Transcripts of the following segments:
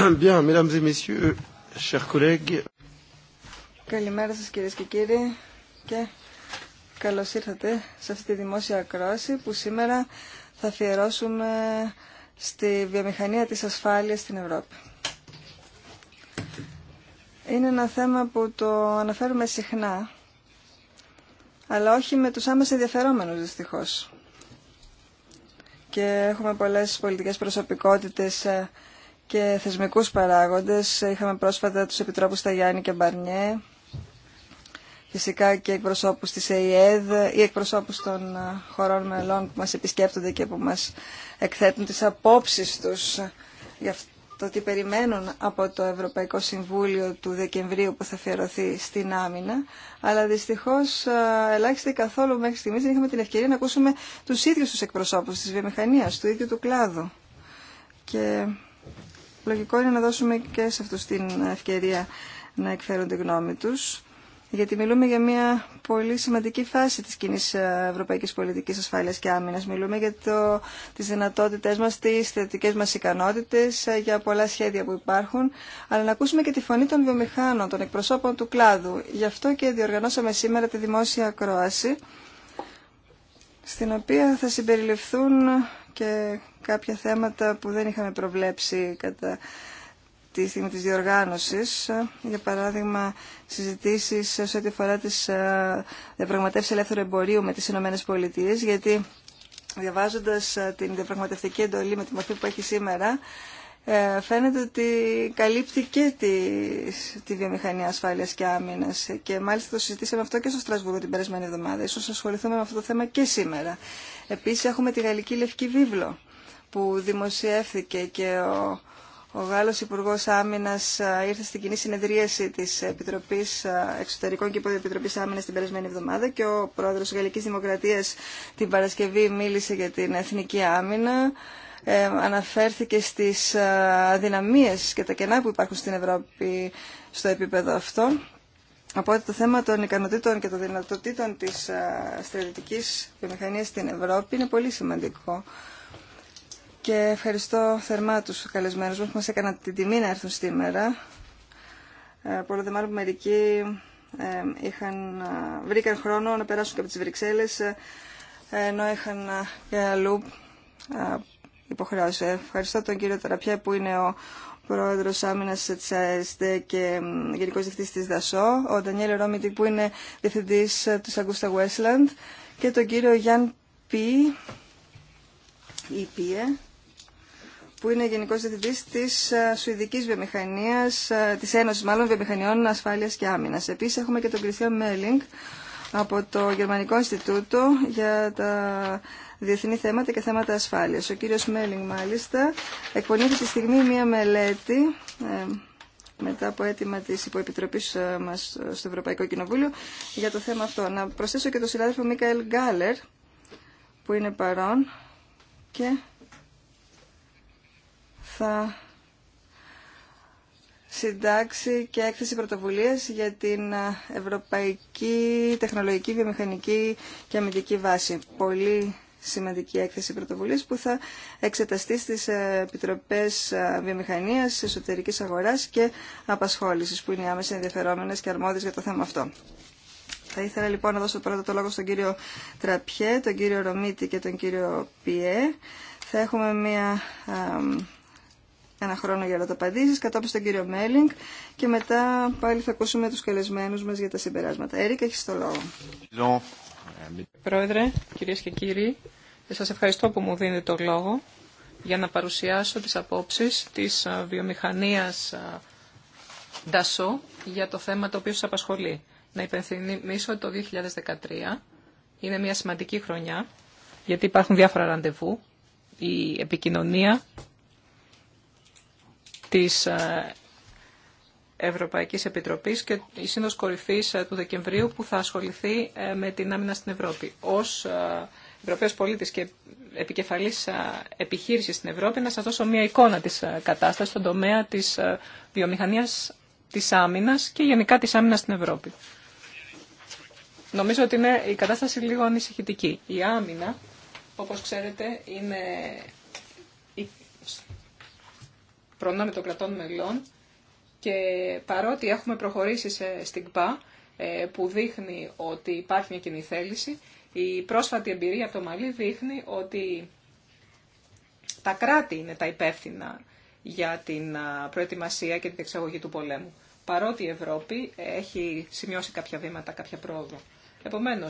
Bien, mesdames et messieurs, chers collègues. Καλημέρα σας κυρίες και κύριοι και καλώς ήρθατε σε αυτή τη δημόσια ακρόαση που σήμερα θα αφιερώσουμε στη βιομηχανία της ασφάλειας στην Ευρώπη. Είναι ένα θέμα που το αναφέρουμε συχνά, αλλά όχι με τους άμεσα ενδιαφερόμενους δυστυχώς. Και έχουμε πολλές πολιτικές προσωπικότητες ε, και θεσμικούς παράγοντες. Είχαμε πρόσφατα τους επιτρόπους Γιάννη και Μπαρνιέ, φυσικά και εκπροσώπους της ΕΙΕΔ ή εκπροσώπους των ε, χωρών μελών που μας επισκέπτονται και που μας εκθέτουν τις απόψεις τους για το τι περιμένουν από το Ευρωπαϊκό Συμβούλιο του Δεκεμβρίου που θα αφιερωθεί στην άμυνα, αλλά δυστυχώς ε, ελάχιστα καθόλου μέχρι στιγμής δεν είχαμε την ευκαιρία να ακούσουμε τους ίδιους τους εκπροσώπους της βιομηχανίας, του ίδιου του κλάδου. Και λογικό είναι να δώσουμε και σε αυτούς την ευκαιρία να εκφέρουν τη γνώμη τους, γιατί μιλούμε για μια πολύ σημαντική φάση της κοινή ευρωπαϊκής πολιτικής ασφάλειας και άμυνας. Μιλούμε για το, τις δυνατότητες μας, τις θετικές μας ικανότητες, ε, για πολλά σχέδια που υπάρχουν, αλλά να ακούσουμε και τη φωνή των βιομηχάνων, των εκπροσώπων του κλάδου. Γι' αυτό και διοργανώσαμε σήμερα τη δημόσια ακρόαση, στην οποία θα συμπεριληφθούν και κάποια θέματα που δεν είχαμε προβλέψει κατά τη στιγμή της διοργάνωσης. Για παράδειγμα, συζητήσεις σε ό,τι αφορά τις ε, διαπραγματεύσεις ελεύθερου εμπορίου με τις Ηνωμένες Πολιτείες, γιατί διαβάζοντας ε, την διαπραγματευτική εντολή με τη μορφή που έχει σήμερα, ε, φαίνεται ότι καλύπτει και τη, τη βιομηχανία ασφάλεια και άμυνα. Και μάλιστα το συζητήσαμε αυτό και στο Στρασβούργο την περασμένη εβδομάδα. Σω ασχοληθούμε με αυτό το θέμα και σήμερα. Επίση, έχουμε τη Γαλλική Λευκή Βίβλο που δημοσιεύθηκε και ο, ο Γάλλος Υπουργό Άμυνα ε, ήρθε στην κοινή συνεδρίαση τη Επιτροπή ε, Εξωτερικών και Επιτροπή Άμυνα την περασμένη εβδομάδα και ο πρόεδρο τη Γαλλική Δημοκρατία την Παρασκευή μίλησε για την εθνική άμυνα. Ε, αναφέρθηκε στις ε, αδυναμίες και τα κενά που υπάρχουν στην Ευρώπη στο επίπεδο αυτό. Οπότε το θέμα των ικανοτήτων και των δυνατοτήτων της ε, στρατιωτικής βιομηχανίας στην Ευρώπη είναι πολύ σημαντικό. Και ευχαριστώ θερμά τους καλεσμένους μας που μας έκαναν την τιμή να έρθουν σήμερα. Ε, Πολλοί δε μερικοί ε, είχαν, βρήκαν χρόνο να περάσουν και από τις Βρυξέλλες, ενώ είχαν αλλού Ευχαριστώ τον κύριο Ταραπιά που είναι ο πρόεδρο άμυνα τη ΑΕΣΤΕ και γενικό διευθυντή τη ΔΑΣΟ, ο Ντανιέλ Ρόμιτι που είναι διευθυντή τη Αγκούστα Westland και τον κύριο Γιάν Πι, ή ε, που είναι γενικό διευθυντή τη ε, Σουηδική Βιομηχανία, ε, τη Ένωση μάλλον Βιομηχανιών Ασφάλεια και Άμυνα. Επίση έχουμε και τον Κριστιαν Μέλινγκ από το Γερμανικό Ινστιτούτο για τα διεθνή θέματα και θέματα ασφάλειας. Ο κύριος Μέλινγκ μάλιστα εκπονήθηκε τη στιγμή μία μελέτη ε, μετά από αίτημα τη υποεπιτροπή ε, μα ε, στο Ευρωπαϊκό Κοινοβούλιο για το θέμα αυτό. Να προσθέσω και τον συνάδελφο Μίκαελ Γκάλερ, που είναι παρόν και θα συντάξει και έκθεση πρωτοβουλίας για την Ευρωπαϊκή Τεχνολογική Βιομηχανική και Αμυντική Βάση. Πολύ σημαντική έκθεση πρωτοβουλία που θα εξεταστεί στι ε, επιτροπέ ε, βιομηχανία, εσωτερική αγορά και απασχόληση που είναι οι άμεσα ενδιαφερόμενε και αρμόδιες για το θέμα αυτό. Θα ήθελα λοιπόν να δώσω πρώτα το λόγο στον κύριο Τραπιέ, τον κύριο Ρομίτη και τον κύριο Πιέ. Θα έχουμε μια, ένα χρόνο για ερωταπαντήσεις, κατόπιν στον κύριο Μέλινγκ και μετά πάλι θα ακούσουμε τους καλεσμένους μας για τα συμπεράσματα. Έρικα, έχεις το λόγο. Πρόεδρε, κυρίες και κύριοι, σας ευχαριστώ που μου δίνετε το λόγο για να παρουσιάσω τις απόψεις της ε, βιομηχανίας Ντασό ε, για το θέμα το οποίο σας απασχολεί. Να υπενθυμίσω ότι το 2013 είναι μια σημαντική χρονιά γιατί υπάρχουν διάφορα ραντεβού, η επικοινωνία της ε, Ευρωπαϊκής Επιτροπής και η Σύνοδος Κορυφής ε, του Δεκεμβρίου που θα ασχοληθεί ε, με την άμυνα στην Ευρώπη. Ως ε, Ευρωπαίος πολίτης και επικεφαλής επιχείρησης στην Ευρώπη να σας δώσω μια εικόνα της κατάστασης στον τομέα της βιομηχανίας της άμυνας και γενικά της άμυνας στην Ευρώπη. Νομίζω ότι είναι η κατάσταση λίγο ανησυχητική. Η άμυνα, όπως ξέρετε, είναι προνόμιο των κρατών μελών και παρότι έχουμε προχωρήσει στην ΚΠΑ, ε, που δείχνει ότι υπάρχει μια κοινή θέληση, η πρόσφατη εμπειρία από το Μαλί δείχνει ότι τα κράτη είναι τα υπεύθυνα για την προετοιμασία και την εξαγωγή του πολέμου. Παρότι η Ευρώπη έχει σημειώσει κάποια βήματα, κάποια πρόοδο. Επομένω,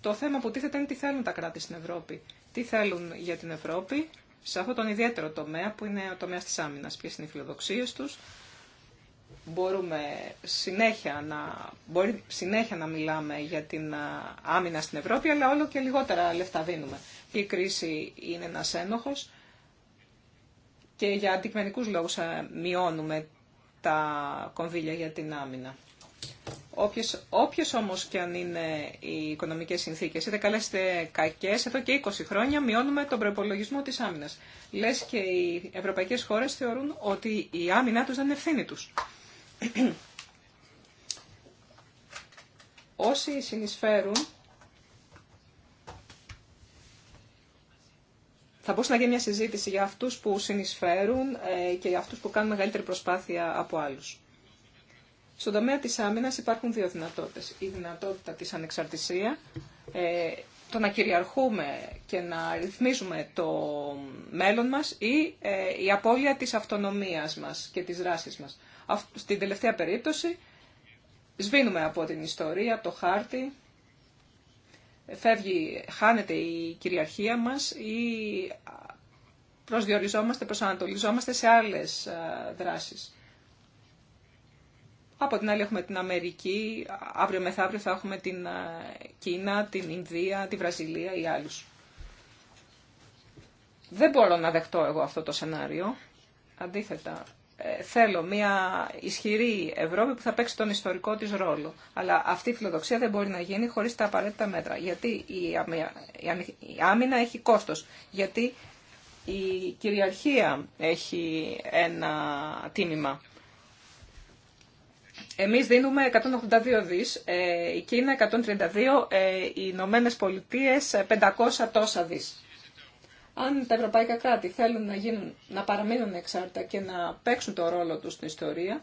το θέμα που τίθεται είναι τι θέλουν τα κράτη στην Ευρώπη. Τι θέλουν για την Ευρώπη σε αυτόν τον ιδιαίτερο τομέα που είναι ο τομέα τη άμυνα. Ποιε είναι οι φιλοδοξίε του, μπορούμε συνέχεια να, μπορεί συνέχεια να μιλάμε για την άμυνα στην Ευρώπη, αλλά όλο και λιγότερα λεφτά δίνουμε. η κρίση είναι ένας ένοχος και για αντικειμενικούς λόγους μειώνουμε τα κονδύλια για την άμυνα. Όποιες, όποιες όμως και αν είναι οι οικονομικές συνθήκες, είτε καλές είτε κακές, εδώ και 20 χρόνια μειώνουμε τον προπολογισμό της άμυνας. Λες και οι ευρωπαϊκές χώρες θεωρούν ότι η άμυνά τους δεν είναι ευθύνη τους. Όσοι συνεισφέρουν, θα μπορούσε να γίνει μια συζήτηση για αυτούς που συνεισφέρουν ε, και για αυτούς που κάνουν μεγαλύτερη προσπάθεια από άλλους. Στον τομέα της άμυνας υπάρχουν δύο δυνατότητες. Η δυνατότητα της ανεξαρτησία, ε, το να κυριαρχούμε και να ρυθμίζουμε το μέλλον μας ή ε, η απώλεια της αυτονομίας μας και της δράσης μας. Στην τελευταία περίπτωση σβήνουμε από την ιστορία, το χάρτη, φεύγει, χάνεται η κυριαρχία μας ή προσδιοριζόμαστε, προσανατολιζόμαστε σε άλλες δράσεις. Από την άλλη έχουμε την Αμερική, αύριο μεθαύριο θα έχουμε την Κίνα, την Ινδία, τη Βραζιλία ή άλλους. Δεν μπορώ να δεχτώ εγώ αυτό το σενάριο. Αντίθετα, ε, θέλω μια ισχυρή Ευρώπη που θα παίξει τον ιστορικό της ρόλο. Αλλά αυτή η φιλοδοξία δεν μπορεί να γίνει χωρίς τα απαραίτητα μέτρα. Γιατί η άμυνα έχει κόστος. Γιατί η κυριαρχία έχει ένα τίμημα. Εμείς δίνουμε 182 δις, ε, η Κίνα 132, ε, οι Ηνωμένε Πολιτείες 500 τόσα δις. Αν τα ευρωπαϊκά κράτη θέλουν να, γίνουν, να παραμείνουν εξάρτητα και να παίξουν το ρόλο τους στην ιστορία,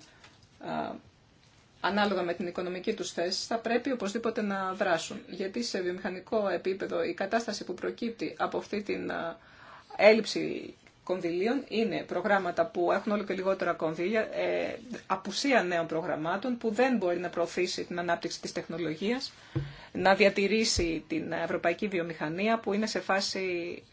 ανάλογα με την οικονομική τους θέση, θα πρέπει οπωσδήποτε να δράσουν. Γιατί σε βιομηχανικό επίπεδο η κατάσταση που προκύπτει από αυτή την έλλειψη κονδυλίων είναι προγράμματα που έχουν όλο και λιγότερα κονδύλια, ε, απουσία νέων προγραμμάτων που δεν μπορεί να προωθήσει την ανάπτυξη της τεχνολογίας, να διατηρήσει την ευρωπαϊκή βιομηχανία που είναι σε φάση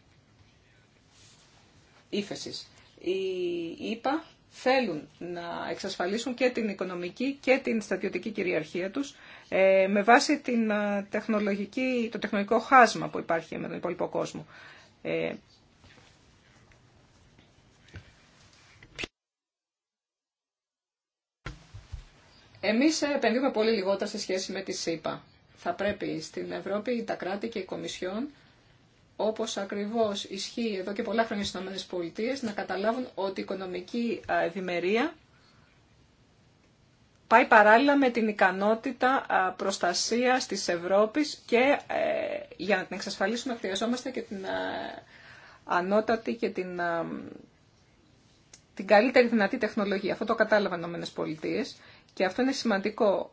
οι ΙΠΑ θέλουν να εξασφαλίσουν και την οικονομική και την στρατιωτική κυριαρχία τους ε, με βάση την ε, τεχνολογική, το τεχνολογικό χάσμα που υπάρχει με τον υπόλοιπο κόσμο. Ε, εμείς επενδύουμε πολύ λιγότερα σε σχέση με τη ΣΥΠΑ. Θα πρέπει στην Ευρώπη τα κράτη και η Κομισιόν όπως ακριβώς ισχύει εδώ και πολλά χρόνια στις ΗΠΑ, να καταλάβουν ότι η οικονομική ευημερία πάει παράλληλα με την ικανότητα προστασίας της Ευρώπης και ε, για να την εξασφαλίσουμε χρειαζόμαστε και την ανώτατη και την, την καλύτερη δυνατή τεχνολογία. Αυτό το κατάλαβαν οι ΗΠΑ και αυτό είναι σημαντικό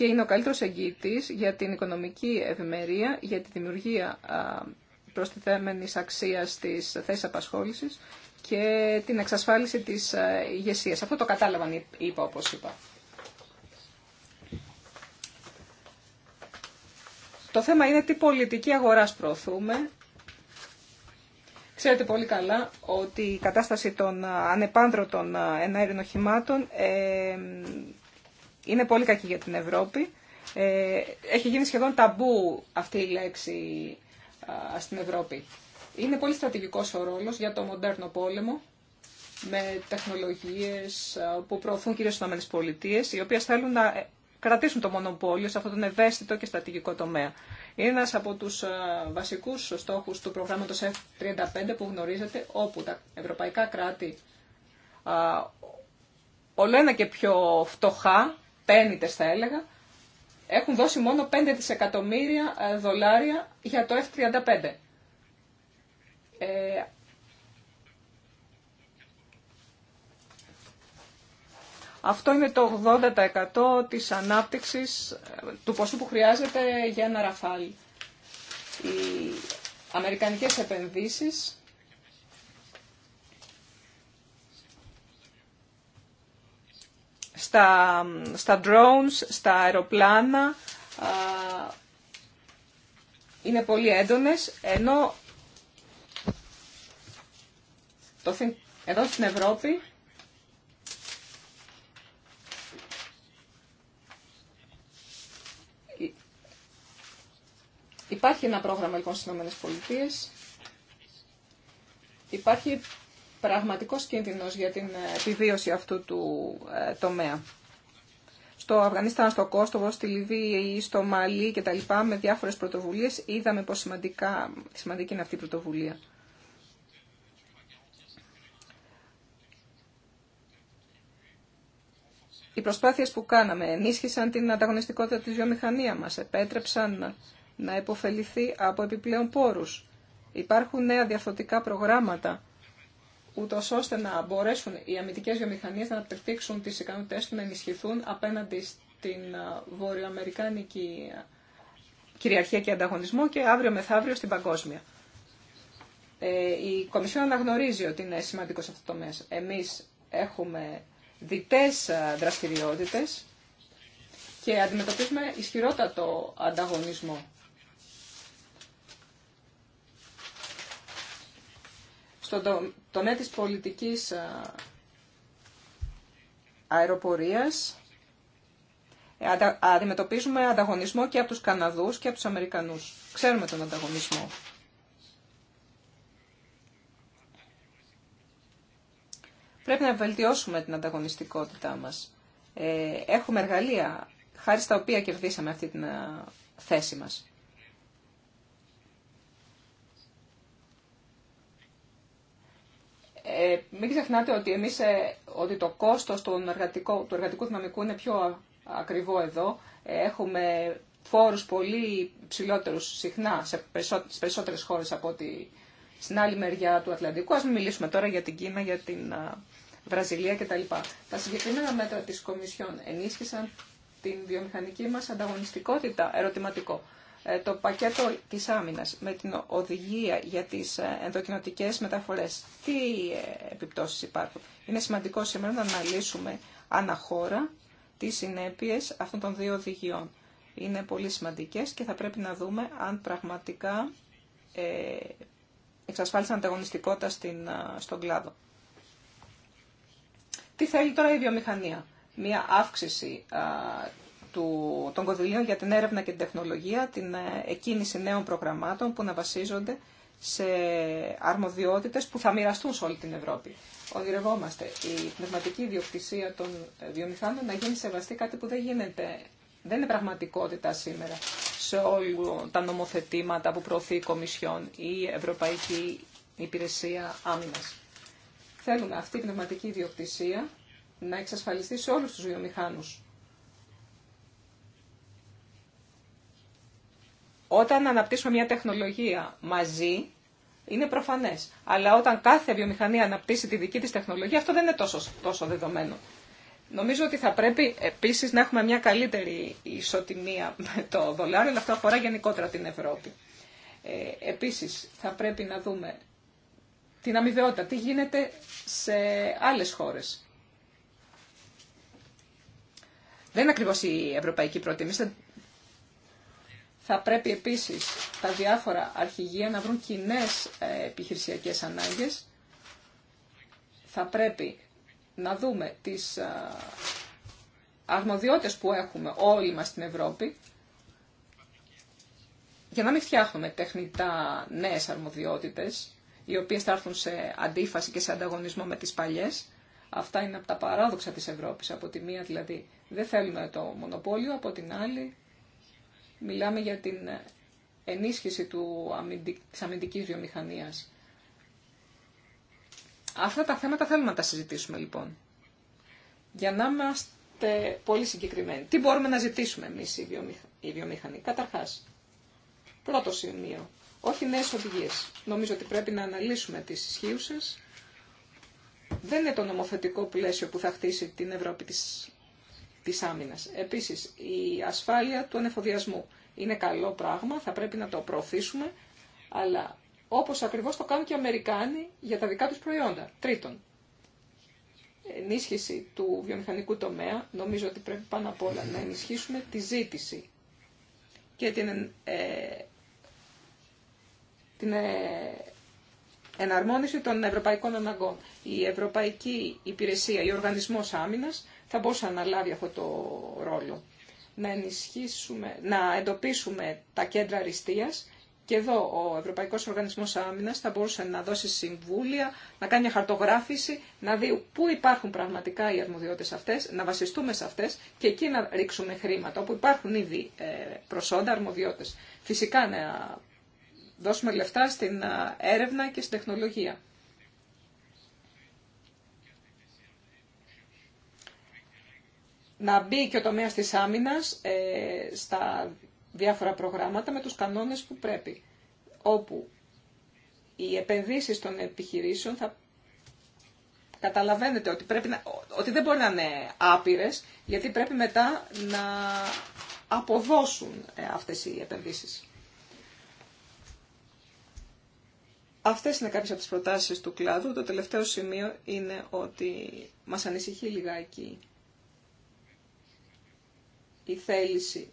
και είναι ο καλύτερο εγγύτης για την οικονομική ευημερία, για τη δημιουργία προστιθέμενης αξία της θέσης απασχόλησης και την εξασφάλιση της ηγεσία. Αυτό το κατάλαβαν, είπα, όπω είπα. Το θέμα είναι τι πολιτική αγοράς προωθούμε. Ξέρετε πολύ καλά ότι η κατάσταση των ανεπάνδρωτων εναέριων οχημάτων ε, είναι πολύ κακή για την Ευρώπη. Ε, έχει γίνει σχεδόν ταμπού αυτή η λέξη στην Ευρώπη. Είναι πολύ στρατηγικός ο ρόλος για το μοντέρνο πόλεμο με τεχνολογίες που προωθούν κυρίως στις ΗΠΑ, οι οποίες θέλουν να ε, κρατήσουν το μονοπόλιο σε αυτόν τον ευαίσθητο και στρατηγικό τομέα. Είναι ένας από τους βασικούς στόχους του προγράμματος F35 που γνωρίζετε, όπου τα ευρωπαϊκά κράτη όλο ένα και πιο φτωχά θα έλεγα, έχουν δώσει μόνο 5 δισεκατομμύρια ε, δολάρια για το F-35. Ε, αυτό είναι το 80% της ανάπτυξης ε, του ποσού που χρειάζεται για ένα ραφάλι. Οι αμερικανικές επενδύσεις στα, στα drones, στα αεροπλάνα, είναι πολύ έντονες, ενώ το, εδώ στην Ευρώπη υπάρχει ένα πρόγραμμα λοιπόν στις Ηνωμένες υπάρχει πραγματικός κίνδυνος για την ε, επιβίωση αυτού του ε, τομέα. Στο Αφγανιστάν, στο Κόστοβο, στη Λιβύη, στο Μαλί λοιπά με διάφορες πρωτοβουλίες είδαμε πως σημαντικά, σημαντική είναι αυτή η πρωτοβουλία. Οι προσπάθειες που κάναμε ενίσχυσαν την ανταγωνιστικότητα της βιομηχανία μας, επέτρεψαν να υποφεληθεί από επιπλέον πόρους. Υπάρχουν νέα διαφορετικά προγράμματα ούτω ώστε να μπορέσουν οι αμυντικές βιομηχανίες να αναπτυχθήξουν τις ικανότητές του να ενισχυθούν απέναντι στην ε, βορειοαμερικάνικη κυριαρχία και ανταγωνισμό και αύριο μεθαύριο στην παγκόσμια. Ε, η Κομισιόν αναγνωρίζει ότι είναι σημαντικό αυτό το μέσο. Εμείς έχουμε διτές ε, δραστηριότητες και αντιμετωπίζουμε ισχυρότατο ανταγωνισμό. στον τομέα της πολιτικής αεροπορίας ε, αντιμετωπίζουμε ανταγωνισμό και από τους Καναδούς και από τους Αμερικανούς. Ξέρουμε τον ανταγωνισμό. Πρέπει να βελτιώσουμε την ανταγωνιστικότητά μας. Ε, έχουμε εργαλεία χάρη στα οποία κερδίσαμε αυτή τη θέση μας. Ε, μην ξεχνάτε ότι, εμείς, ε, ότι το κόστος του εργατικού, του εργατικού δυναμικού είναι πιο ακριβό εδώ. Ε, έχουμε φόρους πολύ ψηλότερους συχνά σε περισσότερες, περισσότερες χώρες από ότι στην άλλη μεριά του Ατλαντικού. Ας μην μιλήσουμε τώρα για την Κίνα, για την Βραζιλία κτλ. Τα συγκεκριμένα μέτρα της Κομισιόν ενίσχυσαν την βιομηχανική μας ανταγωνιστικότητα, ερωτηματικό. Ε, το πακέτο της άμυνας με την οδηγία για τις ε, ενδοκινοτικές μεταφορές. Τι ε, επιπτώσεις υπάρχουν. Είναι σημαντικό σήμερα να αναλύσουμε αναχώρα τι συνέπειες αυτών των δύο οδηγιών. Είναι πολύ σημαντικές και θα πρέπει να δούμε αν πραγματικά εξασφάλισαν ανταγωνιστικότητα στην, στον κλάδο. Τι θέλει τώρα η βιομηχανία. Μία αύξηση του, των κονδυλίων για την έρευνα και την τεχνολογία, την ε, εκκίνηση νέων προγραμμάτων που να βασίζονται σε αρμοδιότητες που θα μοιραστούν σε όλη την Ευρώπη. Ονειρευόμαστε η πνευματική ιδιοκτησία των ε, βιομηχάνων να γίνει σεβαστή κάτι που δεν γίνεται, δεν είναι πραγματικότητα σήμερα σε όλα τα νομοθετήματα που προωθεί η Κομισιόν ή η Ευρωπαϊκή Υπηρεσία Άμυνας. Θέλουμε αυτή η πνευματική ιδιοκτησία να εξασφαλιστεί σε όλους τους βιομηχάνους Όταν αναπτύσσουμε μια τεχνολογία μαζί, είναι προφανέ. Αλλά όταν κάθε βιομηχανία αναπτύσσει τη δική τη τεχνολογία, αυτό δεν είναι τόσο, τόσο δεδομένο. Νομίζω ότι θα πρέπει επίση να έχουμε μια καλύτερη ισοτιμία με το δολάριο, αλλά αυτό αφορά γενικότερα την Ευρώπη. Ε, επίση, θα πρέπει να δούμε την αμοιβαιότητα, τι γίνεται σε άλλε χώρε. Δεν είναι ακριβώ η ευρωπαϊκή προτίμηση, θα πρέπει επίσης τα διάφορα αρχηγεία να βρουν κοινέ ε, επιχειρησιακές ανάγκες. Θα πρέπει να δούμε τις ε, αρμοδιότητες που έχουμε όλοι μας στην Ευρώπη για να μην φτιάχνουμε τεχνητά νέες αρμοδιότητες οι οποίες θα έρθουν σε αντίφαση και σε ανταγωνισμό με τις παλιές. Αυτά είναι από τα παράδοξα της Ευρώπης. Από τη μία δηλαδή δεν θέλουμε το μονοπόλιο, από την άλλη Μιλάμε για την ενίσχυση του αμυντικ... της αμυντικής βιομηχανίας. Αυτά τα θέματα θέλουμε να τα συζητήσουμε λοιπόν. Για να είμαστε πολύ συγκεκριμένοι. Τι μπορούμε να ζητήσουμε εμείς οι, βιομηχανοί. Καταρχάς, πρώτο σημείο, όχι νέε οδηγίες. Νομίζω ότι πρέπει να αναλύσουμε τις ισχύουσες. Δεν είναι το νομοθετικό πλαίσιο που θα χτίσει την Ευρώπη της της Επίσης, η ασφάλεια του ανεφοδιασμού είναι καλό πράγμα, θα πρέπει να το προωθήσουμε, αλλά όπως ακριβώς το κάνουν και οι Αμερικάνοι για τα δικά τους προϊόντα. Τρίτον, ενίσχυση του βιομηχανικού τομέα, νομίζω ότι πρέπει πάνω απ' όλα να ενισχύσουμε τη ζήτηση και την, ε, την ε, εναρμόνιση των ευρωπαϊκών αναγκών. Η Ευρωπαϊκή Υπηρεσία, ο Οργανισμός Άμυνας θα μπορούσε να αναλάβει αυτό το ρόλο. Να ενισχύσουμε, να εντοπίσουμε τα κέντρα αριστείας και εδώ ο Ευρωπαϊκός Οργανισμός Άμυνας θα μπορούσε να δώσει συμβούλια, να κάνει μια χαρτογράφηση, να δει πού υπάρχουν πραγματικά οι αρμοδιότητες αυτές, να βασιστούμε σε αυτές και εκεί να ρίξουμε χρήματα, όπου υπάρχουν ήδη ε, προσόντα αρμοδιότητες. Φυσικά να δώσουμε λεφτά στην ε, έρευνα και στην τεχνολογία. να μπει και ο τομέας της άμυνας ε, στα διάφορα προγράμματα με τους κανόνες που πρέπει, όπου οι επενδύσεις των επιχειρήσεων θα καταλαβαίνετε ότι, πρέπει ότι δεν μπορεί να είναι άπειρες, γιατί πρέπει μετά να αποδώσουν ε, αυτές οι επενδύσεις. Αυτές είναι κάποιες από τις προτάσεις του κλάδου. Το τελευταίο σημείο είναι ότι μας ανησυχεί λιγάκι η θέληση.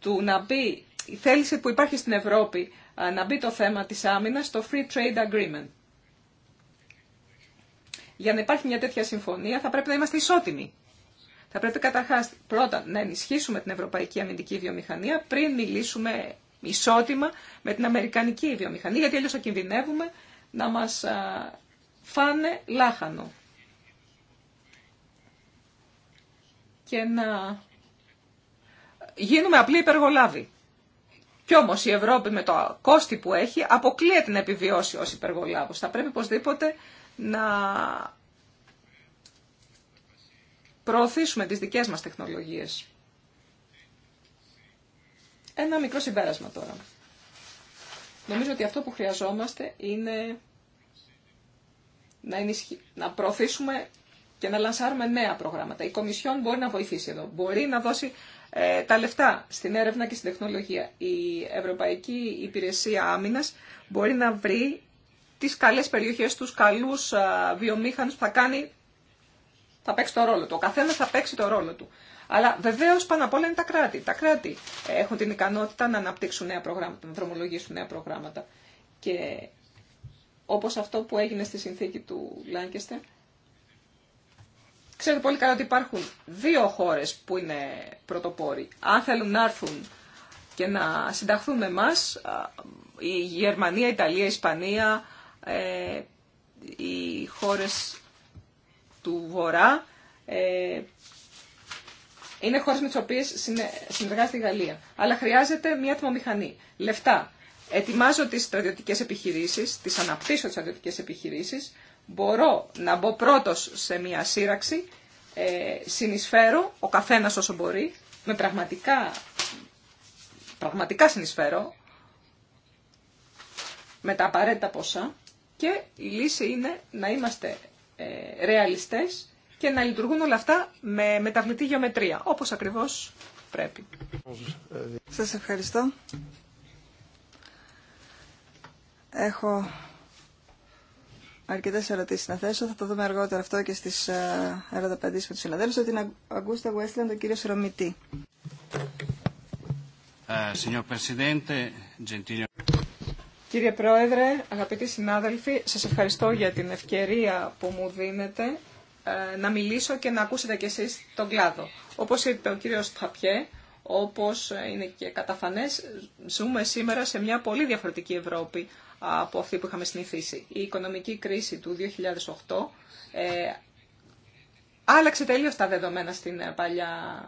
Του να μπει, η θέληση που υπάρχει στην Ευρώπη να μπει το θέμα της άμυνας στο Free Trade Agreement. Για να υπάρχει μια τέτοια συμφωνία θα πρέπει να είμαστε ισότιμοι. Θα πρέπει καταρχάς πρώτα να ενισχύσουμε την ευρωπαϊκή αμυντική βιομηχανία πριν μιλήσουμε ισότιμα με την αμερικανική βιομηχανία, γιατί αλλιώς θα κινδυνεύουμε να μας φάνε λάχανο. και να γίνουμε απλοί υπεργολάβοι. Κι όμως η Ευρώπη με το κόστη που έχει αποκλείεται να επιβιώσει ως υπεργολάβος. Θα πρέπει οπωσδήποτε να προωθήσουμε τις δικές μας τεχνολογίες. Ένα μικρό συμπέρασμα τώρα. Νομίζω ότι αυτό που χρειαζόμαστε είναι να, προωθήσουμε και να λανσάρουμε νέα προγράμματα. Η Κομισιόν μπορεί να βοηθήσει εδώ. Μπορεί να δώσει ε, τα λεφτά στην έρευνα και στην τεχνολογία. Η Ευρωπαϊκή Υπηρεσία Άμυνα μπορεί να βρει τι καλέ περιοχέ, του καλού βιομήχανου που θα κάνει. Θα παίξει το ρόλο του. Ο καθένα θα παίξει το ρόλο του. Αλλά βεβαίω πάνω απ' όλα είναι τα κράτη. Τα κράτη έχουν την ικανότητα να αναπτύξουν νέα προγράμματα, να δρομολογήσουν νέα προγράμματα. Και όπως αυτό που έγινε στη συνθήκη του Λάγκεστερ, Ξέρετε πολύ καλά ότι υπάρχουν δύο χώρες που είναι πρωτοπόροι. Αν θέλουν να έρθουν και να συνταχθούν με εμάς, η Γερμανία, η Ιταλία, η Ισπανία, ε, οι χώρες του Βορρά, ε, είναι χώρες με τις οποίες συνεργάζεται η Γαλλία. Αλλά χρειάζεται μια ατμομηχανή. Λεφτά. Ετοιμάζω τις στρατιωτικές επιχειρήσεις, τις αναπτύσσω τις στρατιωτικές επιχειρήσεις, μπορώ να μπω πρώτος σε μια σύραξη, ε, συνεισφέρω, ο καθένας όσο μπορεί, με πραγματικά, πραγματικά συνεισφέρω, με τα απαραίτητα ποσά και η λύση είναι να είμαστε ε, ρεαλιστές και να λειτουργούν όλα αυτά με μεταβλητή γεωμετρία, όπως ακριβώς πρέπει. Σας ευχαριστώ. Έχω αρκετές ερωτήσεις να θέσω. Θα το δούμε αργότερα αυτό και στις ε, ερωταπαντήσει με τους συναδέλφου. Από την Αγκούστα Γουέστλαν, τον κύριο Ρωμητή. Ε, Κύριε Πρόεδρε, αγαπητοί συνάδελφοι, σας ευχαριστώ για την ευκαιρία που μου δίνετε ε, να μιλήσω και να ακούσετε κι εσείς τον κλάδο. Όπως είπε ο κύριος Τχαπιέ, όπως είναι και καταφανές, ζούμε σήμερα σε μια πολύ διαφορετική Ευρώπη από αυτή που είχαμε συνηθίσει. Η οικονομική κρίση του 2008 ε, άλλαξε τελείως τα δεδομένα στην ε, παλιά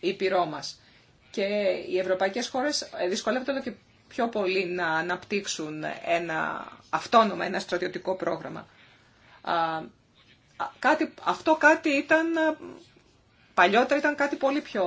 ήπειρό μας. Και οι ευρωπαϊκές χώρες ε, δυσκολεύονται όλο και πιο πολύ να αναπτύξουν ένα αυτόνομο, ένα στρατιωτικό πρόγραμμα. κάτι, αυτό κάτι ήταν, ε, παλιότερα ήταν κάτι πολύ πιο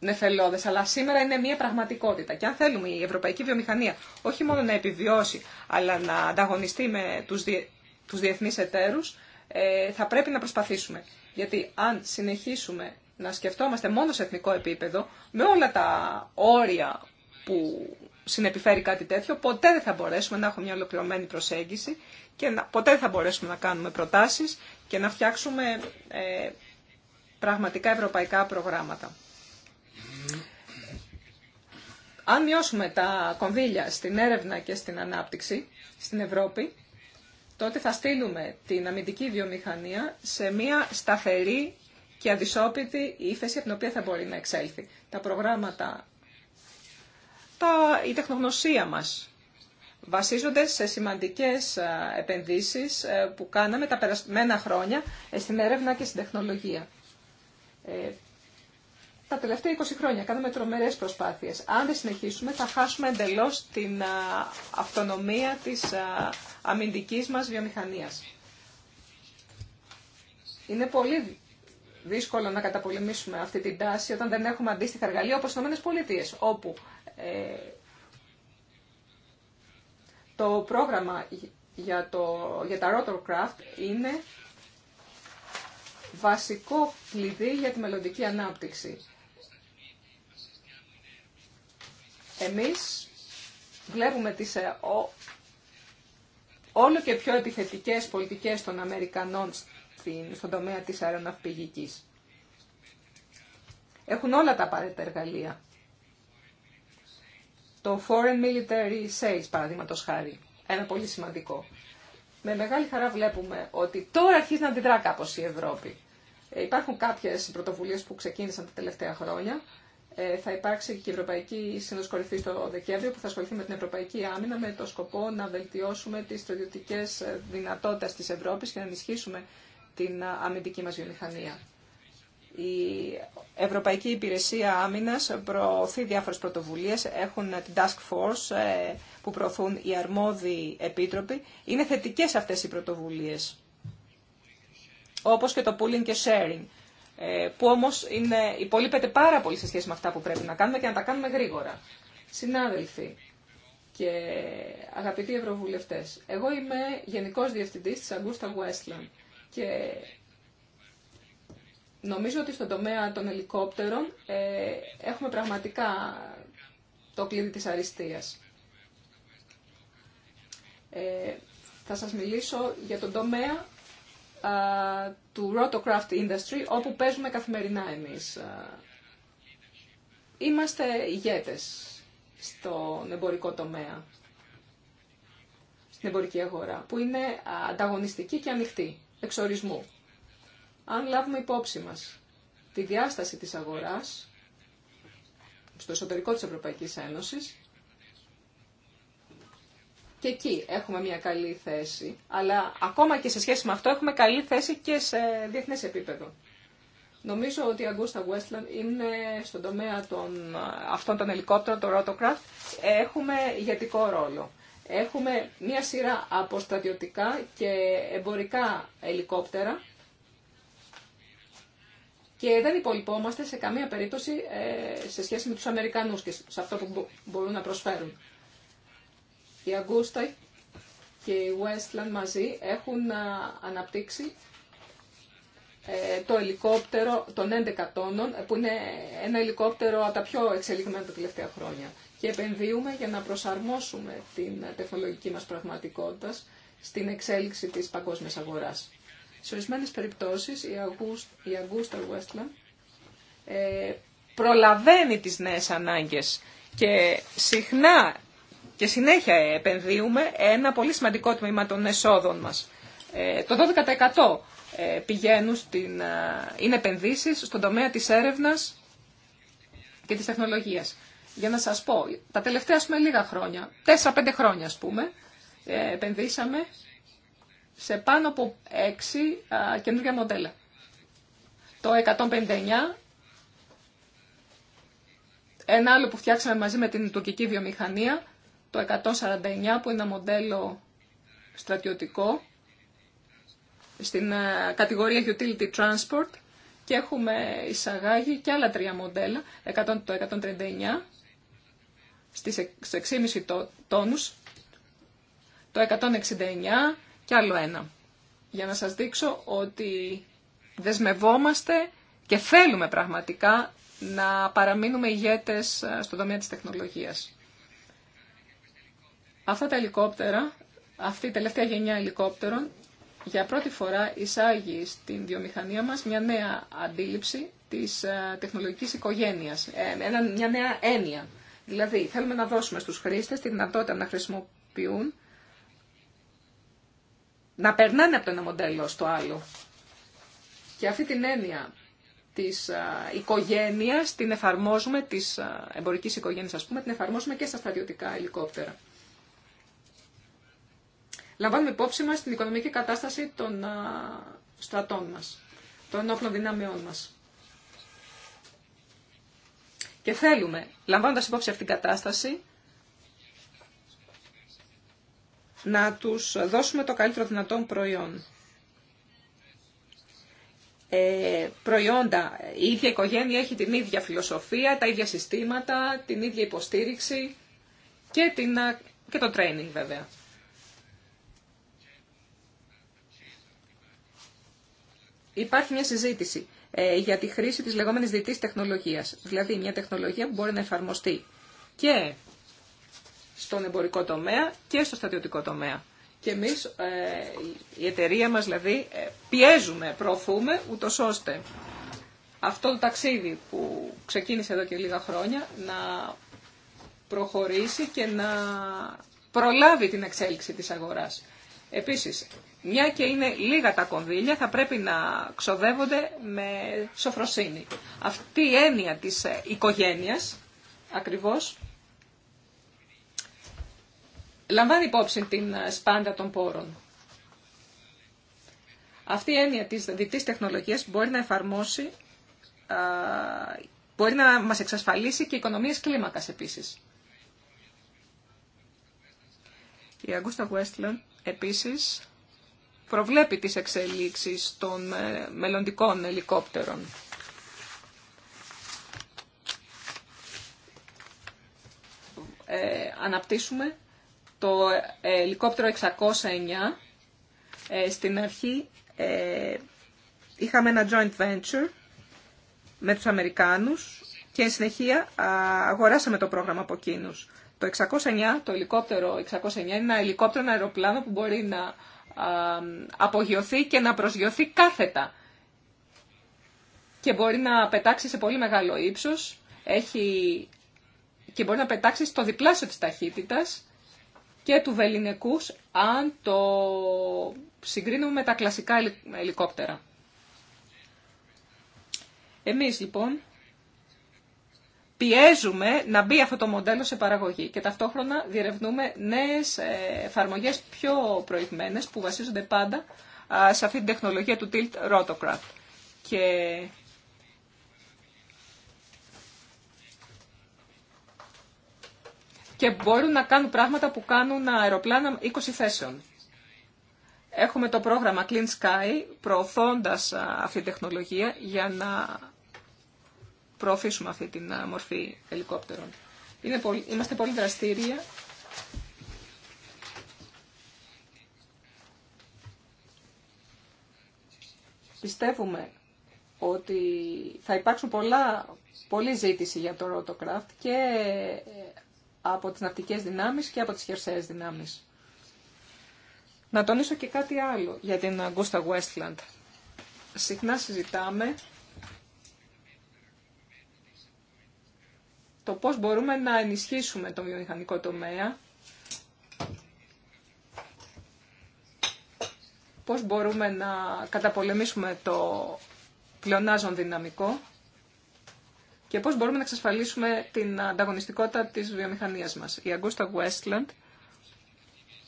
νεφελώδες, ναι, αλλά σήμερα είναι μια πραγματικότητα. Και αν θέλουμε η ευρωπαϊκή βιομηχανία όχι μόνο να επιβιώσει, αλλά να ανταγωνιστεί με τους, διε, τους διεθνείς εταίρους, ε, θα πρέπει να προσπαθήσουμε. Γιατί αν συνεχίσουμε να σκεφτόμαστε μόνο σε εθνικό επίπεδο, με όλα τα όρια που συνεπιφέρει κάτι τέτοιο, ποτέ δεν θα μπορέσουμε να έχουμε μια ολοκληρωμένη προσέγγιση και να, ποτέ δεν θα μπορέσουμε να κάνουμε προτάσεις και να φτιάξουμε ε, πραγματικά ευρωπαϊκά προγράμματα. Αν μειώσουμε τα κονδύλια στην έρευνα και στην ανάπτυξη στην Ευρώπη, τότε θα στείλουμε την αμυντική βιομηχανία σε μια σταθερή και αδυσόπιτη ύφεση από την οποία θα μπορεί να εξέλθει. Τα προγράμματα, τα, η τεχνογνωσία μας βασίζονται σε σημαντικές επενδύσεις που κάναμε τα περασμένα χρόνια στην έρευνα και στην τεχνολογία. Ε, τα τελευταία 20 χρόνια. Κάναμε τρομερές προσπάθειες. Αν δεν συνεχίσουμε θα χάσουμε εντελώς την αυτονομία της αμυντικής μας βιομηχανίας. Είναι πολύ δύσκολο να καταπολεμήσουμε αυτή την τάση όταν δεν έχουμε αντίστοιχα εργαλεία όπως οι ΗΠΑ, όπου ε, το πρόγραμμα για, το, για τα rotorcraft είναι βασικό κλειδί για τη μελλοντική ανάπτυξη. Εμείς βλέπουμε τις ε, ο, όλο και πιο επιθετικές πολιτικές των Αμερικανών στην, στον τομέα της αεροναυπηγικής. Έχουν όλα τα απαραίτητα εργαλεία. Το Foreign Military Sales, παραδείγματο χάρη, ένα πολύ σημαντικό. Με μεγάλη χαρά βλέπουμε ότι τώρα αρχίζει να αντιδρά κάπως η Ευρώπη. Ε, υπάρχουν κάποιες πρωτοβουλίες που ξεκίνησαν τα τελευταία χρόνια, ε, θα υπάρξει και η Ευρωπαϊκή Σύνοδος Κορυφή το Δεκέμβριο που θα ασχοληθεί με την Ευρωπαϊκή Άμυνα με το σκοπό να βελτιώσουμε τις στρατιωτικές ε, δυνατότητες της Ευρώπης και να ενισχύσουμε την ε, αμυντική μας βιομηχανία. Η Ευρωπαϊκή Υπηρεσία Άμυνας προωθεί διάφορες πρωτοβουλίες. Έχουν την Task Force που προωθούν οι αρμόδιοι επίτροποι. Είναι θετικές αυτές οι πρωτοβουλίες. Όπως και το pooling και sharing ε, που όμω υπολείπεται πάρα πολύ σε σχέση με αυτά που πρέπει να κάνουμε και να τα κάνουμε γρήγορα. Συνάδελφοι και αγαπητοί ευρωβουλευτές, εγώ είμαι Γενικός Διευθυντής τη Αγκούστα Westland και νομίζω ότι στον τομέα των ελικόπτερων ε, έχουμε πραγματικά το κλειδί της αριστείας. Ε, θα σας μιλήσω για τον τομέα του Rotocraft Industry, όπου παίζουμε καθημερινά εμείς. Είμαστε ηγέτες στον εμπορικό τομέα, στην εμπορική αγορά, που είναι ανταγωνιστική και ανοιχτή, εξορισμού. Αν λάβουμε υπόψη μας τη διάσταση της αγοράς στο εσωτερικό της Ευρωπαϊκής Ένωσης, και εκεί έχουμε μια καλή θέση. Αλλά ακόμα και σε σχέση με αυτό έχουμε καλή θέση και σε διεθνές επίπεδο. Νομίζω ότι η Αγκούστα Westland είναι στον τομέα των, αυτών των ελικόπτερων, το Rotocraft, έχουμε ηγετικό ρόλο. Έχουμε μία σειρά από στρατιωτικά και εμπορικά ελικόπτερα και δεν υπολοιπόμαστε σε καμία περίπτωση ε, σε σχέση με τους Αμερικανούς και σε αυτό που μπορούν να προσφέρουν. Η Αγκούστα και η Westland μαζί έχουν αναπτύξει ε, το ελικόπτερο των 11 τόνων, που είναι ένα ελικόπτερο από τα πιο εξελιγμένα τα τελευταία χρόνια. Και επενδύουμε για να προσαρμόσουμε την τεχνολογική μας πραγματικότητα στην εξέλιξη της παγκόσμιας αγοράς. Σε ορισμένε περιπτώσεις η Αγούστα η Augusta Westland ε, προλαβαίνει τις νέες ανάγκες και συχνά και συνέχεια επενδύουμε ένα πολύ σημαντικό τμήμα των εσόδων μας. Ε, το 12% ε, πηγαίνουν στην, ε, είναι επενδύσεις στον τομέα της έρευνας και της τεχνολογίας. Για να σας πω, τα τελευταία λιγα λίγα χρόνια, 4-5 χρόνια ας πούμε, επενδύσαμε σε πάνω από 6 καινούργια μοντέλα. Το 159, ένα άλλο που φτιάξαμε μαζί με την τουρκική βιομηχανία, το 149 που είναι ένα μοντέλο στρατιωτικό στην ε, κατηγορία Utility Transport και έχουμε εισαγάγει και άλλα τρία μοντέλα, το 139 στις 6,5 τόνους, το 169 και άλλο ένα. Για να σας δείξω ότι δεσμευόμαστε και θέλουμε πραγματικά να παραμείνουμε ηγέτες ε, στον τομέα της τεχνολογίας. Αυτά τα ελικόπτερα, αυτή η τελευταία γενιά ελικόπτερων, για πρώτη φορά εισάγει στην βιομηχανία μας μια νέα αντίληψη της ε, τεχνολογικής οικογένειας, ε, μια νέα έννοια. Δηλαδή, θέλουμε να δώσουμε στους χρήστες τη δυνατότητα να χρησιμοποιούν, να περνάνε από το ένα μοντέλο στο άλλο. Και αυτή την έννοια της ε, οικογένειας την εφαρμόζουμε, της εμπορικής οικογένειας ας πούμε, την εφαρμόζουμε και στα στρατιωτικά ελικόπτερα λαμβάνουμε υπόψη μας την οικονομική κατάσταση των στρατών μας, των ενόπλων δυνάμεών μας. Και θέλουμε, λαμβάνοντας υπόψη αυτήν την κατάσταση, να τους δώσουμε το καλύτερο δυνατόν προϊόν. Ε, προϊόντα, η ίδια οικογένεια έχει την ίδια φιλοσοφία, τα ίδια συστήματα, την ίδια υποστήριξη και, την, και το training βέβαια. υπάρχει μια συζήτηση ε, για τη χρήση της λεγόμενης διτής τεχνολογίας. Δηλαδή μια τεχνολογία που μπορεί να εφαρμοστεί και στον εμπορικό τομέα και στο στατιωτικό τομέα. Και εμείς, ε, η εταιρεία μας δηλαδή, ε, πιέζουμε, προωθούμε, ούτως ώστε αυτό το ταξίδι που ξεκίνησε εδώ και λίγα χρόνια να προχωρήσει και να προλάβει την εξέλιξη της αγοράς. Επίσης, μια και είναι λίγα τα κονδύλια, θα πρέπει να ξοδεύονται με σοφροσύνη. Αυτή η έννοια της ε, οικογένειας, ακριβώς, λαμβάνει υπόψη την ε, σπάντα των πόρων. Αυτή η έννοια της δυτής τεχνολογίας μπορεί να εφαρμόσει, μπορεί να μας εξασφαλίσει και οικονομίες κλίμακας επίσης. Η Αγκούστα επίσης προβλέπει τις εξελίξεις των ε, μελλοντικών ελικόπτερων. Ε, αναπτύσσουμε το ε, ελικόπτερο 609. Ε, στην αρχή ε, είχαμε ένα joint venture με τους Αμερικάνους και εν συνεχεία αγοράσαμε το πρόγραμμα από εκείνους. Το 609, το ελικόπτερο 609 είναι ένα ελικόπτερο, ένα αεροπλάνο που μπορεί να απογειωθεί και να προσγειωθεί κάθετα και μπορεί να πετάξει σε πολύ μεγάλο ύψος έχει... και μπορεί να πετάξει στο διπλάσιο της ταχύτητας και του βελινεκούς αν το συγκρίνουμε με τα κλασικά ελικόπτερα. Εμείς λοιπόν πιέζουμε να μπει αυτό το μοντέλο σε παραγωγή και ταυτόχρονα διερευνούμε νέες ε, εφαρμογές πιο προηγμένες που βασίζονται πάντα σε αυτή την τεχνολογία του Tilt Rotocraft. Και... και μπορούν να κάνουν πράγματα που κάνουν αεροπλάνα 20 θέσεων. Έχουμε το πρόγραμμα Clean Sky προωθώντας αυτή την τεχνολογία για να προωθήσουμε αυτή την μορφή ελικόπτερων. Είναι πολύ, είμαστε πολύ δραστήρια. Πιστεύουμε ότι θα υπάρξουν πολλά, πολλή ζήτηση για το Rotocraft και ε, από τις ναυτικές δυνάμεις και από τις χερσαίες δυνάμεις. Να τονίσω και κάτι άλλο για την Augusta Westland. Συχνά συζητάμε το πώς μπορούμε να ενισχύσουμε το βιομηχανικό τομέα, πώς μπορούμε να καταπολεμήσουμε το πλεονάζον δυναμικό και πώς μπορούμε να εξασφαλίσουμε την ανταγωνιστικότητα της βιομηχανίας μας. Η Αγκούστα Westland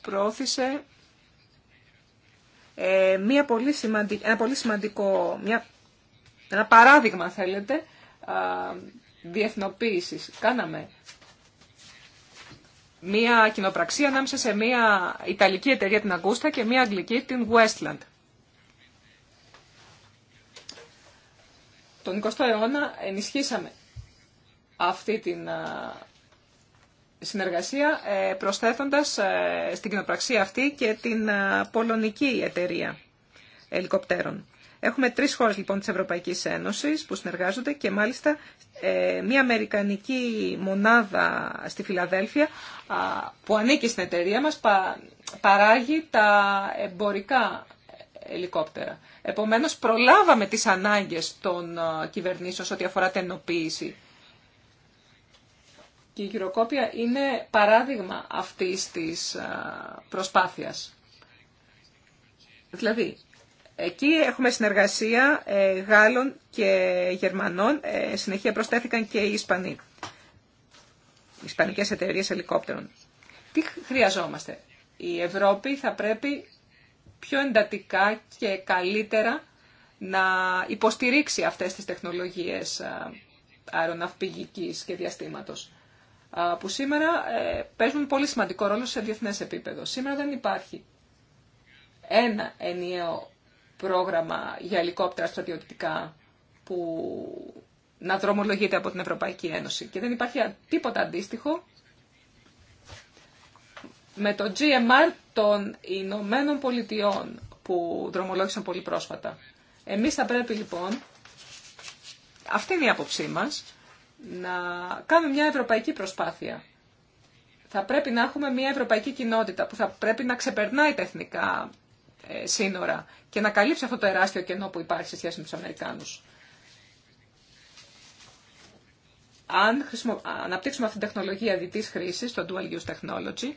προώθησε ε, μια πολύ ένα πολύ σημαντικό, μια... ένα παράδειγμα θέλετε, διεθνοποίησης. Κάναμε μία κοινοπραξία ανάμεσα σε μία Ιταλική εταιρεία την Αγκούστα και μία Αγγλική την Westland. Τον 20ο αιώνα ενισχύσαμε αυτή την συνεργασία ε, προσθέτοντας ε, στην κοινοπραξία αυτή και την πολωνική εταιρεία ελικοπτέρων. Έχουμε τρεις χώρες λοιπόν της Ευρωπαϊκής Ένωσης που συνεργάζονται και μάλιστα ε, μια αμερικανική μονάδα στη Φιλαδέλφια που ανήκει στην εταιρεία μας παράγει τα εμπορικά ελικόπτερα. Επομένως προλάβαμε τις ανάγκες των κυβερνήσεων ό,τι αφορά την ενοποίηση. Και η γυροκόπια είναι παράδειγμα αυτής της προσπάθειας. Δηλαδή, Εκεί έχουμε συνεργασία ε, Γάλλων και Γερμανών. Ε, συνεχεία προσθέθηκαν και οι Ισπανοί. Οι Ισπανικές εταιρείες ελικόπτερων. Τι χρειαζόμαστε. Η Ευρώπη θα πρέπει πιο εντατικά και καλύτερα να υποστηρίξει αυτές τις τεχνολογίες αεροναυπηγικής και διαστήματος που σήμερα ε, παίζουν πολύ σημαντικό ρόλο σε διεθνές επίπεδο. Σήμερα δεν υπάρχει ένα ενιαίο πρόγραμμα για ελικόπτερα στρατιωτικά που να δρομολογείται από την Ευρωπαϊκή Ένωση. Και δεν υπάρχει τίποτα αντίστοιχο με το GMR των Ηνωμένων Πολιτειών που δρομολόγησαν πολύ πρόσφατα. Εμείς θα πρέπει λοιπόν, αυτή είναι η άποψή μας, να κάνουμε μια ευρωπαϊκή προσπάθεια. Θα πρέπει να έχουμε μια ευρωπαϊκή κοινότητα που θα πρέπει να ξεπερνάει τα εθνικά σύνορα και να καλύψει αυτό το τεράστιο κενό που υπάρχει σε σχέση με τους Αμερικάνους. Αν αναπτύξουμε αυτή την τεχνολογία διτής χρήσης, το Dual Use Technology,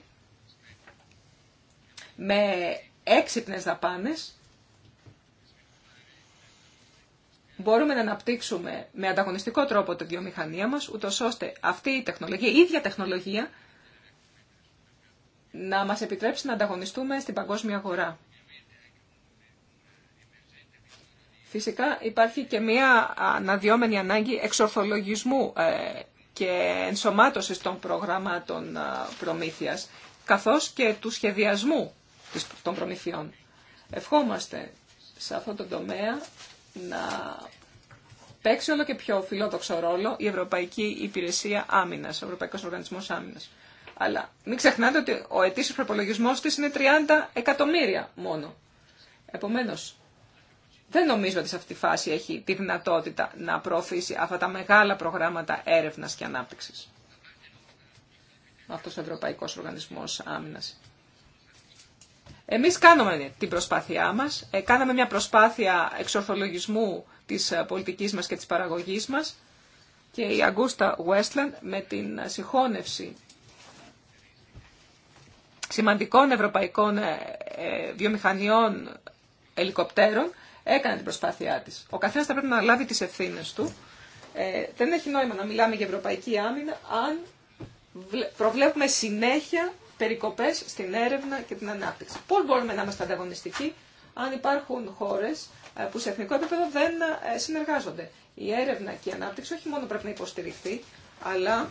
με έξυπνες δαπάνες, μπορούμε να αναπτύξουμε με ανταγωνιστικό τρόπο τη βιομηχανία μας, ούτως ώστε αυτή η τεχνολογία, η ίδια τεχνολογία, να μας επιτρέψει να ανταγωνιστούμε στην παγκόσμια αγορά. Φυσικά υπάρχει και μια αναδυόμενη ανάγκη εξορθολογισμού ε, και ενσωμάτωσης των προγραμμάτων ε, προμήθειας, καθώς και του σχεδιασμού των προμηθειών. Ευχόμαστε σε αυτό το τομέα να παίξει όλο και πιο φιλόδοξο ρόλο η Ευρωπαϊκή Υπηρεσία Άμυνας, ο Ευρωπαϊκό Οργανισμό Άμυνα. Αλλά μην ξεχνάτε ότι ο ετήσιος προπολογισμό της είναι 30 εκατομμύρια μόνο. Επομένως δεν νομίζω ότι σε αυτή τη φάση έχει τη δυνατότητα να προωθήσει αυτά τα μεγάλα προγράμματα έρευνας και ανάπτυξης. Αυτός ο Ευρωπαϊκός Οργανισμός Άμυνας. Εμείς κάναμε την προσπάθειά μας, ε, κάναμε μια προσπάθεια εξορθολογισμού της ε, πολιτικής μας και της παραγωγής μας και η Αγκούστα Westland με την συγχώνευση σημαντικών ευρωπαϊκών ε, βιομηχανιών ελικοπτέρων έκανε την προσπάθειά τη. Ο καθένα θα πρέπει να λάβει τι ευθύνε του. Ε, δεν έχει νόημα να μιλάμε για ευρωπαϊκή άμυνα αν προβλέπουμε συνέχεια περικοπέ στην έρευνα και την ανάπτυξη. Πώ μπορούμε να είμαστε ανταγωνιστικοί αν υπάρχουν χώρε ε, που σε εθνικό επίπεδο δεν ε, συνεργάζονται. Η έρευνα και η ανάπτυξη όχι μόνο πρέπει να υποστηριχθεί, αλλά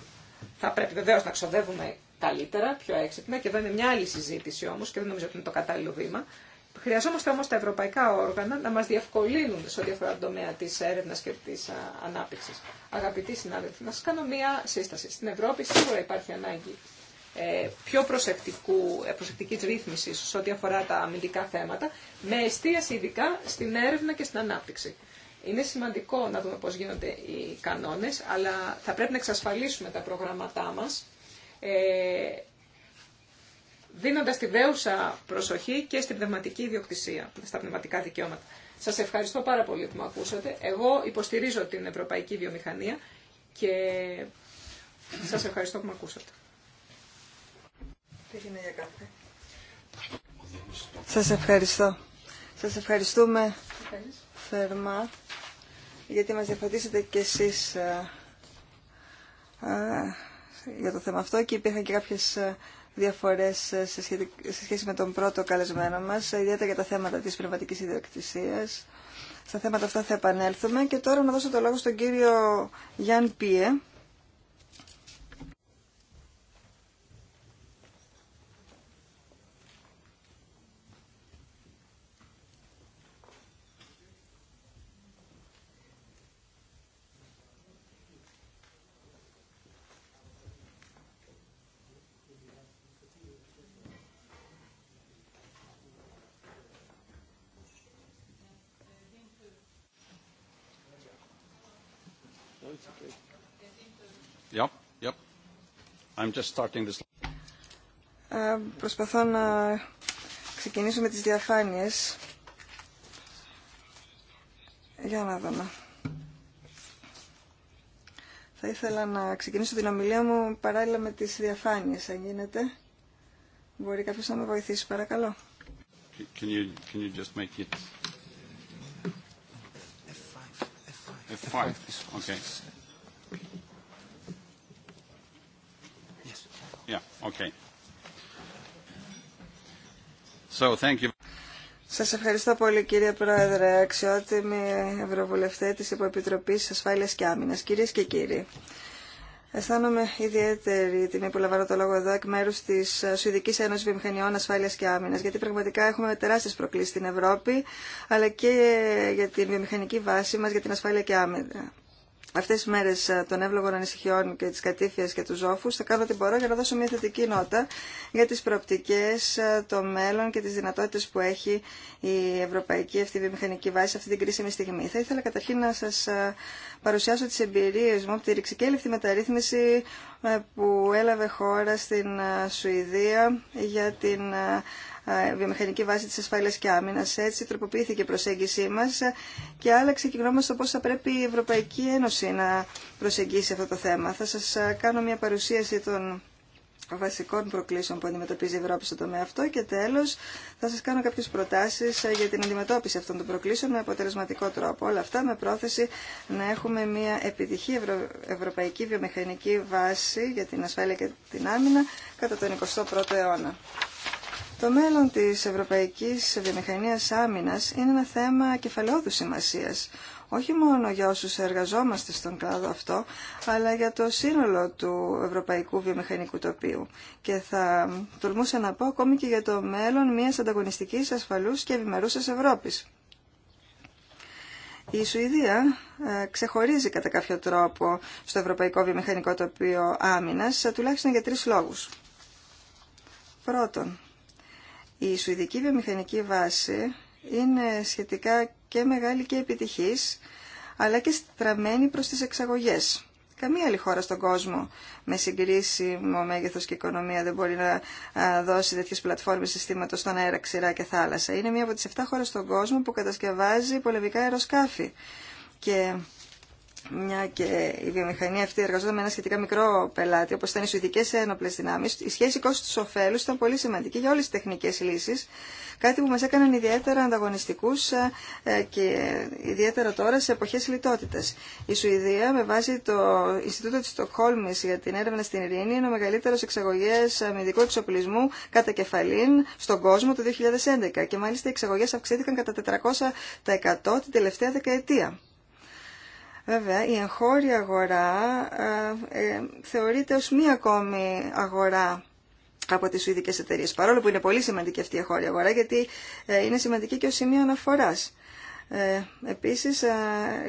θα πρέπει βεβαίω να ξοδεύουμε καλύτερα, πιο έξυπνα και εδώ είναι μια άλλη συζήτηση όμω και δεν νομίζω ότι είναι το κατάλληλο βήμα. Χρειαζόμαστε όμως τα ευρωπαϊκά όργανα να μας διευκολύνουν σε ό,τι αφορά τον τομέα της έρευνας και της ανάπτυξης. Αγαπητοί συνάδελφοι, να σας κάνω μία σύσταση. Στην Ευρώπη σίγουρα υπάρχει ανάγκη ε, πιο προσεκτικού, ε, προσεκτικής ρύθμισης σε ό,τι αφορά τα αμυντικά θέματα, με εστίαση ειδικά στην έρευνα και στην ανάπτυξη. Είναι σημαντικό να δούμε πώς γίνονται οι κανόνες, αλλά θα πρέπει να εξασφαλίσουμε τα προγράμματά μας, ε, δίνοντας τη δέουσα προσοχή και στην πνευματική ιδιοκτησία, στα πνευματικά δικαιώματα. Σας ευχαριστώ πάρα πολύ που με ακούσατε. Εγώ υποστηρίζω την ευρωπαϊκή βιομηχανία και σας ευχαριστώ που με ακούσατε. Σας ευχαριστώ. Σας ευχαριστούμε θερμά γιατί μας διαφωτίσατε και εσείς ε, ε, για το θέμα αυτό και υπήρχαν και κάποιες ε, διαφορές ε, σε, σχέση με τον πρώτο καλεσμένο μας, ε, ιδιαίτερα για τα θέματα της πνευματικής ιδιοκτησίας. Στα θέματα αυτά θα επανέλθουμε και τώρα να δώσω το λόγο στον κύριο Γιάνν Πίε, just starting this... προσπαθώ να ξεκινήσω με τις διαφάνειες. Για να δούμε. Θα ήθελα να ξεκινήσω την ομιλία μου παράλληλα με τις διαφάνειες, αν γίνεται. Μπορεί κάποιος να με βοηθήσει, παρακαλώ. Can you, can you just make it... F5. F5. F5. Okay. Yeah, okay. So, thank you. Σας ευχαριστώ πολύ κύριε Πρόεδρε, αξιότιμη Ευρωβουλευτέ της Υποεπιτροπής Ασφάλειας και Άμυνας. Κυρίες και κύριοι, αισθάνομαι ιδιαίτερη τιμή που λαμβάνω το λόγο εδώ εκ μέρους της Σουηδικής Ένωσης Βιομηχανιών Ασφάλειας και Άμυνας, γιατί πραγματικά έχουμε τεράστιες προκλήσεις στην Ευρώπη, αλλά και για την βιομηχανική βάση μας για την ασφάλεια και άμυνα αυτές τις μέρες ε, των εύλογων ανησυχιών και τις κατήφιες και τους ζώφους θα κάνω την μπορώ για να δώσω μια θετική νότα για τις προοπτικές, ε, το μέλλον και τις δυνατότητες που έχει η ευρωπαϊκή αυτή βάση σε αυτή την κρίσιμη στιγμή. Θα ήθελα καταρχήν να σας ε, παρουσιάσω τις εμπειρίες μου από τη ρηξικέλευτη μεταρρύθμιση που έλαβε χώρα στην Σουηδία για την ε, βιομηχανική βάση της ασφάλειας και άμυνας. Έτσι τροποποιήθηκε η προσέγγισή μας και άλλαξε και γνώμη στο πώς θα πρέπει η Ευρωπαϊκή Ένωση να προσεγγίσει αυτό το θέμα. Θα σας ε, κάνω μια παρουσίαση των βασικών προκλήσεων που αντιμετωπίζει η Ευρώπη στο τομέα αυτό και τέλος θα σας κάνω κάποιες προτάσεις ε, για την αντιμετώπιση αυτών των προκλήσεων με αποτελεσματικό τρόπο. Όλα αυτά με πρόθεση να έχουμε μια επιτυχή ευρωπαϊκή βιομηχανική βάση για την ασφάλεια και την άμυνα κατά τον 21ο αιώνα. Το μέλλον της Ευρωπαϊκής Βιομηχανίας Άμυνας είναι ένα θέμα κεφαλαιόδου σημασίας, όχι μόνο για όσους εργαζόμαστε στον κλάδο αυτό, αλλά για το σύνολο του ευρωπαϊκού βιομηχανικού τοπίου. Και θα τολμούσα να πω ακόμη και για το μέλλον μιας ανταγωνιστικής, ασφαλούς και ευημερούσας Ευρώπης. Η Σουηδία ε, ξεχωρίζει κατά κάποιο τρόπο στο ευρωπαϊκό βιομηχανικό τοπίο άμυνας, ε, τουλάχιστον για τρεις λόγους. Πρώτον, η Σουηδική βιομηχανική βάση είναι σχετικά και μεγάλη και επιτυχής, αλλά και στραμμένη προς τις εξαγωγές. Καμία άλλη χώρα στον κόσμο με συγκρίσιμο μέγεθο και οικονομία δεν μπορεί να δώσει τέτοιε πλατφόρμες συστήματο στον αέρα, ξηρά και θάλασσα. Είναι μία από τι 7 χώρε στον κόσμο που κατασκευάζει πολεμικά αεροσκάφη. Και μια και η βιομηχανία αυτή εργαζόταν με ένα σχετικά μικρό πελάτη, όπω ήταν οι Σουηδικέ Ένοπλε Δυνάμει, η σχέση κόστου-οφέλου ήταν πολύ σημαντική για όλε τι τεχνικέ λύσει. Κάτι που μα έκαναν ιδιαίτερα ανταγωνιστικού ε, και ιδιαίτερα τώρα σε εποχέ λιτότητα. Η Σουηδία, με βάση το Ινστιτούτο τη Στοκχόλμη για την έρευνα στην ειρήνη, είναι ο μεγαλύτερο εξαγωγέ αμυντικού εξοπλισμού κατά κεφαλήν στον κόσμο το 2011 και μάλιστα οι εξαγωγέ αυξήθηκαν κατά 400% την τελευταία δεκαετία. Βέβαια, η εγχώρια αγορά ε, ε, θεωρείται ως μία ακόμη αγορά από τις Σουηδικές εταιρείε. παρόλο που είναι πολύ σημαντική αυτή η εγχώρια αγορά, γιατί ε, είναι σημαντική και ως σημείο αναφοράς. Ε, επίσης,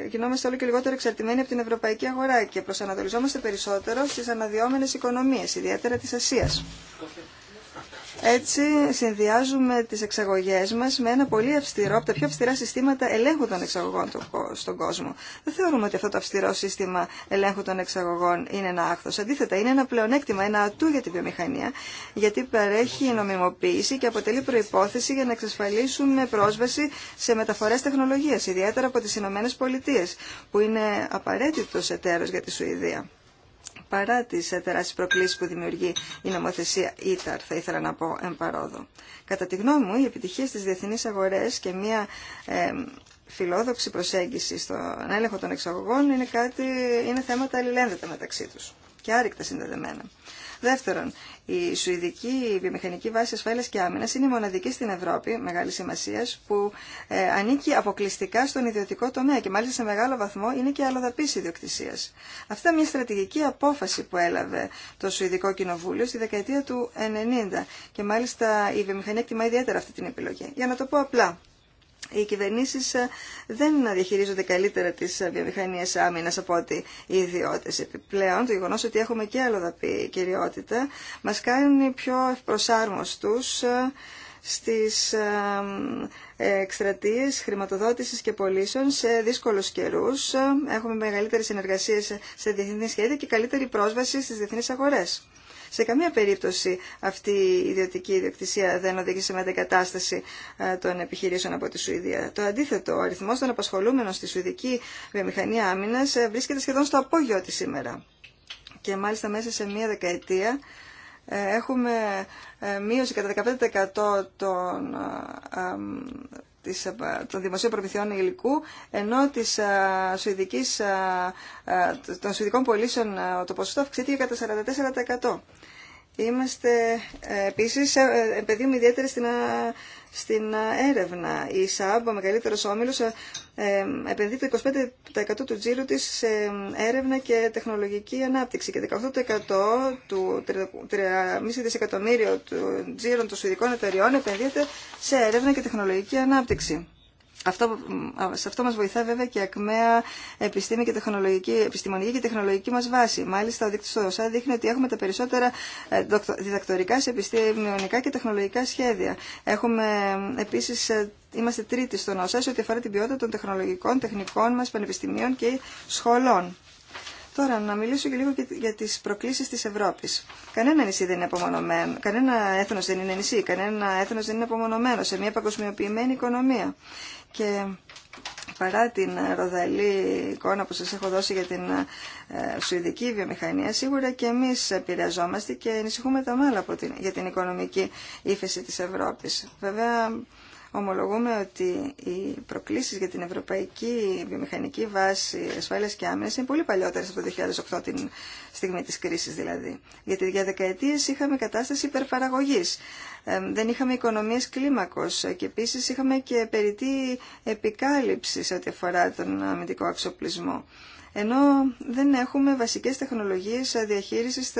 γινόμαστε όλο και λιγότερο εξαρτημένοι από την ευρωπαϊκή αγορά και προσανατολισόμαστε περισσότερο στις αναδυόμενες οικονομίες, ιδιαίτερα της Ασίας. Έτσι συνδυάζουμε τις εξαγωγές μας με ένα πολύ αυστηρό, από τα πιο αυστηρά συστήματα ελέγχου των εξαγωγών στον κόσμο. Δεν θεωρούμε ότι αυτό το αυστηρό σύστημα ελέγχου των εξαγωγών είναι ένα άχθος. Αντίθετα, είναι ένα πλεονέκτημα, ένα ατού για τη βιομηχανία, γιατί παρέχει νομιμοποίηση και αποτελεί προϋπόθεση για να εξασφαλίσουμε πρόσβαση σε μεταφορές τεχνολογίας, ιδιαίτερα από τις Ηνωμένε Πολιτείες, που είναι απαραίτητος εταίρος για τη Σουηδία παρά τι τεράστιε προκλήσει που δημιουργεί η νομοθεσία ΙΤΑΡ, θα ήθελα να πω εμπαρόδο. Κατά τη γνώμη μου, η επιτυχία στι διεθνείς αγορέ και μια φιλόδοξη προσέγγιση στον έλεγχο των εξαγωγών είναι, κάτι, είναι θέματα αλληλένδετα μεταξύ τους και άρρηκτα συνδεδεμένα. Δεύτερον, η Σουηδική Βιομηχανική Βάση Ασφάλεια και Αμυνα είναι η μοναδική στην Ευρώπη, μεγάλη σημασία, που ε, ανήκει αποκλειστικά στον ιδιωτικό τομέα και μάλιστα σε μεγάλο βαθμό είναι και αλλοδαπή ιδιοκτησία. Αυτά μια στρατηγική απόφαση που έλαβε το Σουηδικό Κοινοβούλιο στη δεκαετία του 90 και μάλιστα η βιομηχανία εκτιμά ιδιαίτερα αυτή την επιλογή. Για να το πω απλά, οι κυβερνήσει ε, δεν διαχειρίζονται καλύτερα τι ε, βιομηχανίε Άμυνα από ότι οι ιδιώτε. Επιπλέον, το γεγονό ότι έχουμε και άλλο αλλοδαπή κυριότητα μα κάνει πιο προσάρμοστου ε, στι εκστρατείε χρηματοδότηση και πωλήσεων σε δύσκολου καιρού. Έχουμε μεγαλύτερε συνεργασίε σε διεθνή σχέδια και καλύτερη πρόσβαση στι διεθνεί αγορέ. Σε καμία περίπτωση αυτή η ιδιωτική ιδιοκτησία δεν οδηγεί σε μετακατάσταση ε, των επιχειρήσεων από τη Σουηδία. Το αντίθετο, ο αριθμό των απασχολούμενων στη Σουηδική βιομηχανία άμυνα ε, βρίσκεται σχεδόν στο απόγειο τη σήμερα. Και μάλιστα μέσα σε μία δεκαετία ε, έχουμε μείωση κατά 15% των της, ε, των δημοσίων προμηθειών υλικού, ενώ της, α, ε, ε, των σουηδικών πωλήσεων το ποσοστό αυξήθηκε κατά 44%. Είμαστε επίσης, επαιδείουμε ιδιαίτερη στην στην ε, έρευνα. Η ΣΑΜΠ, ο μεγαλύτερος όμιλος, ε, ε, επενδύει το 25% του τζίρου της σε έρευνα και τεχνολογική ανάπτυξη και 18% του 3,5 δισεκατομμύριο του τζίρων των σουηδικών εταιριών επενδύεται σε έρευνα και τεχνολογική ανάπτυξη. Αυτό, σε αυτό μας βοηθά βέβαια και η ακμαία επιστήμη και τεχνολογική, επιστημονική και τεχνολογική μας βάση. Μάλιστα, ο δείκτης του ΩΣΑ δείχνει ότι έχουμε τα περισσότερα ε, διδακτορικά σε επιστημονικά και τεχνολογικά σχέδια. Έχουμε επίσης ε, Είμαστε τρίτοι στον ΩΣΑ σε ό,τι αφορά την ποιότητα των τεχνολογικών, τεχνικών μας, πανεπιστημίων και σχολών. Τώρα, να μιλήσω και λίγο για τι προκλήσει τη Ευρώπη. Κανένα νησί δεν είναι απομονωμένο. Κανένα έθνο δεν είναι νησί. Κανένα έθνο δεν είναι απομονωμένο σε μια παγκοσμιοποιημένη οικονομία και παρά την ροδαλή εικόνα που σας έχω δώσει για την ε, σουηδική βιομηχανία, σίγουρα και εμείς επηρεαζόμαστε και ανησυχούμε τα μάλλα για την οικονομική ύφεση της Ευρώπης. Βέβαια, Ομολογούμε ότι οι προκλήσεις για την ευρωπαϊκή βιομηχανική βάση ασφάλειας και άμυνας είναι πολύ παλιότερες από το 2008, την στιγμή της κρίσης δηλαδή. Γιατί για δεκαετίες είχαμε κατάσταση υπερπαραγωγής. δεν είχαμε οικονομίες κλίμακος και επίσης είχαμε και περιττή επικάλυψη σε ό,τι αφορά τον αμυντικό αξιοπλισμό ενώ δεν έχουμε βασικές τεχνολογίες διαχείρισης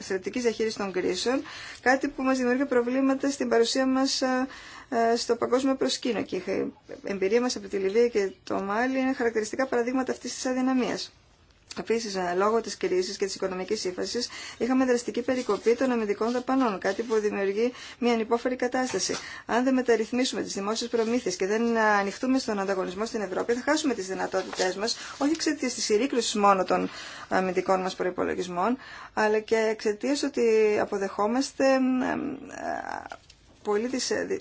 στρατιωτικής διαχείρισης των κρίσεων, κάτι που μας δημιουργεί προβλήματα στην παρουσία μας ε, ε, στο παγκόσμιο προσκήνιο. Και η εμπειρία μας από τη Λιβύη και το Μάλι είναι χαρακτηριστικά παραδείγματα αυτής της αδυναμίας. Επίση, λόγω τη κρίση και τη οικονομική ύφαση, είχαμε δραστική περικοπή των αμυντικών δαπανών, κάτι που δημιουργεί μια ανυπόφερη κατάσταση. Αν δεν μεταρρυθμίσουμε τι δημόσιε προμήθειε και δεν ανοιχτούμε στον ανταγωνισμό στην Ευρώπη, θα χάσουμε τι δυνατότητέ μα, όχι εξαιτία τη συρρήκλωση μόνο των αμυντικών μα προπολογισμών, αλλά και εξαιτία ότι αποδεχόμαστε πολύ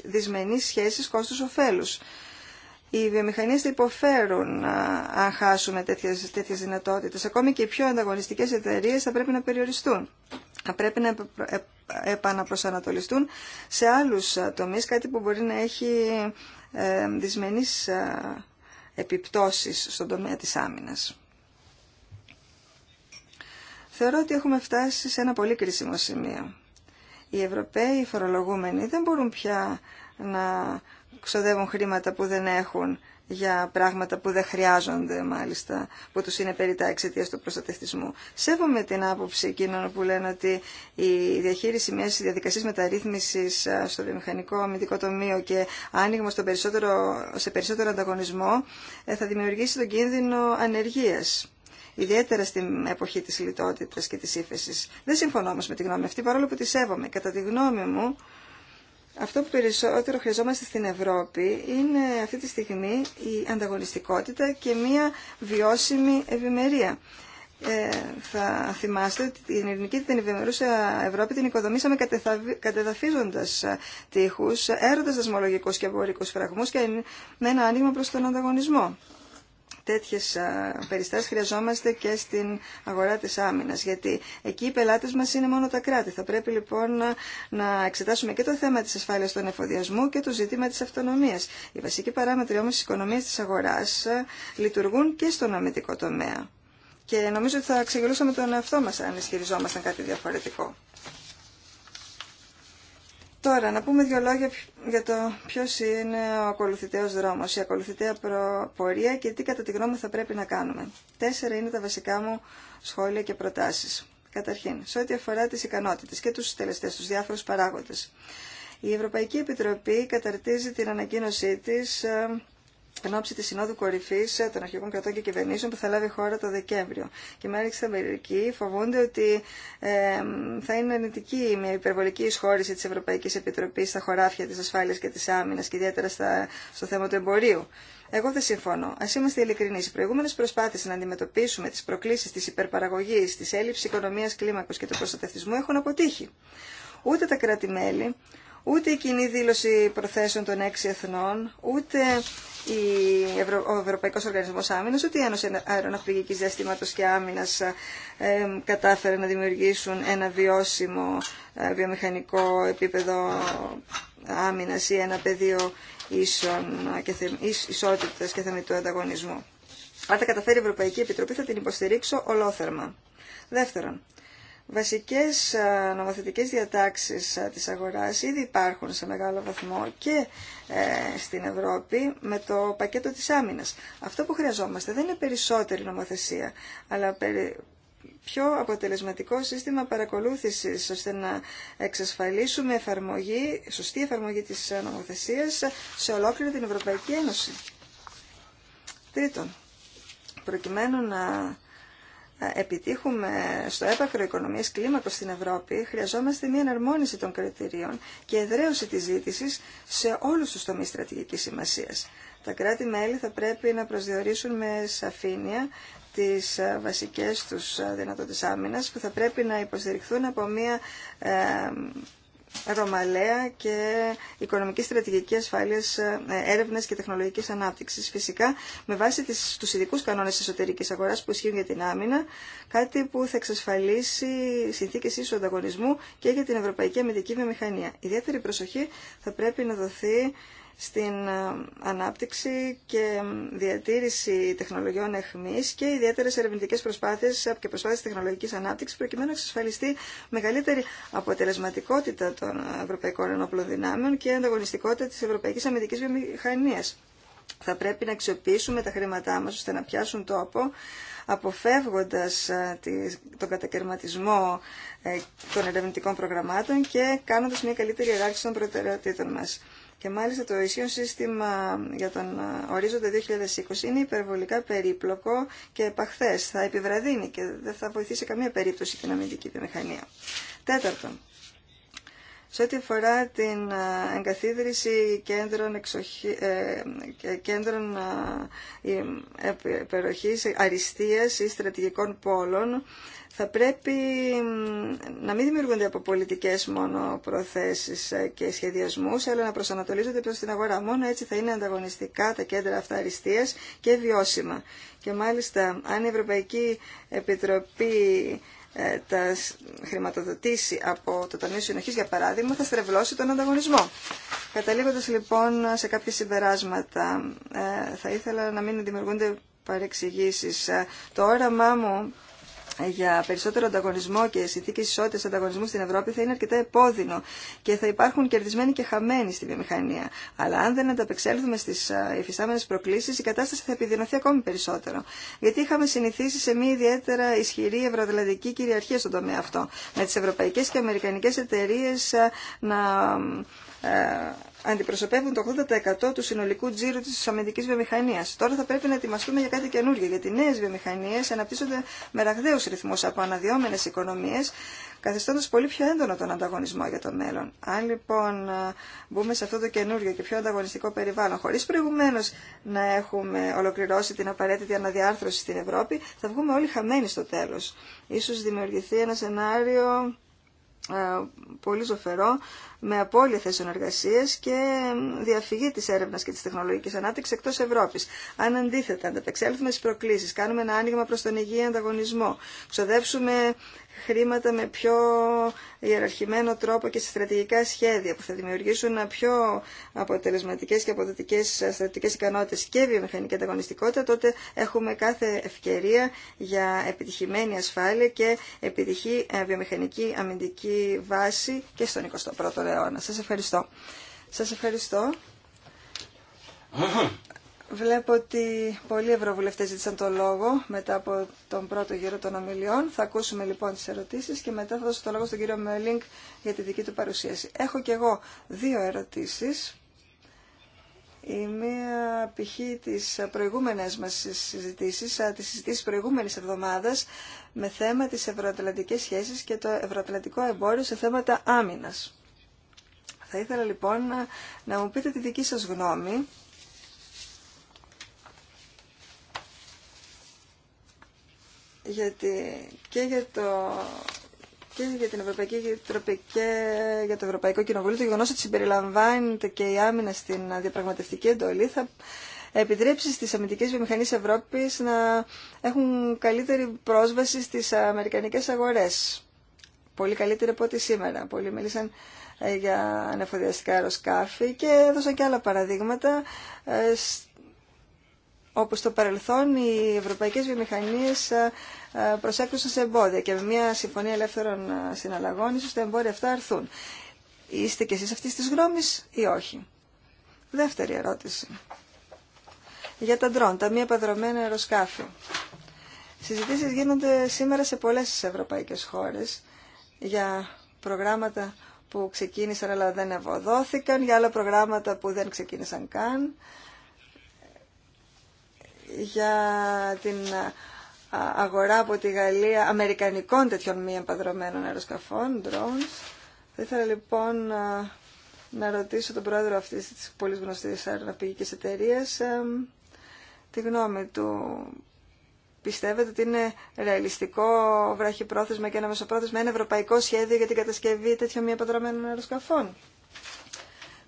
δυσμενεί σχέσει κόστου-οφέλου οι βιομηχανίε θα υποφέρουν αν χάσουμε τέτοιε δυνατότητε. δυνατότητες. Ακόμη και οι πιο ανταγωνιστικές εταιρείε θα πρέπει να περιοριστούν. Θα πρέπει να ε, επαναπροσανατολιστούν σε άλλους τομείς, κάτι που μπορεί να έχει ε, δυσμενείς επιπτώσεις στον τομέα τη άμυνας. Θεωρώ ότι έχουμε φτάσει σε ένα πολύ κρίσιμο σημείο. Οι Ευρωπαίοι φορολογούμενοι δεν μπορούν πια να ξοδεύουν χρήματα που δεν έχουν για πράγματα που δεν χρειάζονται μάλιστα, που τους είναι περί τα εξαιτίας του προστατευτισμού. Σέβομαι την άποψη εκείνων που λένε ότι η διαχείριση μιας διαδικασίας μεταρρύθμισης ε, στο βιομηχανικό αμυντικό τομείο και άνοιγμα στο περισσότερο, σε περισσότερο ανταγωνισμό ε, θα δημιουργήσει τον κίνδυνο ανεργίας ιδιαίτερα στην εποχή της λιτότητας και της ύφεσης. Δεν συμφωνώ όμως με τη γνώμη αυτή, παρόλο που τη σέβομαι. Κατά τη γνώμη μου, αυτό που περισσότερο χρειαζόμαστε στην Ευρώπη είναι αυτή τη στιγμή η ανταγωνιστικότητα και μια βιώσιμη ευημερία. Ε, θα θυμάστε ότι την ελληνική την ευημερούσα Ευρώπη την οικοδομήσαμε κατεδαφίζοντας τείχους, έρωτας δασμολογικούς και εμπορικούς φραγμούς και με ένα άνοιγμα προς τον ανταγωνισμό τέτοιες περιστάσεις χρειαζόμαστε και στην αγορά της άμυνας, γιατί εκεί οι πελάτες μας είναι μόνο τα κράτη. Θα πρέπει λοιπόν να εξετάσουμε και το θέμα της ασφάλειας των εφοδιασμού και το ζήτημα της αυτονομίας. Οι βασικοί παράμετροι όμως της οικονομίας της αγοράς λειτουργούν και στον αμυντικό τομέα. Και νομίζω ότι θα ξεγελούσαμε τον εαυτό μας αν ισχυριζόμασταν κάτι διαφορετικό. Τώρα, να πούμε δύο λόγια για το ποιο είναι ο ακολουθητέο δρόμο, η ακολουθητέα πορεία και τι κατά τη γνώμη θα πρέπει να κάνουμε. Τέσσερα είναι τα βασικά μου σχόλια και προτάσει. Καταρχήν, σε ό,τι αφορά τι ικανότητε και του συντελεστέ, του διάφορου παράγοντε. Η Ευρωπαϊκή Επιτροπή καταρτίζει την ανακοίνωσή τη ε, εν ώψη τη Συνόδου Κορυφή ε, των Αρχικών Κρατών και Κυβερνήσεων που θα λάβει η χώρα το Δεκέμβριο. Και μάλιστα μερικοί φοβούνται ότι ε, θα είναι αρνητική μια υπερβολική εισχώρηση τη Ευρωπαϊκή Επιτροπή στα χωράφια τη ασφάλεια και τη άμυνα και ιδιαίτερα στο θέμα του εμπορίου. Εγώ δεν συμφωνώ. Α είμαστε ειλικρινεί. Οι προηγούμενε προσπάθειε να αντιμετωπίσουμε τι προκλήσει τη υπερπαραγωγή, τη έλλειψη οικονομία κλίμακο και του προστατευτισμού έχουν αποτύχει. Ούτε τα κρατη Ούτε η κοινή δήλωση προθέσεων των έξι εθνών, ούτε ο Ευρωπαϊκός Οργανισμός Άμυνας, ούτε η Ένωση Αεροναυπηγική Διαστήματος και Άμυνας κατάφερε να δημιουργήσουν ένα βιώσιμο ε, βιομηχανικό επίπεδο άμυνας ή ένα πεδίο ίσων και θε, και θεμητού ανταγωνισμού. Αν τα καταφέρει η Ευρωπαϊκή Επιτροπή θα την υποστηρίξω ολόθερμα. Δεύτερον, βασικές νομοθετικές διατάξεις της αγοράς ήδη υπάρχουν σε μεγάλο βαθμό και ε, στην Ευρώπη με το πακέτο της άμυνας. Αυτό που χρειαζόμαστε δεν είναι περισσότερη νομοθεσία, αλλά πιο αποτελεσματικό σύστημα παρακολούθησης, ώστε να εξασφαλίσουμε εφαρμογή, σωστή εφαρμογή της ε, νομοθεσίας σε ολόκληρη την Ευρωπαϊκή Ένωση. Τρίτον, προκειμένου να επιτύχουμε στο έπακρο οικονομίας κλίμακος στην Ευρώπη, χρειαζόμαστε μια εναρμόνιση των κριτηρίων και εδραίωση της ζήτησης σε όλους τους τομείς στρατηγικής σημασίας. Τα κράτη-μέλη θα πρέπει να προσδιορίσουν με σαφήνεια τις ε, βασικές τους ε, δυνατότητες άμυνας που θα πρέπει να υποστηριχθούν από μια ε, ρωμαλαία και οικονομική στρατηγική ασφαλεία ε, έρευνα και τεχνολογική ανάπτυξη, Φυσικά με βάση του ειδικού κανόνε εσωτερικής αγορά που ισχύουν για την άμυνα, κάτι που θα εξασφαλίσει συνθήκες ίσου ανταγωνισμού και για την Ευρωπαϊκή Αμυντική Βιομηχανία. Ιδιαίτερη προσοχή θα πρέπει να δοθεί στην ε, ανάπτυξη και διατήρηση τεχνολογιών εχμής και ιδιαίτερες ερευνητικές προσπάθειες και προσπάθειες τεχνολογικής ανάπτυξης προκειμένου να εξασφαλιστεί μεγαλύτερη αποτελεσματικότητα των ευρωπαϊκών ενόπλων δυνάμεων και ανταγωνιστικότητα της ευρωπαϊκής αμυντικής βιομηχανίας. Θα πρέπει να αξιοποιήσουμε τα χρήματά μας ώστε να πιάσουν τόπο αποφεύγοντας ε, τον κατακαιρματισμό ε, των ερευνητικών προγραμμάτων και κάνοντας μια καλύτερη εράρξη των προτεραιοτήτων μας. Και μάλιστα το ισχύον σύστημα για τον ε, ορίζοντα 2020 είναι υπερβολικά περίπλοκο και επαχθές. Θα επιβραδύνει και δεν θα βοηθήσει καμία περίπτωση την αμυντική βιομηχανία. Τέταρτον, σε ό,τι αφορά την ε, εγκαθίδρυση κέντρων, εξοχή, ε, ε, κέντρων αριστείας ή στρατηγικών πόλων, θα πρέπει να μην δημιουργούνται από πολιτικές μόνο προθέσεις και σχεδιασμούς, αλλά να προσανατολίζονται προς την αγορά. Μόνο έτσι θα είναι ανταγωνιστικά τα κέντρα αυτά αριστείας και βιώσιμα. Και μάλιστα, αν η Ευρωπαϊκή Επιτροπή ε, τα χρηματοδοτήσει από το Ταμείο Συνοχής, για παράδειγμα, θα στρεβλώσει τον ανταγωνισμό. Καταλήγοντας λοιπόν σε κάποια συμπεράσματα, ε, θα ήθελα να μην δημιουργούνται παρεξηγήσεις. Ε, το όραμά μου για περισσότερο ανταγωνισμό και συνθήκε ισότητα ανταγωνισμού στην Ευρώπη θα είναι αρκετά επώδυνο και θα υπάρχουν κερδισμένοι και χαμένοι στη βιομηχανία. Αλλά αν δεν ανταπεξέλθουμε στι υφιστάμενε προκλήσει, η κατάσταση θα επιδεινωθεί ακόμη περισσότερο. Γιατί είχαμε συνηθίσει σε μια ιδιαίτερα ισχυρή ευρωατλαντική κυριαρχία στον τομέα αυτό. Με τι ευρωπαϊκέ και αμερικανικέ εταιρείε να ε, αντιπροσωπεύουν το 80% του συνολικού τζίρου της αμυντικής βιομηχανίας. Τώρα θα πρέπει να ετοιμαστούμε για κάτι καινούργιο, γιατί νέες βιομηχανίες αναπτύσσονται με ραγδαίους ρυθμούς από αναδυόμενες οικονομίες, καθιστώντας πολύ πιο έντονο τον ανταγωνισμό για το μέλλον. Αν λοιπόν μπούμε σε αυτό το καινούργιο και πιο ανταγωνιστικό περιβάλλον, χωρίς προηγουμένως να έχουμε ολοκληρώσει την απαραίτητη αναδιάρθρωση στην Ευρώπη, θα βγούμε όλοι χαμένοι στο τέλος. Ίσως δημιουργηθεί ένα σενάριο ε, πολύ ζωφερό με απώλεια θέσεων και διαφυγή τη έρευνα και τη τεχνολογική ανάπτυξη εκτό Ευρώπη. Αν αντίθετα ανταπεξέλθουμε στι προκλήσει, κάνουμε ένα άνοιγμα προ τον υγιή ανταγωνισμό, ξοδέψουμε χρήματα με πιο ιεραρχημένο τρόπο και σε στρατηγικά σχέδια που θα δημιουργήσουν πιο αποτελεσματικές και αποδοτικέ στρατηγικές ικανότητε και βιομηχανική ανταγωνιστικότητα, τότε έχουμε κάθε ευκαιρία για επιτυχημένη ασφάλεια και επιτυχή ε, βιομηχανική αμυντική βάση και στον 21ο αιώνα. Σας ευχαριστώ. ευχαριστώ. Βλέπω ότι πολλοί ευρωβουλευτές ζήτησαν το λόγο μετά από τον πρώτο γύρο των ομιλιών. Θα ακούσουμε λοιπόν τις ερωτήσεις και μετά θα δώσω το λόγο στον κύριο Μέλινγκ για τη δική του παρουσίαση. Έχω και εγώ δύο ερωτήσεις. Η μία π.χ. τις προηγούμενες μας συζητήσεις, τις συζητήσεις προηγούμενης εβδομάδας με θέμα τις ευρωατλαντικές σχέσεις και το ευρωατλαντικό εμπόριο σε θέματα άμυνας. Θα ήθελα λοιπόν να μου πείτε τη δική σας γνώμη γιατί και για το και για την Ευρωπαϊκή Επιτροπή και για το Ευρωπαϊκό Κοινοβούλιο, το γεγονό ότι συμπεριλαμβάνεται και η άμυνα στην διαπραγματευτική εντολή θα επιτρέψει στι αμυντικέ βιομηχανίε Ευρώπη να έχουν καλύτερη πρόσβαση στι αμερικανικέ αγορέ. Πολύ καλύτερη από ό,τι σήμερα. Πολλοί μίλησαν ε, για ανεφοδιαστικά αεροσκάφη και έδωσαν και άλλα παραδείγματα ε, όπως στο παρελθόν οι ευρωπαϊκές βιομηχανίες ε, ε, προσέκρουσαν σε εμπόδια και με μια συμφωνία ελεύθερων ε, συναλλαγών ίσως τα εμπόδια αυτά αρθούν. Είστε κι εσείς αυτής της γνώμης ή όχι. Δεύτερη ερώτηση. Για τα ντρόν, τα μη επαδρομένα αεροσκάφη. Συζητήσεις γίνονται σήμερα σε πολλές ευρωπαϊκές χώρες για προγράμματα που ξεκίνησαν αλλά δεν ευωδόθηκαν, για άλλα προγράμματα που δεν ξεκίνησαν καν για την αγορά από τη Γαλλία αμερικανικών τέτοιων μη επαδρομένων αεροσκαφών, drones. Θα ήθελα λοιπόν να, ρωτήσω τον πρόεδρο αυτής της πολύ γνωστής αεροναυπηγικής εταιρείας ε, τη γνώμη του. Πιστεύετε ότι είναι ρεαλιστικό βραχυπρόθεσμα και ένα μεσοπρόθεσμα ένα ευρωπαϊκό σχέδιο για την κατασκευή τέτοιων μη επαδρομένων αεροσκαφών.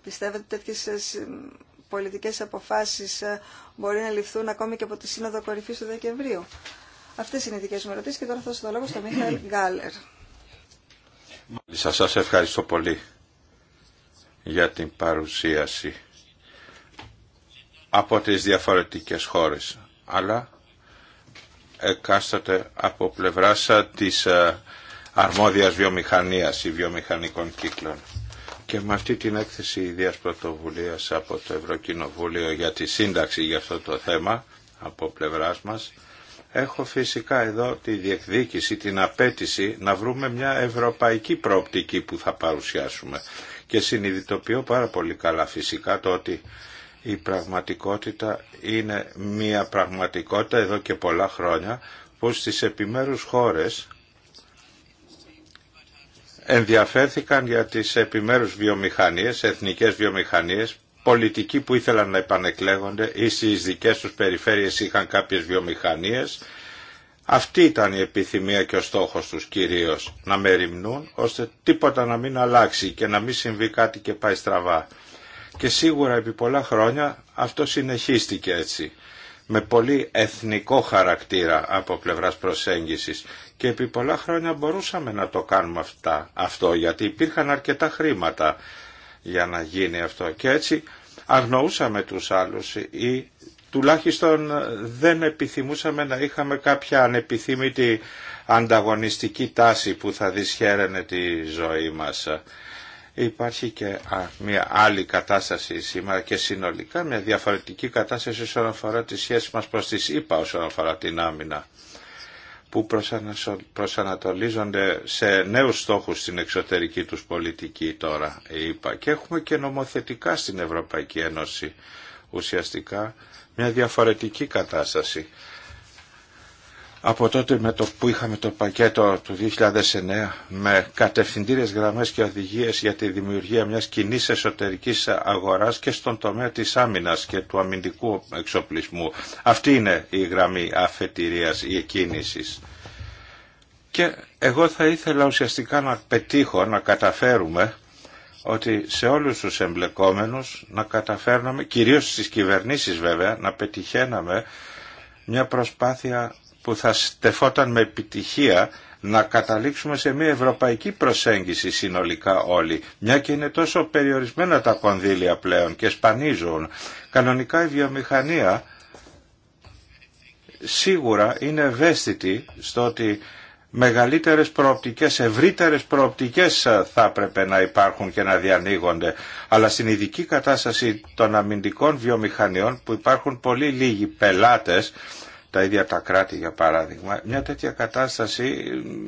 Πιστεύετε ότι τέτοιες πολιτικές αποφάσεις ε, μπορεί να ληφθούν ακόμη και από τη Σύνοδο Κορυφής του Δεκεμβρίου. Αυτές είναι οι δικές μου ερωτήσεις και τώρα θα δώσω το λόγο στον Μίχαλ Γκάλερ. Μάλιστα, σας ευχαριστώ πολύ για την παρουσίαση από τις διαφορετικές χώρες, αλλά εκάστοτε από πλευράς της ε, αρμόδιας βιομηχανίας ή βιομηχανικών κύκλων και με αυτή την έκθεση ιδίας πρωτοβουλίας από το Ευρωκοινοβούλιο για τη σύνταξη για αυτό το θέμα από πλευράς μας, έχω φυσικά εδώ τη διεκδίκηση, την απέτηση να βρούμε μια ευρωπαϊκή πρόπτικη που θα παρουσιάσουμε. Και συνειδητοποιώ πάρα πολύ καλά φυσικά το ότι η πραγματικότητα είναι μια πραγματικότητα εδώ και πολλά χρόνια που στις επιμέρους χώρες ενδιαφέρθηκαν για τις επιμέρους βιομηχανίες, εθνικές βιομηχανίες, πολιτικοί που ήθελαν να επανεκλέγονται ή στις δικές τους περιφέρειες είχαν κάποιες βιομηχανίες. Αυτή ήταν η επιθυμία και ο στόχος τους κυρίως, να μεριμνούν ώστε τίποτα να μην αλλάξει και να μην συμβεί κάτι και πάει στραβά. Και σίγουρα επί πολλά χρόνια αυτό συνεχίστηκε έτσι με πολύ εθνικό χαρακτήρα από πλευράς προσέγγισης και επί πολλά χρόνια μπορούσαμε να το κάνουμε αυτό γιατί υπήρχαν αρκετά χρήματα για να γίνει αυτό και έτσι αγνοούσαμε τους άλλους ή τουλάχιστον δεν επιθυμούσαμε να είχαμε κάποια ανεπιθύμητη ανταγωνιστική τάση που θα δυσχαίραινε τη ζωή μας. Υπάρχει και μια άλλη κατάσταση σήμερα και συνολικά μια διαφορετική κατάσταση όσον αφορά τη σχέση μας προς τις ΗΠΑ όσον αφορά την άμυνα που προσανατολίζονται σε νέους στόχους στην εξωτερική τους πολιτική τώρα, είπα. Και έχουμε και νομοθετικά στην Ευρωπαϊκή Ένωση ουσιαστικά μια διαφορετική κατάσταση από τότε με το που είχαμε το πακέτο του 2009 με κατευθυντήριες γραμμές και οδηγίες για τη δημιουργία μιας κοινή εσωτερικής αγοράς και στον τομέα της άμυνας και του αμυντικού εξοπλισμού. Αυτή είναι η γραμμή αφετηρίας, η εκκίνησης. Και εγώ θα ήθελα ουσιαστικά να πετύχω, να καταφέρουμε ότι σε όλους τους εμπλεκόμενους να καταφέρναμε, κυρίως στις κυβερνήσεις βέβαια, να πετυχαίναμε μια προσπάθεια που θα στεφόταν με επιτυχία να καταλήξουμε σε μια ευρωπαϊκή προσέγγιση συνολικά όλοι, μια και είναι τόσο περιορισμένα τα κονδύλια πλέον και σπανίζουν. Κανονικά η βιομηχανία σίγουρα είναι ευαίσθητη στο ότι μεγαλύτερες προοπτικές, ευρύτερες προοπτικές θα έπρεπε να υπάρχουν και να διανοίγονται. Αλλά στην ειδική κατάσταση των αμυντικών βιομηχανιών που υπάρχουν πολύ λίγοι πελάτες τα ίδια τα κράτη για παράδειγμα, μια τέτοια κατάσταση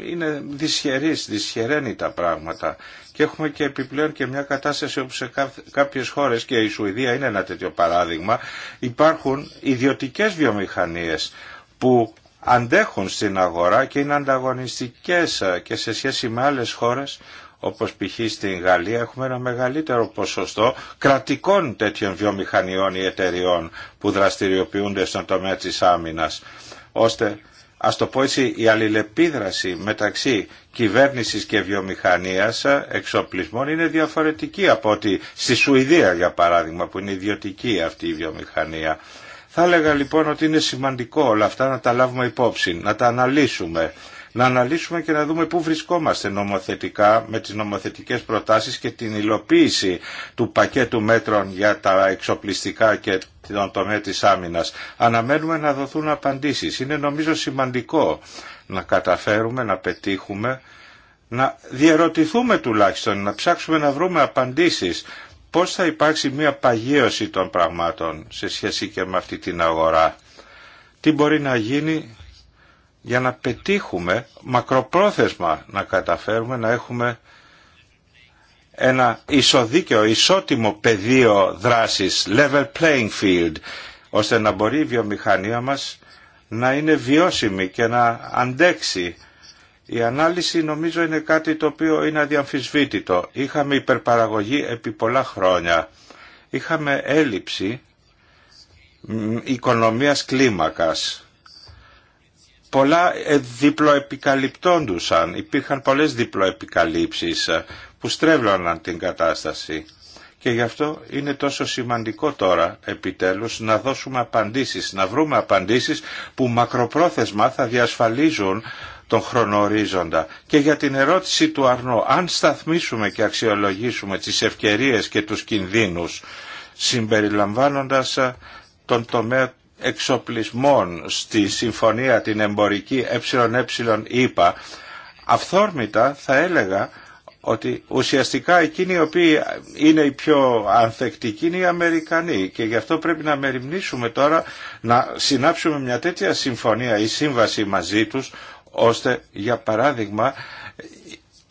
είναι δυσχερής, δυσχεραίνει τα πράγματα. Και έχουμε και επιπλέον και μια κατάσταση όπου σε κάποιες χώρες, και η Σουηδία είναι ένα τέτοιο παράδειγμα, υπάρχουν ιδιωτικές βιομηχανίες που αντέχουν στην αγορά και είναι ανταγωνιστικές ε, και σε σχέση με άλλες χώρες όπως π.χ. στην Γαλλία έχουμε ένα μεγαλύτερο ποσοστό κρατικών τέτοιων βιομηχανιών ή εταιριών που δραστηριοποιούνται στον τομέα της άμυνας, ώστε ας το πω έτσι, η αλληλεπίδραση μεταξύ κυβέρνησης και βιομηχανίας ε, εξοπλισμών είναι διαφορετική από ότι στη Σουηδία για παράδειγμα που είναι ιδιωτική αυτή η βιομηχανία. Θα έλεγα λοιπόν ότι είναι σημαντικό όλα αυτά να τα λάβουμε υπόψη, να τα αναλύσουμε να αναλύσουμε και να δούμε πού βρισκόμαστε νομοθετικά με τις νομοθετικές προτάσεις και την υλοποίηση του πακέτου μέτρων για τα εξοπλιστικά και τον τομέα της άμυνας. Αναμένουμε να δοθούν απαντήσεις. Είναι νομίζω σημαντικό να καταφέρουμε, να πετύχουμε, να διερωτηθούμε τουλάχιστον, να ψάξουμε να βρούμε απαντήσεις πώς θα υπάρξει μια παγίωση των πραγμάτων σε σχέση και με αυτή την αγορά. Τι μπορεί να γίνει για να πετύχουμε μακροπρόθεσμα να καταφέρουμε να έχουμε ένα ισοδίκαιο, ισότιμο πεδίο δράσης, level playing field, ώστε να μπορεί η βιομηχανία μας να είναι βιώσιμη και να αντέξει. Η ανάλυση νομίζω είναι κάτι το οποίο είναι αδιαμφισβήτητο. Είχαμε υπερπαραγωγή επί πολλά χρόνια. Είχαμε έλλειψη οικονομίας κλίμακας πολλά ε, διπλοεπικαλυπτόντουσαν, υπήρχαν πολλές διπλοεπικαλύψεις ε, που στρέβλωναν την κατάσταση. Και γι' αυτό είναι τόσο σημαντικό τώρα επιτέλους να δώσουμε απαντήσεις, να βρούμε απαντήσεις που μακροπρόθεσμα θα διασφαλίζουν τον χρονορίζοντα Και για την ερώτηση του Αρνό, αν σταθμίσουμε και αξιολογήσουμε τις ευκαιρίες και τους κινδύνους, συμπεριλαμβάνοντας ε, τον τομέα εξοπλισμών στη συμφωνία την εμπορική ΕΕ αυθόρμητα θα έλεγα ότι ουσιαστικά εκείνοι οι οποίοι είναι οι πιο ανθεκτικοί είναι οι Αμερικανοί και γι' αυτό πρέπει να μεριμνήσουμε τώρα να συνάψουμε μια τέτοια συμφωνία ή σύμβαση μαζί τους ώστε για παράδειγμα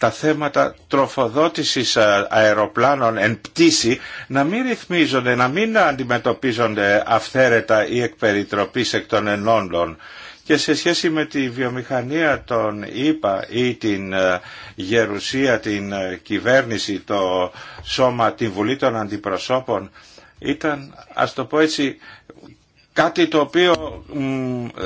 τα θέματα τροφοδότησης ε, αεροπλάνων εν πτήση να μην ρυθμίζονται, να μην αντιμετωπίζονται αυθαίρετα ή περιτροπής εκ των ενόντων και σε σχέση με τη βιομηχανία των ΙΠΑ ή την ε, γερουσία, την ε, κυβέρνηση, το σώμα, την Βουλή των Αντιπροσώπων ήταν, ας το πω έτσι, κάτι το οποίο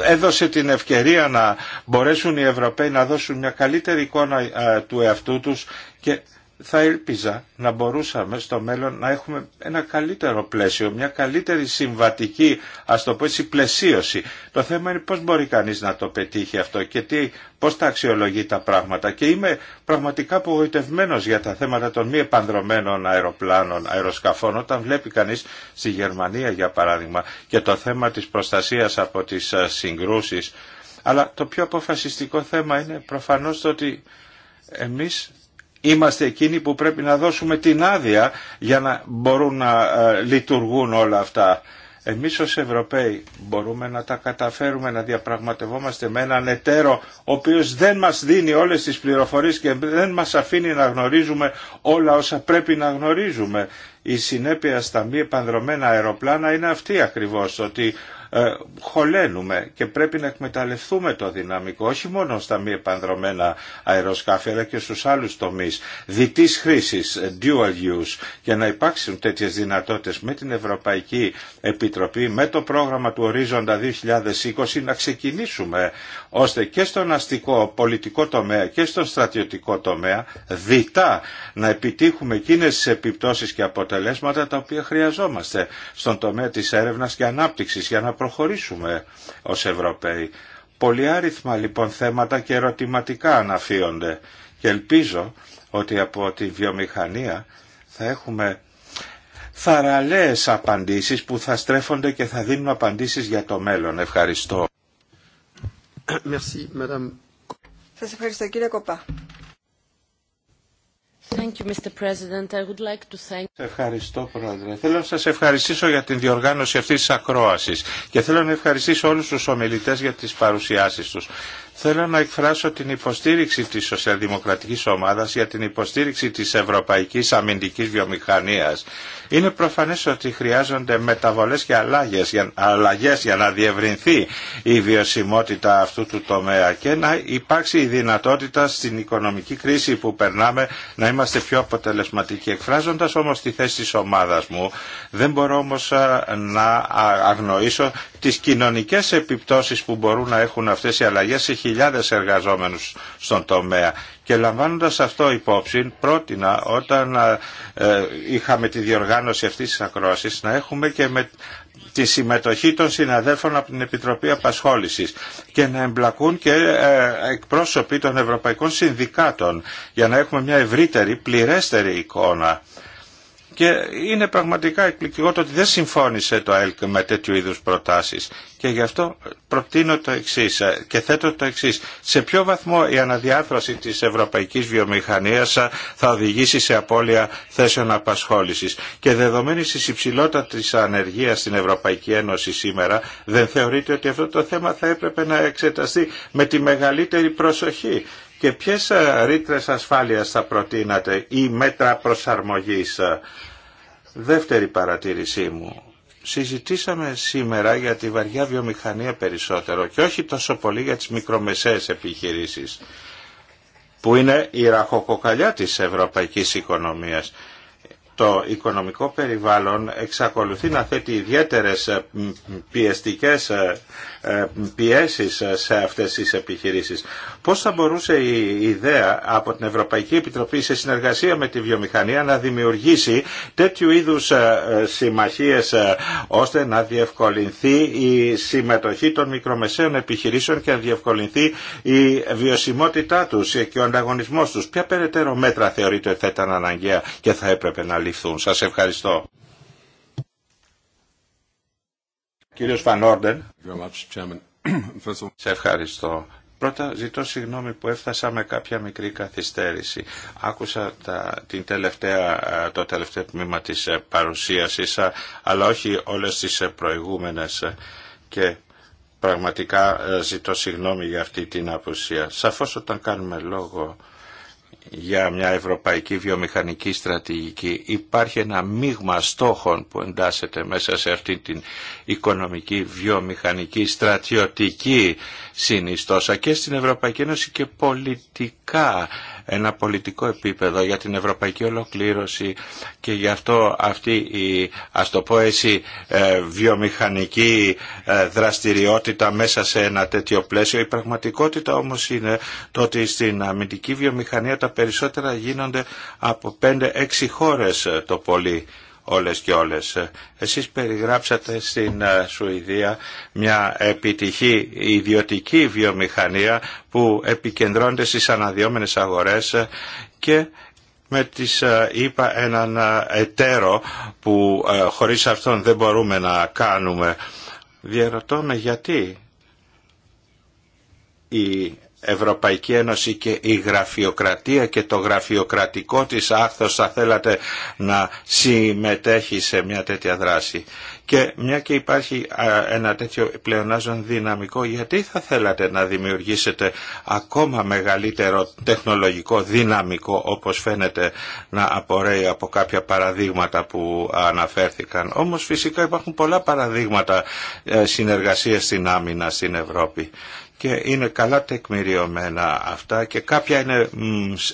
έδωσε την ευκαιρία να μπορέσουν οι Ευρωπαίοι να δώσουν μια καλύτερη εικόνα ε, του εαυτού τους και θα ελπίζα να μπορούσαμε στο μέλλον να έχουμε ένα καλύτερο πλαίσιο, μια καλύτερη συμβατική, ας το πω έτσι, πλαισίωση. Το θέμα είναι πώς μπορεί κανείς να το πετύχει αυτό και τι, πώς τα αξιολογεί τα πράγματα. Και είμαι πραγματικά απογοητευμένος για τα θέματα των μη επανδρομένων αεροπλάνων, αεροσκαφών, όταν βλέπει κανείς στη Γερμανία, για παράδειγμα, και το θέμα της προστασίας από τις ε, συγκρούσεις. Αλλά το πιο αποφασιστικό θέμα είναι προφανώς το ότι εμείς είμαστε εκείνοι που πρέπει να δώσουμε την άδεια για να μπορούν να ε, λειτουργούν όλα αυτά. Εμείς ως Ευρωπαίοι μπορούμε να τα καταφέρουμε να διαπραγματευόμαστε με έναν εταίρο ο οποίος δεν μας δίνει όλες τις πληροφορίες και δεν μας αφήνει να γνωρίζουμε όλα όσα πρέπει να γνωρίζουμε. Η συνέπεια στα μη επανδρομένα αεροπλάνα είναι αυτή ακριβώς, ότι ε, χωλένουμε και πρέπει να εκμεταλλευτούμε το δυναμικό όχι μόνο στα μη επανδρομένα αεροσκάφη αλλά και στους άλλους τομείς διτής χρήσης, ε, dual use για να υπάρξουν τέτοιες δυνατότητες με την Ευρωπαϊκή Επιτροπή με το πρόγραμμα του Ορίζοντα 2020 να ξεκινήσουμε ώστε και στον αστικό πολιτικό τομέα και στον στρατιωτικό τομέα διτά να επιτύχουμε εκείνες τις επιπτώσεις και αποτελέσματα τα οποία χρειαζόμαστε στον τομέα της έρευνας και ανάπτυξης για να προχωρήσουμε ως Ευρωπαίοι. Πολυάριθμα λοιπόν θέματα και ερωτηματικά αναφύονται και ελπίζω ότι από τη βιομηχανία θα έχουμε θαραλέες απαντήσεις που θα στρέφονται και θα δίνουν απαντήσεις για το μέλλον. Ευχαριστώ. Σας ευχαριστώ κύριε Κοπά. Ευχαριστώ, Πρόεδρε. Θέλω να σας ευχαριστήσω για την διοργάνωση αυτής της ακρόασης και θέλω να ευχαριστήσω όλους τους ομιλητές για τις παρουσιάσεις τους. Θέλω να εκφράσω την υποστήριξη της σοσιαλδημοκρατικής ομάδας για την υποστήριξη της ευρωπαϊκής αμυντικής βιομηχανίας. Είναι προφανές ότι χρειάζονται μεταβολές και αλλαγές για, αλλαγές για να διευρυνθεί η βιωσιμότητα αυτού του τομέα και να υπάρξει η δυνατότητα στην οικονομική κρίση που περνάμε να είμαστε πιο αποτελεσματικοί. Εκφράζοντας όμως τη θέση της ομάδας μου, δεν μπορώ όμως να αγνοήσω τις κοινωνικές επιπτώσεις που μπορούν να έχουν αυτές οι αλλαγές σε χιλιάδες εργαζόμενους στον τομέα. Και λαμβάνοντας αυτό υπόψη, πρότεινα όταν ε, είχαμε τη διοργάνωση αυτής της ακρόασης να έχουμε και με τη συμμετοχή των συναδέλφων από την Επιτροπή Απασχόλησης και να εμπλακούν και ε, εκπρόσωποι των Ευρωπαϊκών Συνδικάτων για να έχουμε μια ευρύτερη, πληρέστερη εικόνα και είναι πραγματικά εκπληκτικό το ότι δεν συμφώνησε το ΕΛΚ με τέτοιου είδου προτάσεις. Και γι' αυτό προτείνω το εξή ε, και θέτω το εξή. Σε ποιο βαθμό η αναδιάρθρωση τη ευρωπαϊκή βιομηχανία ε, θα οδηγήσει σε απώλεια θέσεων απασχόληση. Και δεδομένη τη υψηλότητα τη ανεργία στην Ευρωπαϊκή Ένωση σήμερα, δεν θεωρείτε ότι αυτό το θέμα θα έπρεπε να εξεταστεί με τη μεγαλύτερη προσοχή και ποιες ε, ρήτρες ασφάλειας θα προτείνατε ή μέτρα προσαρμογής. Δεύτερη παρατήρησή μου. Συζητήσαμε σήμερα για τη βαριά βιομηχανία περισσότερο και όχι τόσο πολύ για τις μικρομεσαίες επιχειρήσεις που είναι η ραχοκοκαλιά της ευρωπαϊκής οικονομίας το οικονομικό περιβάλλον εξακολουθεί να θέτει ιδιαίτερες ε, πιεστικές ε, ε, πιέσεις σε αυτές τις επιχειρήσεις. Πώς θα μπορούσε η ιδέα από την Ευρωπαϊκή Επιτροπή σε συνεργασία με τη βιομηχανία να δημιουργήσει τέτοιου είδους συμμαχίες ώστε να διευκολυνθεί η συμμετοχή των μικρομεσαίων επιχειρήσεων και να διευκολυνθεί η βιωσιμότητά τους και ο ανταγωνισμός τους. Ποια περαιτέρω μέτρα θεωρείτε ότι θα ήταν αναγκαία και θα έπρεπε να Σα Σας ευχαριστώ. Κύριος Φανόρντεν. Σε ευχαριστώ. Πρώτα ζητώ συγγνώμη που έφτασα με κάποια μικρή καθυστέρηση. Άκουσα την τελευταία, το τελευταίο τμήμα της ε, παρουσίασης, αλλά όχι όλες τις ε, προηγούμενες ε, και πραγματικά ζητώ συγγνώμη για αυτή την απουσία. Σαφώς όταν κάνουμε λόγο για μια ευρωπαϊκή βιομηχανική στρατηγική. Υπάρχει ένα μείγμα στόχων που εντάσσεται μέσα σε αυτή την οικονομική, βιομηχανική, στρατιωτική συνιστόσα και στην Ευρωπαϊκή Ένωση και πολιτικά ένα πολιτικό επίπεδο για την ευρωπαϊκή ολοκλήρωση και γι' αυτό αυτή η ε, βιομηχανική ε, δραστηριότητα μέσα σε ένα τέτοιο πλαίσιο. Η πραγματικότητα όμως είναι το ότι στην αμυντική βιομηχανία τα περισσότερα γίνονται από 5-6 χώρες ε, το πολύ όλες και όλες. Εσείς περιγράψατε στην ε, Σουηδία μια επιτυχή ιδιωτική βιομηχανία που επικεντρώνεται στις αναδιόμενες αγορές και με τις ε, είπα έναν ε, εταίρο που χωρίς αυτόν δεν μπορούμε να κάνουμε. Διερωτώ με γιατί η Ευρωπαϊκή Ένωση και η γραφειοκρατία και το γραφειοκρατικό της άχθος θα θέλατε να συμμετέχει σε μια τέτοια δράση. Και μια και υπάρχει ένα τέτοιο πλεονάζον δυναμικό, γιατί θα θέλατε να δημιουργήσετε ακόμα μεγαλύτερο τεχνολογικό δυναμικό, όπως φαίνεται να απορρέει από κάποια παραδείγματα που αναφέρθηκαν. Όμως φυσικά υπάρχουν πολλά παραδείγματα ε, συνεργασίας στην άμυνα στην Ευρώπη και είναι καλά τεκμηριωμένα αυτά και κάποια είναι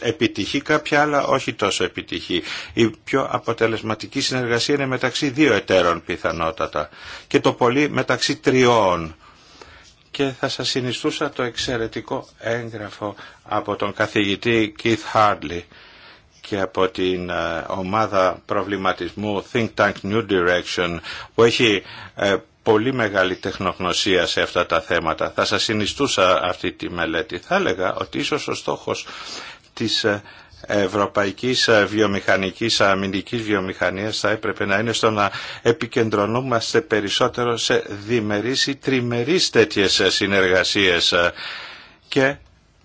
επιτυχή, κάποια άλλα όχι τόσο επιτυχή. Η πιο αποτελεσματική συνεργασία είναι μεταξύ δύο εταίρων πιθανότατα και το πολύ μεταξύ τριών. Και θα σας συνιστούσα το εξαιρετικό έγγραφο από τον καθηγητή Keith Hardley και από την ε, ομάδα προβληματισμού Think Tank New Direction που έχει ε, πολύ μεγάλη τεχνογνωσία σε αυτά τα θέματα. Θα σας συνιστούσα αυτή τη μελέτη. Θα έλεγα ότι ίσως ο στόχος της ε, ευρωπαϊκής ε, βιομηχανικής αμυντικής βιομηχανίας θα έπρεπε να είναι στο να επικεντρωνόμαστε περισσότερο σε διμερείς ή τριμερείς τέτοιες συνεργασίες ε, και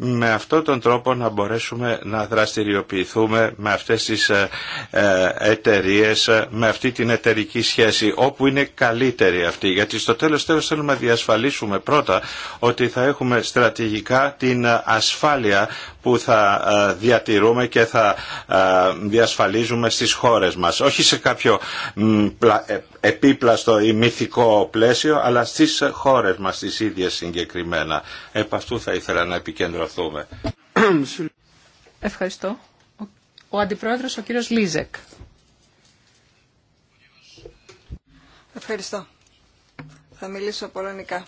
με αυτόν τον τρόπο να μπορέσουμε να δραστηριοποιηθούμε με αυτές τις ε, ε, εταιρείε, με αυτή την εταιρική σχέση όπου είναι καλύτερη αυτή γιατί στο τέλος τέλος θέλουμε να διασφαλίσουμε πρώτα ότι θα έχουμε στρατηγικά την ασφάλεια που θα ε, διατηρούμε και θα διασφαλίζουμε στις χώρες μας. Όχι σε κάποιο επίπλαστο ή μυθικό πλαίσιο, αλλά στις χώρες μας τις ίδιες συγκεκριμένα. Επ' αυτού θα ήθελα να επικεντρωθώ. Ευχαριστώ. Ο Αντιπρόεδρος, ο κύριος Λίζεκ. Ευχαριστώ. Θα μιλήσω πολωνικά.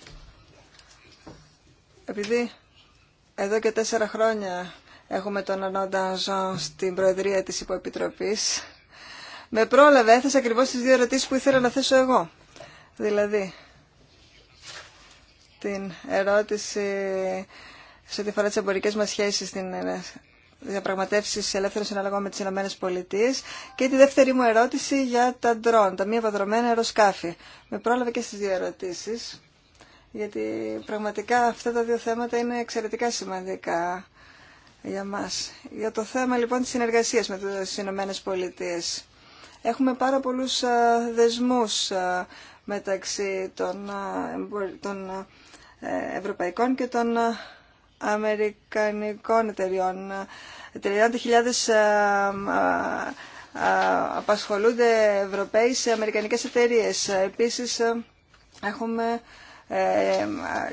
Επειδή εδώ και τέσσερα χρόνια έχουμε τον Ανόντα Ζων στην Προεδρία της Υποεπιτροπής, με πρόλαβε, έθεσα ακριβώς τις δύο ερωτήσεις που ήθελα να θέσω εγώ. Δηλαδή, την ερώτηση σε ό,τι αφορά τι εμπορικέ μα σχέσει στην ε, διαπραγματεύσει ελεύθερων συναλλαγών με τι ΗΠΑ και τη δεύτερη μου ερώτηση για τα ντρόν, τα μη επαδρομένα αεροσκάφη. Με πρόλαβε και στι δύο ερωτήσει, γιατί πραγματικά αυτά τα δύο θέματα είναι εξαιρετικά σημαντικά για μας. Για το θέμα λοιπόν της συνεργασία με τι Ηνωμένε Πολιτείε. Έχουμε πάρα πολλού ε, δεσμού ε, μεταξύ των, ευρωπαϊκών και των αμερικανικών εταιριών. 30.000 ε, ε, ε, απασχολούνται Ευρωπαίοι σε αμερικανικές εταιρείες. Επίσης έχουμε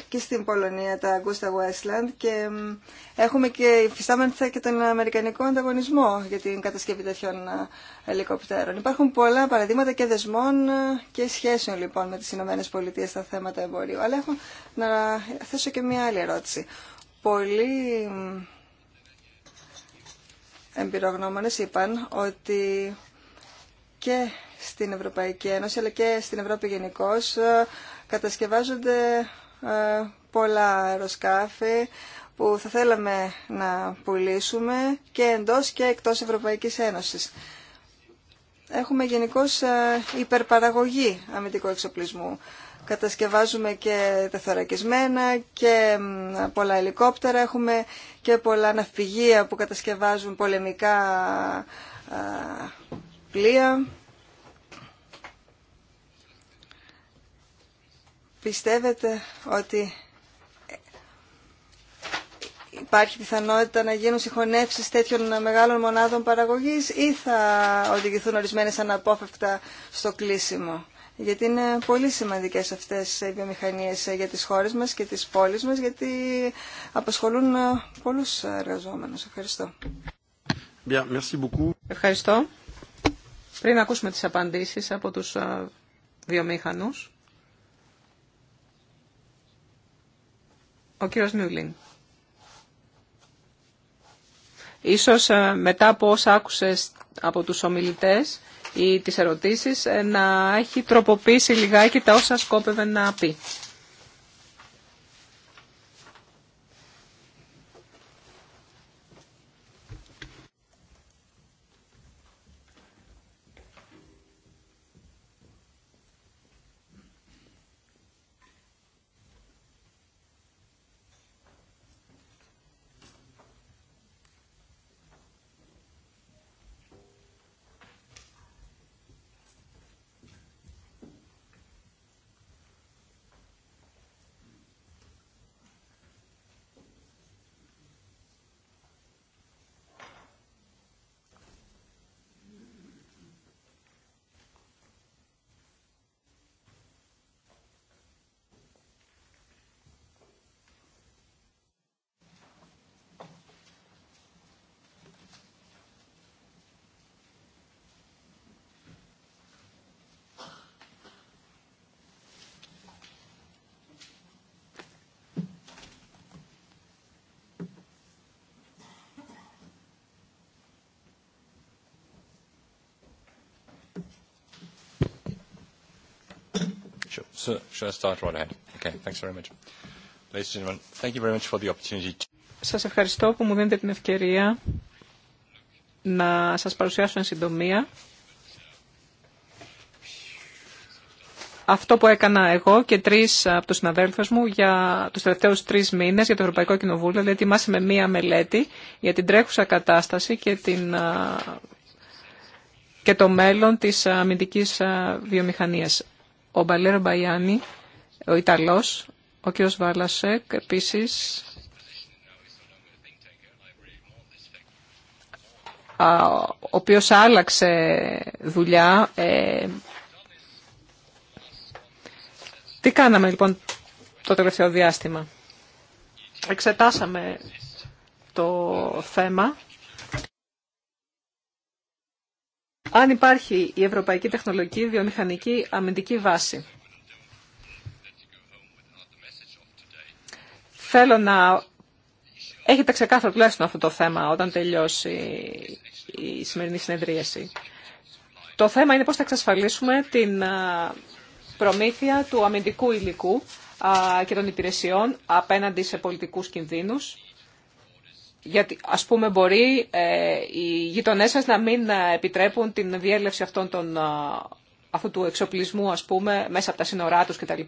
και στην Πολωνία τα Augusta Westland και έχουμε και υφιστάμενθα και τον αμερικανικό ανταγωνισμό για την κατασκευή τέτοιων ελικοπτέρων. Υπάρχουν πολλά παραδείγματα και δεσμών και σχέσεων λοιπόν με τις Ηνωμένε Πολιτείες στα θέματα εμπορίου. Αλλά έχω να θέσω και μια άλλη ερώτηση πολλοί εμπειρογνώμονες είπαν ότι και στην Ευρωπαϊκή Ένωση αλλά και στην Ευρώπη γενικώ κατασκευάζονται ε, πολλά αεροσκάφη που θα θέλαμε να πουλήσουμε και εντός και εκτός Ευρωπαϊκής Ένωσης. Έχουμε γενικώ ε, υπερπαραγωγή αμυντικού εξοπλισμού κατασκευάζουμε και τεθωρακισμένα και πολλά ελικόπτερα. Έχουμε και πολλά ναυπηγεία που κατασκευάζουν πολεμικά πλοία. Πιστεύετε ότι υπάρχει πιθανότητα να γίνουν συγχωνεύσεις τέτοιων μεγάλων μονάδων παραγωγής ή θα οδηγηθούν ορισμένες αναπόφευκτα στο κλείσιμο γιατί είναι πολύ σημαντικές αυτές οι βιομηχανίες για τις χώρες μας και τις πόλεις μας, γιατί απασχολούν ε, πολλούς εργαζόμενους. Ευχαριστώ. merci Ευχαριστώ. Πριν ακούσουμε τις απαντήσεις από τους ε, βιομηχανούς, ο κύριος Νιούλιν. Ίσως ε, μετά από όσα άκουσες από τους ομιλητές, ή τις ερωτήσεις ε, να έχει τροποποιήσει λιγάκι τα όσα σκόπευε να πει. Σας ευχαριστώ που μου δίνετε την ευκαιρία να σας παρουσιάσω εν συντομία αυτό που έκανα εγώ και τρεις από τους συναδέλφους μου για τους τελευταίους τρεις μήνες για το Ευρωπαϊκό Κοινοβούλιο. Δηλαδή, ετοιμάσαμε μία μελέτη για την τρέχουσα κατάσταση και, την, και το μέλλον της αμυντικής βιομηχανίας ο Μπαλέρο Μπαϊάνι, ο Ιταλός, ο κ. Βάλασεκ επίσης, ο οποίος άλλαξε δουλειά. Ε, τι κάναμε λοιπόν το τελευταίο διάστημα. Εξετάσαμε το θέμα αν υπάρχει η ευρωπαϊκή τεχνολογική βιομηχανική αμυντική βάση. Θέλω να έχετε ξεκάθαρο τουλάχιστον αυτό το θέμα όταν τελειώσει η σημερινή συνεδρίαση. Το θέμα είναι πώς θα εξασφαλίσουμε την προμήθεια του αμυντικού υλικού και των υπηρεσιών απέναντι σε πολιτικούς κινδύνους γιατί, ας πούμε, μπορεί ε, οι γειτονές σας να μην ε, επιτρέπουν την διέλευση αυτών των, ε, αυτού του εξοπλισμού, ας πούμε, μέσα από τα σύνορά τους κτλ.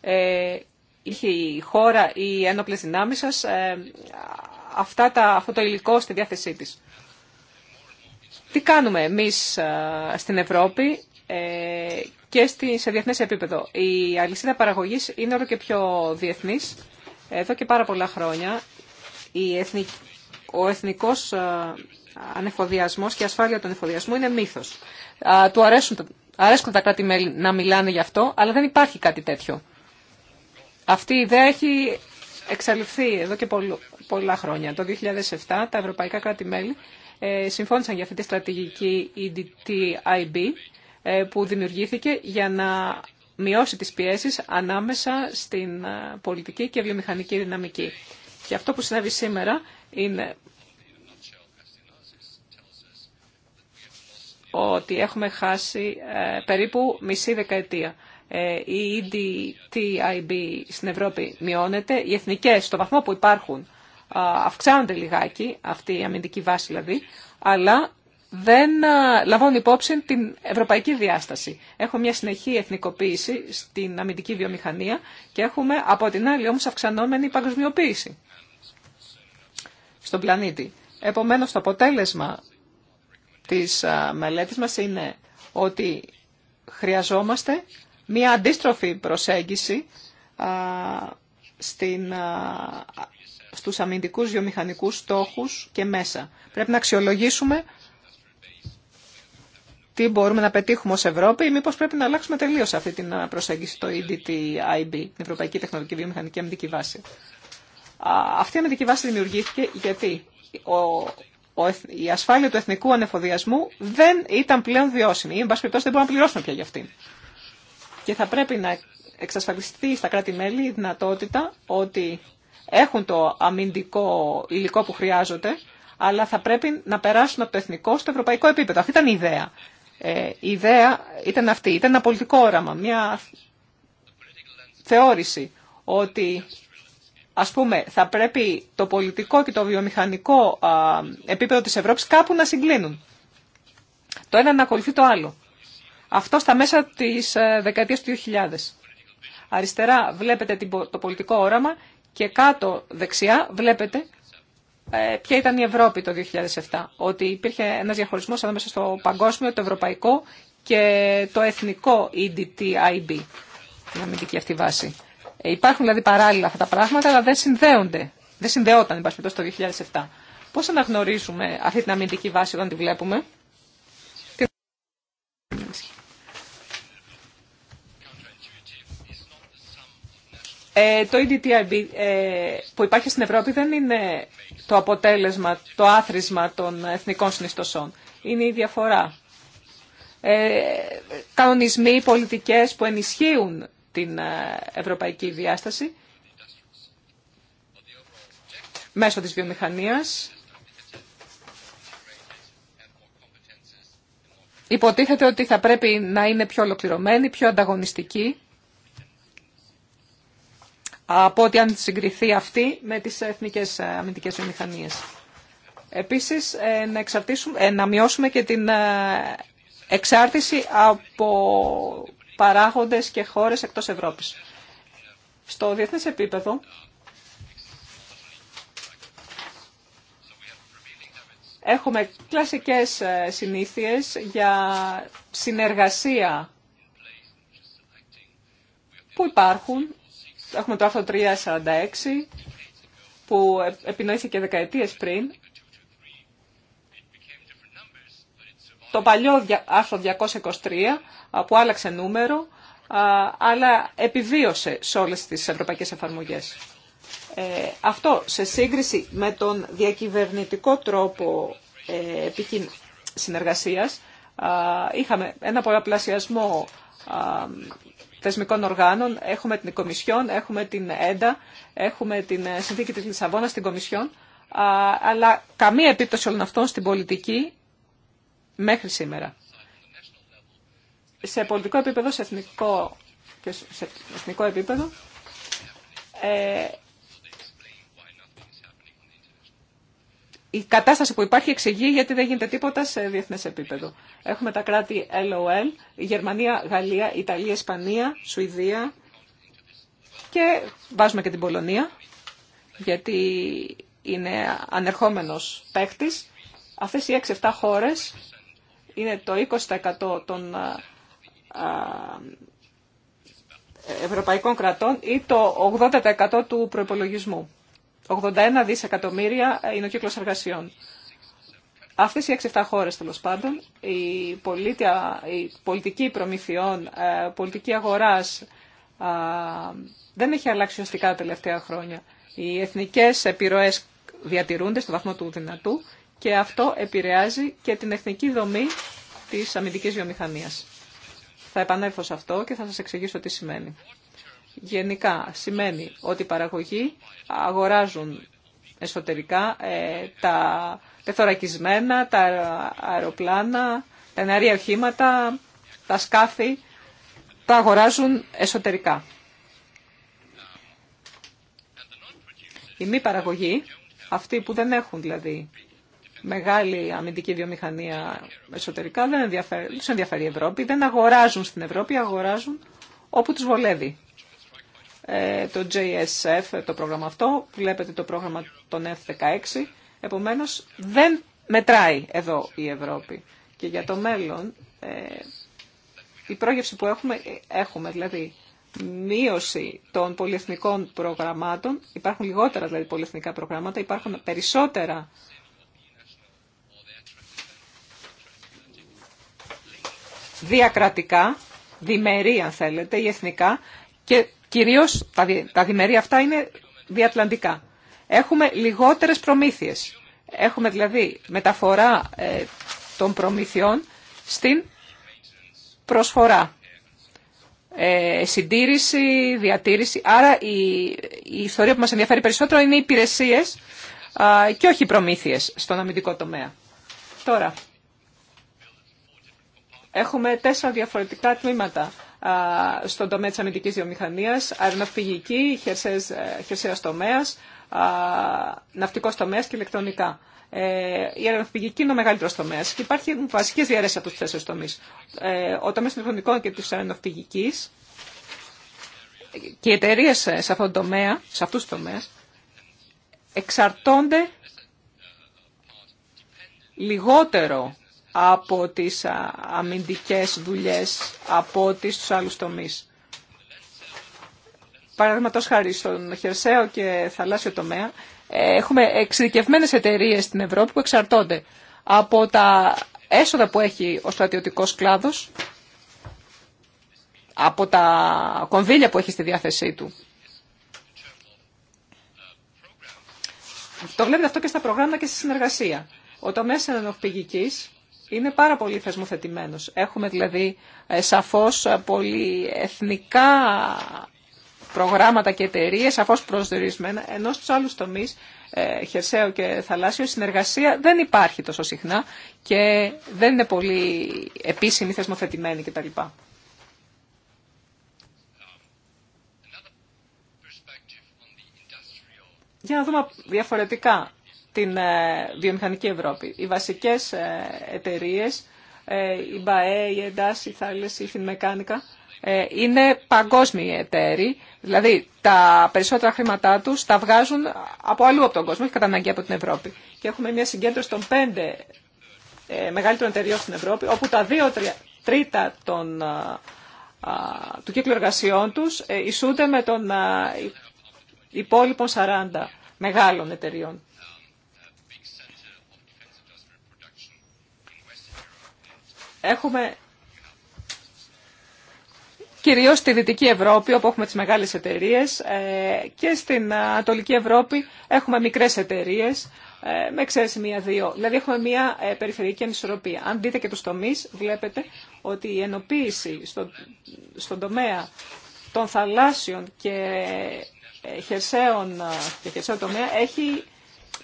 Ε, είχε η χώρα ή οι ένοπλες δυνάμεις σας αυτά τα, αυτό το υλικό στη διάθεσή της. Τι κάνουμε εμείς στην Ευρώπη και σε διεθνές επίπεδο. Η αλυσίδα παραγωγής είναι όλο και πιο διεθνής εδώ και πάρα πολλά χρόνια ο εθνικός ανεφοδιασμός και η ασφάλεια του ανεφοδιασμού είναι μύθος. Του αρέσουν, αρέσκουν τα κράτη-μέλη να μιλάνε γι' αυτό, αλλά δεν υπάρχει κάτι τέτοιο. Αυτή η ιδέα έχει εξαλειφθεί εδώ και πολλά χρόνια. Το 2007 τα ευρωπαϊκά κράτη-μέλη ε, συμφώνησαν για αυτή τη στρατηγική EDTIB ε, που δημιουργήθηκε για να μειώσει τις πιέσεις ανάμεσα στην πολιτική και βιομηχανική δυναμική. Και αυτό που συνέβη σήμερα είναι ότι έχουμε χάσει ε, περίπου μισή δεκαετία. Ε, η EDTIB στην Ευρώπη μειώνεται, οι εθνικές στο βαθμό που υπάρχουν ε, αυξάνονται λιγάκι, αυτή η αμυντική βάση δηλαδή, αλλά δεν λαμβάνουν υπόψη την ευρωπαϊκή διάσταση. Έχουμε μια συνεχή εθνικοποίηση στην αμυντική βιομηχανία και έχουμε από την άλλη όμως αυξανόμενη παγκοσμιοποίηση στον πλανήτη. Επομένως, το αποτέλεσμα της μελέτης μας είναι ότι χρειαζόμαστε μία αντίστροφη προσέγγιση στην, στους αμυντικούς βιομηχανικούς στόχους και μέσα. Πρέπει να αξιολογήσουμε τι μπορούμε να πετύχουμε ως Ευρώπη ή μήπως πρέπει να αλλάξουμε τελείως αυτή την προσέγγιση, το EDTIB, την Ευρωπαϊκή Τεχνολογική Βιομηχανική Αμυντική Βάση. Αυτή η αμυντική βάση δημιουργήθηκε γιατί ο, η ασφάλεια του εθνικού ανεφοδιασμού δεν ήταν πλέον βιώσιμη ή, εν πάση περιπτώσει, δεν μπορούμε να πληρώσουμε πια για αυτήν. Και θα πρέπει να εξασφαλιστεί στα κράτη-μέλη η δυνατότητα ότι έχουν το αμυντικό υλικό που χρειάζονται, αλλά θα πρέπει να περάσουν από το εθνικό στο ευρωπαϊκό επίπεδο. Αυτή ήταν η ιδέα. Ε, η ιδέα ήταν αυτή, ήταν ένα πολιτικό όραμα, μια θεώρηση ότι ας πούμε, θα πρέπει το πολιτικό και το βιομηχανικό επίπεδο της Ευρώπης κάπου να συγκλίνουν. Το ένα να ακολουθεί το άλλο. Αυτό στα μέσα της ε, δεκαετίας του 2000. Αριστερά βλέπετε το πολιτικό όραμα και κάτω δεξιά βλέπετε ε, ποια ήταν η Ευρώπη το 2007. Ότι υπήρχε ένας διαχωρισμός ανάμεσα στο παγκόσμιο, το ευρωπαϊκό και το εθνικό EDTIB. Να μην αυτή βάση. Ε, υπάρχουν δηλαδή παράλληλα αυτά τα πράγματα, αλλά δεν συνδέονται. Δεν συνδεόταν, εν το 2007. Πώ αναγνωρίζουμε αυτή την αμυντική βάση όταν τη βλέπουμε, Ε, το EDTIB ε, που υπάρχει στην Ευρώπη δεν είναι το αποτέλεσμα, το άθροισμα των εθνικών συνιστοσών. Είναι η διαφορά. Ε, κανονισμοί, πολιτικές που ενισχύουν την ε, ευρωπαϊκή διάσταση μέσω της βιομηχανίας. Υποτίθεται ότι θα πρέπει να είναι πιο ολοκληρωμένη, πιο ανταγωνιστική από ότι αν συγκριθεί αυτή με τις εθνικές ε, αμυντικές βιομηχανίες. Επίσης, ε, να, εξαρτήσουμε, να μειώσουμε και την εξάρτηση από παράγοντες και χώρες εκτός Ευρώπης. Στο διεθνές επίπεδο, έχουμε κλασικές ε, συνήθειες για συνεργασία που υπάρχουν. Έχουμε το άρθρο 346 που ε, επινοήθηκε δεκαετίες πριν το παλιό άρθρο 223 που άλλαξε νούμερο, αλλά επιβίωσε σε όλες τις ευρωπαϊκές εφαρμογές. Ε, αυτό σε σύγκριση με τον διακυβερνητικό τρόπο ε, συνεργασίας, είχαμε ένα πολλαπλασιασμό θεσμικών οργάνων, έχουμε την Κομισιόν, έχουμε την ΕΝΤΑ, έχουμε την ε, Συνθήκη της Λισαβόνας, στην Κομισιόν, αλλά καμία επίπτωση όλων αυτών στην πολιτική μέχρι σήμερα. Σε πολιτικό επίπεδο, σε εθνικό, και σε εθνικό επίπεδο, ε, η κατάσταση που υπάρχει εξηγεί γιατί δεν γίνεται τίποτα σε διεθνέ επίπεδο. Έχουμε τα κράτη LOL, Γερμανία, Γαλλία, Ιταλία, Ισπανία, Σουηδία και βάζουμε και την Πολωνία, γιατί είναι ανερχόμενος παίχτης. Αυτές οι 6-7 χώρες είναι το 20% των ευρωπαϊκών κρατών ή το 80% του προϋπολογισμού. 81 δισεκατομμύρια είναι ο κύκλος εργασιών. Αυτές οι 6-7 χώρες τέλος πάντων, η, πολίτια, η πολιτική προμηθειών, ε, πολιτική αγοράς δεν έχει αλλάξει ουσιαστικά τα τελευταία χρόνια. Οι εθνικές επιρροές διατηρούνται στο βαθμό του δυνατού και αυτό επηρεάζει και την εθνική δομή της αμυντικής βιομηχανίας. Θα επανέλθω σε αυτό και θα σας εξηγήσω τι σημαίνει. Γενικά σημαίνει ότι οι παραγωγοί αγοράζουν εσωτερικά ε, τα τεθωρακισμένα, τα αεροπλάνα, τα νεαρία οχήματα, τα σκάφη, τα αγοράζουν εσωτερικά. Η μη παραγωγή αυτοί που δεν έχουν δηλαδή μεγάλη αμυντική βιομηχανία εσωτερικά, δεν ενδιαφέρει, τους ενδιαφέρει η Ευρώπη, δεν αγοράζουν στην Ευρώπη, αγοράζουν όπου τους βολεύει. Ε, το JSF, το πρόγραμμα αυτό, βλέπετε το πρόγραμμα των F-16, επομένως δεν μετράει εδώ η Ευρώπη. Και για το μέλλον, ε, η πρόγευση που έχουμε, έχουμε δηλαδή μείωση των πολυεθνικών προγραμμάτων, υπάρχουν λιγότερα δηλαδή πολυεθνικά προγράμματα, υπάρχουν περισσότερα διακρατικά, διμερεί αν θέλετε, ή εθνικά και κυρίως τα, δι, τα διμερεί αυτά είναι διατλαντικά. Έχουμε λιγότερες προμήθειες. Έχουμε δηλαδή μεταφορά ε, των προμηθειών στην προσφορά. Ε, συντήρηση, διατήρηση. Άρα η, η ιστορία που μας ενδιαφέρει περισσότερο είναι οι υπηρεσίες και όχι οι προμήθειες στον αμυντικό τομέα. Τώρα, Έχουμε τέσσερα διαφορετικά τμήματα στον τομέα της αμυντικής βιομηχανία, αεροναυπηγική, ε, χερσαίας τομέας, ναυτικός τομέας και ηλεκτρονικά. Ε, η αεροναυπηγική είναι ο μεγαλύτερο τομέα ε, και υπάρχουν βασικέ διαρρέσει από του τέσσερι τομεί. ο τομέα των ηλεκτρονικών και τη αεροναυπηγική και οι εταιρείε σε αυτόν τομέα, σε αυτούς τους τομέες, εξαρτώνται λιγότερο από τις αμυντικές δουλειές, από τις τους άλλους τομείς. Παραδείγματο χάρη στον χερσαίο και θαλάσσιο τομέα, ε, έχουμε εξειδικευμένες εταιρείε στην Ευρώπη που εξαρτώνται από τα έσοδα που έχει ο στρατιωτικός κλάδος, από τα κονδύλια που έχει στη διάθεσή του. Το βλέπετε αυτό και στα προγράμματα και στη συνεργασία. Ο τομέας ενοπηγικής είναι πάρα πολύ θεσμοθετημένος. Έχουμε δηλαδή ε, σαφώς ε, πολύ εθνικά προγράμματα και εταιρείε, σαφώς προσδιορισμένα, ενώ στους άλλους τομείς, ε, χερσαίο και θαλάσσιο, συνεργασία δεν υπάρχει τόσο συχνά και δεν είναι πολύ επίσημη, θεσμοθετημένη κτλ. Για να δούμε διαφορετικά την ε, βιομηχανική Ευρώπη. Οι βασικές ε, εταιρείε, ε, η ΜΠΑΕ, η ΕΝΤΑΣ, η Θάλες, η Φινμεκάνικα, είναι παγκόσμιοι εταίροι, δηλαδή τα περισσότερα χρήματά τους τα βγάζουν από αλλού από τον κόσμο, όχι κατά από την Ευρώπη. Και έχουμε μια συγκέντρωση των πέντε μεγαλύτερων εταιριών στην Ευρώπη, όπου τα δύο τρίτα των, του κύκλου εργασιών τους ισούνται με τον υπόλοιπων 40 μεγάλων εταιριών. Έχουμε κυρίως στη Δυτική Ευρώπη, όπου έχουμε τις μεγάλες εταιρείες, ε, και στην Ανατολική Ευρώπη έχουμε μικρές εταιρείες, ε, με εξαίρεση μία-δύο. Δηλαδή έχουμε μία ε, περιφερειακή ανισορροπία. Αν δείτε και τους τομείς, βλέπετε ότι η ενοποίηση στον τομέα των θαλάσσιων και χερσαίων και χερσαίων τομέα έχει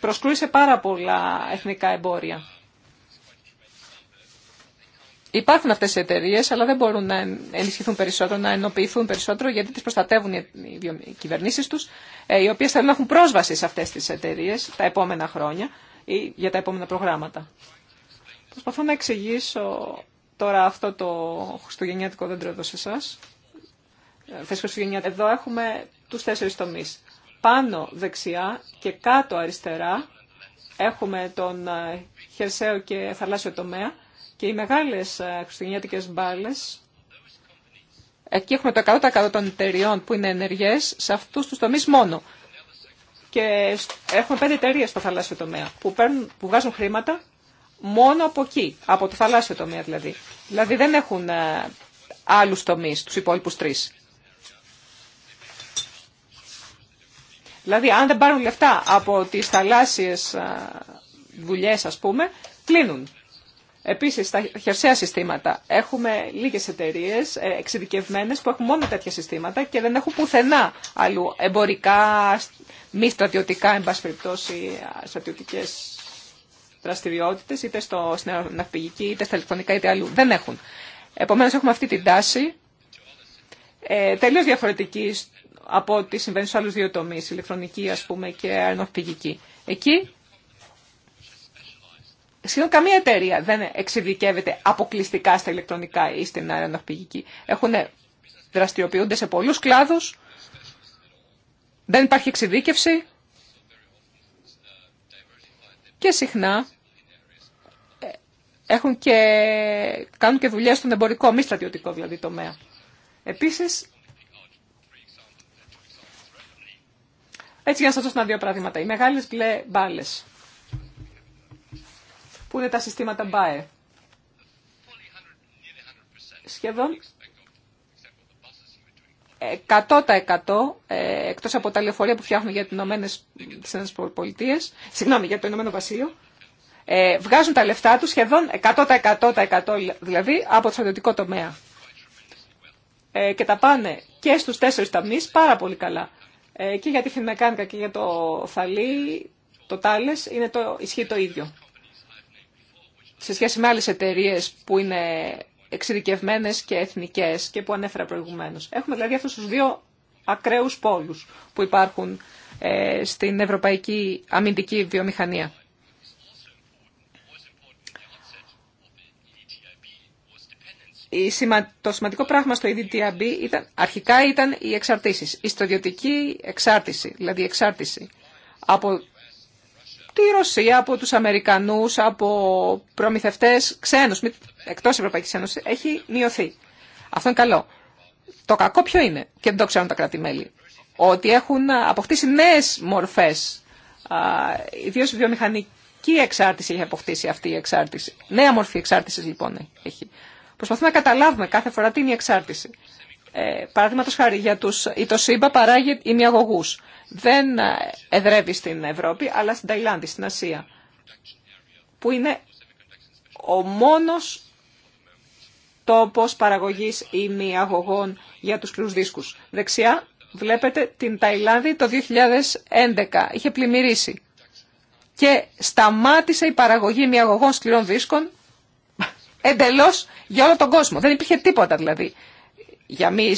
προσκρούει πάρα πολλά εθνικά εμπόρια. Υπάρχουν αυτές οι εταιρείε, αλλά δεν μπορούν να ενισχυθούν περισσότερο, να ενοποιηθούν περισσότερο, γιατί τις προστατεύουν οι κυβερνήσεις τους, ε, οι οποίες θέλουν να έχουν πρόσβαση σε αυτές τις εταιρείε τα επόμενα χρόνια ή για τα επόμενα προγράμματα. Προσπαθώ να εξηγήσω τώρα αυτό το χριστουγεννιάτικο δέντρο εδώ σε εσά. Ε, εδώ έχουμε τους τέσσερις τομείς. Πάνω δεξιά και κάτω αριστερά έχουμε τον ε, χερσαίο και θαλάσσιο τομέα και οι μεγάλες ε, χριστουγεννιάτικες μπάλε. Εκεί έχουμε το 100% των εταιριών που είναι ενεργές σε αυτούς τους τομείς μόνο. Και έχουμε πέντε εταιρείε στο θαλάσσιο τομέα που, παίρνουν, που βγάζουν χρήματα μόνο από εκεί, από το θαλάσσιο τομέα δηλαδή. Δηλαδή δεν έχουν ε, άλλους τομείς, τους υπόλοιπους τρεις. Δηλαδή αν δεν πάρουν λεφτά από τις θαλάσσιες ε, δουλειές ας πούμε, κλείνουν. Επίσης, στα χερσαία συστήματα έχουμε λίγες εταιρείες ε, εξειδικευμένες που έχουν μόνο τέτοια συστήματα και δεν έχουν πουθενά αλλού εμπορικά, μη στρατιωτικά, εν πάση περιπτώσει, στρατιωτικές δραστηριότητες, είτε στο, στην αεροναυπηγική, είτε στα ηλεκτρονικά, είτε αλλού. Δεν έχουν. Επομένως, έχουμε αυτή την τάση ε, τελείως διαφορετική από ό,τι συμβαίνει στους άλλους δύο τομείς, ηλεκτρονική ας πούμε και αεροναυπηγική. Εκεί σχεδόν καμία εταιρεία δεν εξειδικεύεται αποκλειστικά στα ηλεκτρονικά ή στην αεροναυπηγική. Έχουν δραστηριοποιούνται σε πολλούς κλάδους, δεν υπάρχει εξειδίκευση και συχνά ε, έχουν και, κάνουν και δουλειά στον εμπορικό, μη στρατιωτικό δηλαδή τομέα. Επίσης, έτσι για να σας δώσω ένα δύο πράγματα, οι μεγάλες μπλε μπάλες που είναι τα συστήματα BAE. Σχεδόν 100% ε, εκτός από τα λεωφορεία που φτιάχνουν για τις Ηνωμένες συγγνώμη, για το Ηνωμένο Βασίλειο, ε, βγάζουν τα λεφτά τους σχεδόν 100% δηλαδή από το στρατιωτικό τομέα. Ε, και τα πάνε και στους τέσσερις ταμείς πάρα πολύ καλά. και για τη Φινμεκάνικα και για το Θαλή, το Τάλες, είναι το, ισχύει το ίδιο σε σχέση με άλλες εταιρείε που είναι εξειδικευμένες και εθνικές και που ανέφερα προηγουμένως. Έχουμε δηλαδή αυτούς τους δύο ακραίους πόλους που υπάρχουν ε, στην ευρωπαϊκή αμυντική βιομηχανία. Το σημαντικό πράγμα στο EDTRB ήταν, αρχικά ήταν οι εξαρτήσεις, η στρατιωτική εξάρτηση, δηλαδή εξάρτηση από η Ρωσία, από τους Αμερικανούς, από προμηθευτές ξένους, εκτός Ευρωπαϊκής Ένωσης, έχει μειωθεί. Αυτό είναι καλό. Το κακό ποιο είναι, και δεν το ξέρουν τα κράτη-μέλη, ότι έχουν αποκτήσει νέες μορφές, ιδίω βιομηχανική εξάρτηση έχει αποκτήσει αυτή η εξάρτηση. Νέα μορφή εξάρτησης λοιπόν έχει. Προσπαθούμε να καταλάβουμε κάθε φορά τι είναι η εξάρτηση ε, παραδείγματος χάρη για τους, η Τοσίμπα παράγει ημιαγωγούς. Δεν ε, εδρεύει στην Ευρώπη, αλλά στην Ταϊλάνδη, στην Ασία, που είναι ο μόνος τόπος παραγωγής ημιαγωγών για τους κλούς δίσκους. Δεξιά βλέπετε την Ταϊλάνδη το 2011, είχε πλημμυρίσει και σταμάτησε η παραγωγή ημιαγωγών σκληρών δίσκων εντελώς για όλο τον κόσμο. Δεν υπήρχε τίποτα δηλαδή για μη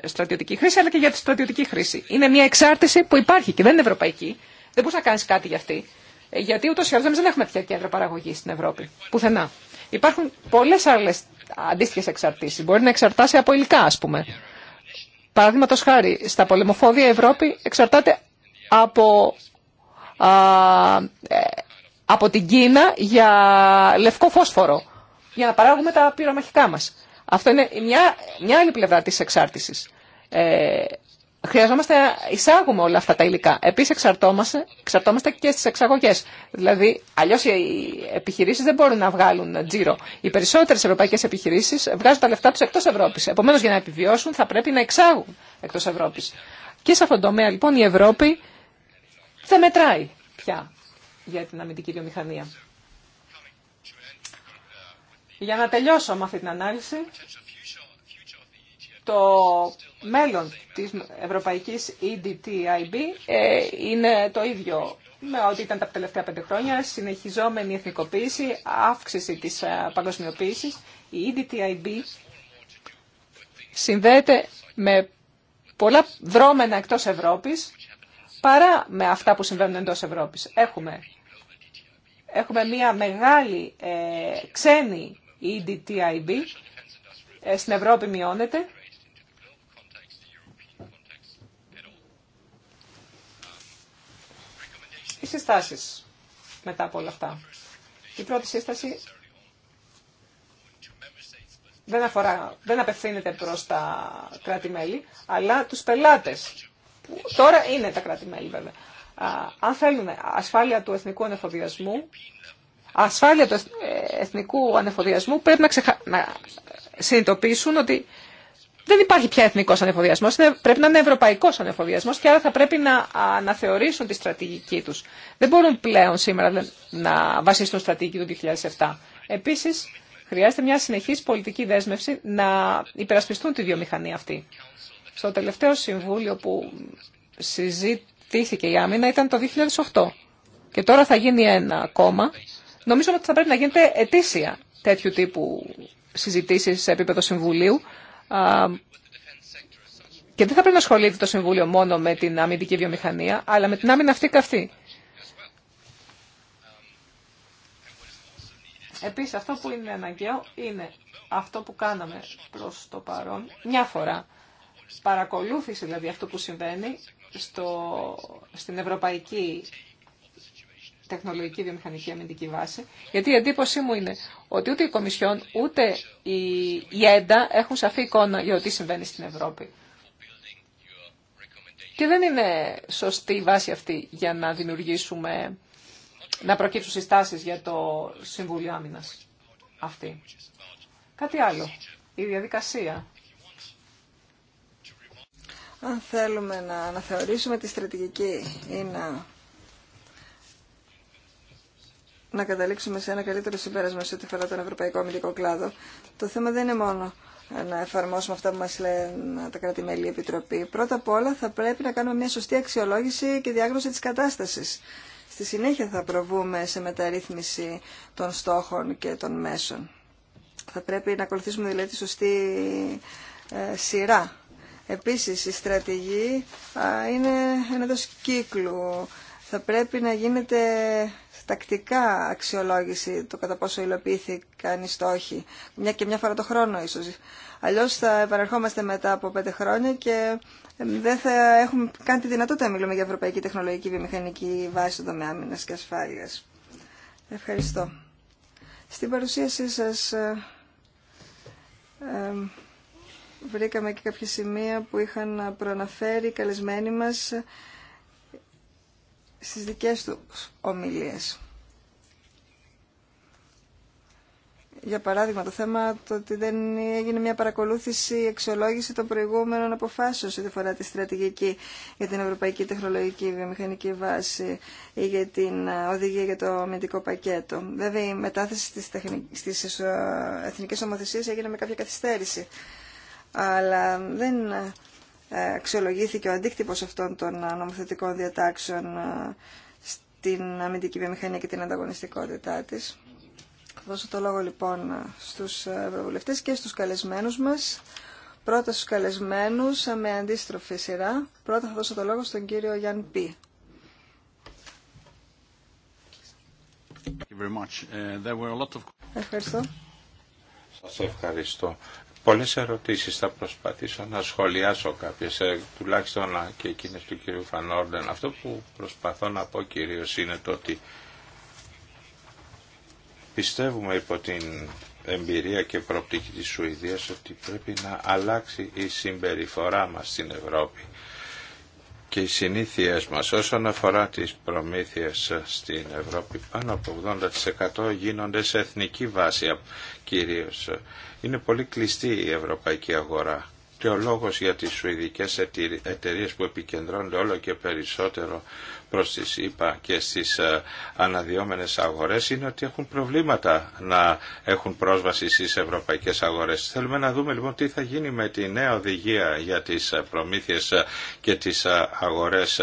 ε, στρατιωτική χρήση, αλλά και για τη στρατιωτική χρήση. Είναι μια εξάρτηση που υπάρχει και δεν είναι ευρωπαϊκή. Δεν μπορεί να κάνει κάτι για αυτή. Ε, γιατί ούτω ή άλλω δεν έχουμε πια κέντρα παραγωγή στην Ευρώπη. Πουθενά. Υπάρχουν πολλέ άλλε αντίστοιχε εξαρτήσει. Μπορεί να εξαρτάσει από υλικά, α πούμε. Παραδείγματο χάρη, στα πολεμοφόδια η Ευρώπη εξαρτάται από, α, ε, από την Κίνα για λευκό φόσφορο. Για να παράγουμε τα πυρομαχικά μας. Αυτό είναι μια, μια άλλη πλευρά της εξάρτησης. Ε, χρειαζόμαστε να εισάγουμε όλα αυτά τα υλικά. Επίσης εξαρτώμαστε, εξαρτώμαστε και στις εξαγωγές. Δηλαδή, αλλιώς οι επιχειρήσεις δεν μπορούν να βγάλουν τζίρο. Οι περισσότερες ευρωπαϊκές επιχειρήσεις βγάζουν τα λεφτά τους εκτός Ευρώπης. Επομένως, για να επιβιώσουν θα πρέπει να εξάγουν εκτός Ευρώπης. Και σε αυτόν τον τομέα, λοιπόν, η Ευρώπη δεν μετράει πια για την αμυντική βιομηχανία. Για να τελειώσω με αυτή την ανάλυση, το μέλλον της ευρωπαϊκής EDTIB ε, είναι το ίδιο με ό,τι ήταν τα τελευταία πέντε χρόνια, συνεχιζόμενη εθνικοποίηση, αύξηση της ε, παγκοσμιοποίησης. Η EDTIB συνδέεται με πολλά δρόμενα εκτός Ευρώπης, παρά με αυτά που συμβαίνουν εντός Ευρώπης. Έχουμε, έχουμε μια μεγάλη ε, ξένη η DTIB. Ε, στην Ευρώπη μειώνεται. Οι συστάσεις μετά από όλα αυτά. Η πρώτη σύσταση δεν, αφορά, δεν απευθύνεται προς τα κράτη-μέλη, αλλά τους πελάτες, που τώρα είναι τα κράτη-μέλη βέβαια. Αν θέλουν ασφάλεια του εθνικού ενεφοδιασμού, ασφάλεια του εθνικού ανεφοδιασμού πρέπει να, να συνειδητοποιήσουν ότι δεν υπάρχει πια εθνικό ανεφοδιασμό, πρέπει να είναι ευρωπαϊκό ανεφοδιασμό και άρα θα πρέπει να αναθεωρήσουν τη στρατηγική του. Δεν μπορούν πλέον σήμερα να βασίσουν στρατηγική του 2007. Επίση, χρειάζεται μια συνεχή πολιτική δέσμευση να υπερασπιστούν τη βιομηχανία αυτή. Στο τελευταίο συμβούλιο που συζητήθηκε η άμυνα ήταν το 2008. Και τώρα θα γίνει ένα ακόμα Νομίζω ότι θα πρέπει να γίνεται ετήσια τέτοιου τύπου συζητήσει σε επίπεδο Συμβουλίου και δεν θα πρέπει να ασχολείται το Συμβούλιο μόνο με την αμυντική βιομηχανία, αλλά με την άμυνα αυτή καυτή. Επίσης, αυτό που είναι αναγκαίο είναι αυτό που κάναμε προς το παρόν, μια φορά παρακολούθηση δηλαδή αυτό που συμβαίνει στην ευρωπαϊκή τεχνολογική βιομηχανική αμυντική βάση. Γιατί η εντύπωσή μου είναι ότι ούτε η Κομισιόν ούτε η ΕΝΤΑ έχουν σαφή εικόνα για ό,τι συμβαίνει στην Ευρώπη. Και δεν είναι σωστή η βάση αυτή για να δημιουργήσουμε, να προκύψουν συστάσεις για το Συμβούλιο Άμυνας αυτή. Κάτι άλλο. Η διαδικασία. Αν θέλουμε να αναθεωρήσουμε τη στρατηγική ή να να καταλήξουμε σε ένα καλύτερο συμπέρασμα σε ό,τι αφορά τον ευρωπαϊκό αμυντικό κλάδο. Το θέμα δεν είναι μόνο να εφαρμόσουμε αυτά που μας λένε τα κρατημέλη Επιτροπή. Πρώτα απ' όλα θα πρέπει να κάνουμε μια σωστή αξιολόγηση και διάγνωση της κατάστασης. Στη συνέχεια θα προβούμε σε μεταρρύθμιση των στόχων και των μέσων. Θα πρέπει να ακολουθήσουμε δηλαδή τη σωστή ε, σειρά. Επίσης η στρατηγή είναι ένα κύκλου. Θα πρέπει να γίνεται τακτικά αξιολόγηση το κατά πόσο υλοποιήθηκαν οι στόχοι, μια και μια φορά το χρόνο ίσως. Αλλιώς θα επαναρχόμαστε μετά από πέντε χρόνια και δεν θα έχουμε καν τη δυνατότητα να μιλούμε για ευρωπαϊκή τεχνολογική βιομηχανική βάση στον τομέα άμυνας και ασφάλειας. Ευχαριστώ. Στην παρουσίασή σας ε, βρήκαμε και κάποια σημεία που είχαν προαναφέρει οι καλεσμένοι μας στις δικές του ομιλίες. Για παράδειγμα, το θέμα το ότι δεν έγινε μια παρακολούθηση, εξολόγηση των προηγούμενων αποφάσεων σε διαφορά τη στρατηγική για την Ευρωπαϊκή Τεχνολογική Βιομηχανική Βάση ή για την ε, οδηγία για το αμυντικό πακέτο. Βέβαια, η μετάθεση στις, τεχνικές, στις εθνικές ομοθεσίες έγινε με κάποια καθυστέρηση. Αλλά δεν ε, αξιολογήθηκε ο αντίκτυπος αυτών των νομοθετικών διατάξεων ε, στην αμυντική βιομηχανία και την ανταγωνιστικότητά της. Θα δώσω το λόγο λοιπόν στους ε, ευρωβουλευτές και στους καλεσμένους μας. Πρώτα στους καλεσμένους ε, με αντίστροφη σειρά. Πρώτα θα δώσω το λόγο στον κύριο Γιάνν Πι. Ευχαριστώ. Σας ευχαριστώ πολλές ερωτήσεις. Θα προσπαθήσω να σχολιάσω κάποιες, ε, τουλάχιστον και εκείνες του κυρίου Φανόρντεν. Αυτό που προσπαθώ να πω κυρίως είναι το ότι πιστεύουμε υπό την εμπειρία και προοπτική της Σουηδίας ότι πρέπει να αλλάξει η συμπεριφορά μας στην Ευρώπη και οι συνήθειές μας όσον αφορά τις προμήθειες στην Ευρώπη πάνω από 80% γίνονται σε εθνική βάση κυρίως. Είναι πολύ κλειστή η ευρωπαϊκή αγορά και ο λόγος για τις σουηδικές εταιρείες που επικεντρώνονται όλο και περισσότερο προς τις ΗΠΑ και στις ε, αναδιόμενες αγορές είναι ότι έχουν προβλήματα να έχουν πρόσβαση στις ευρωπαϊκές αγορές. Θέλουμε να δούμε λοιπόν τι θα γίνει με τη νέα οδηγία για τις ε, προμήθειες ε, και τις αγορές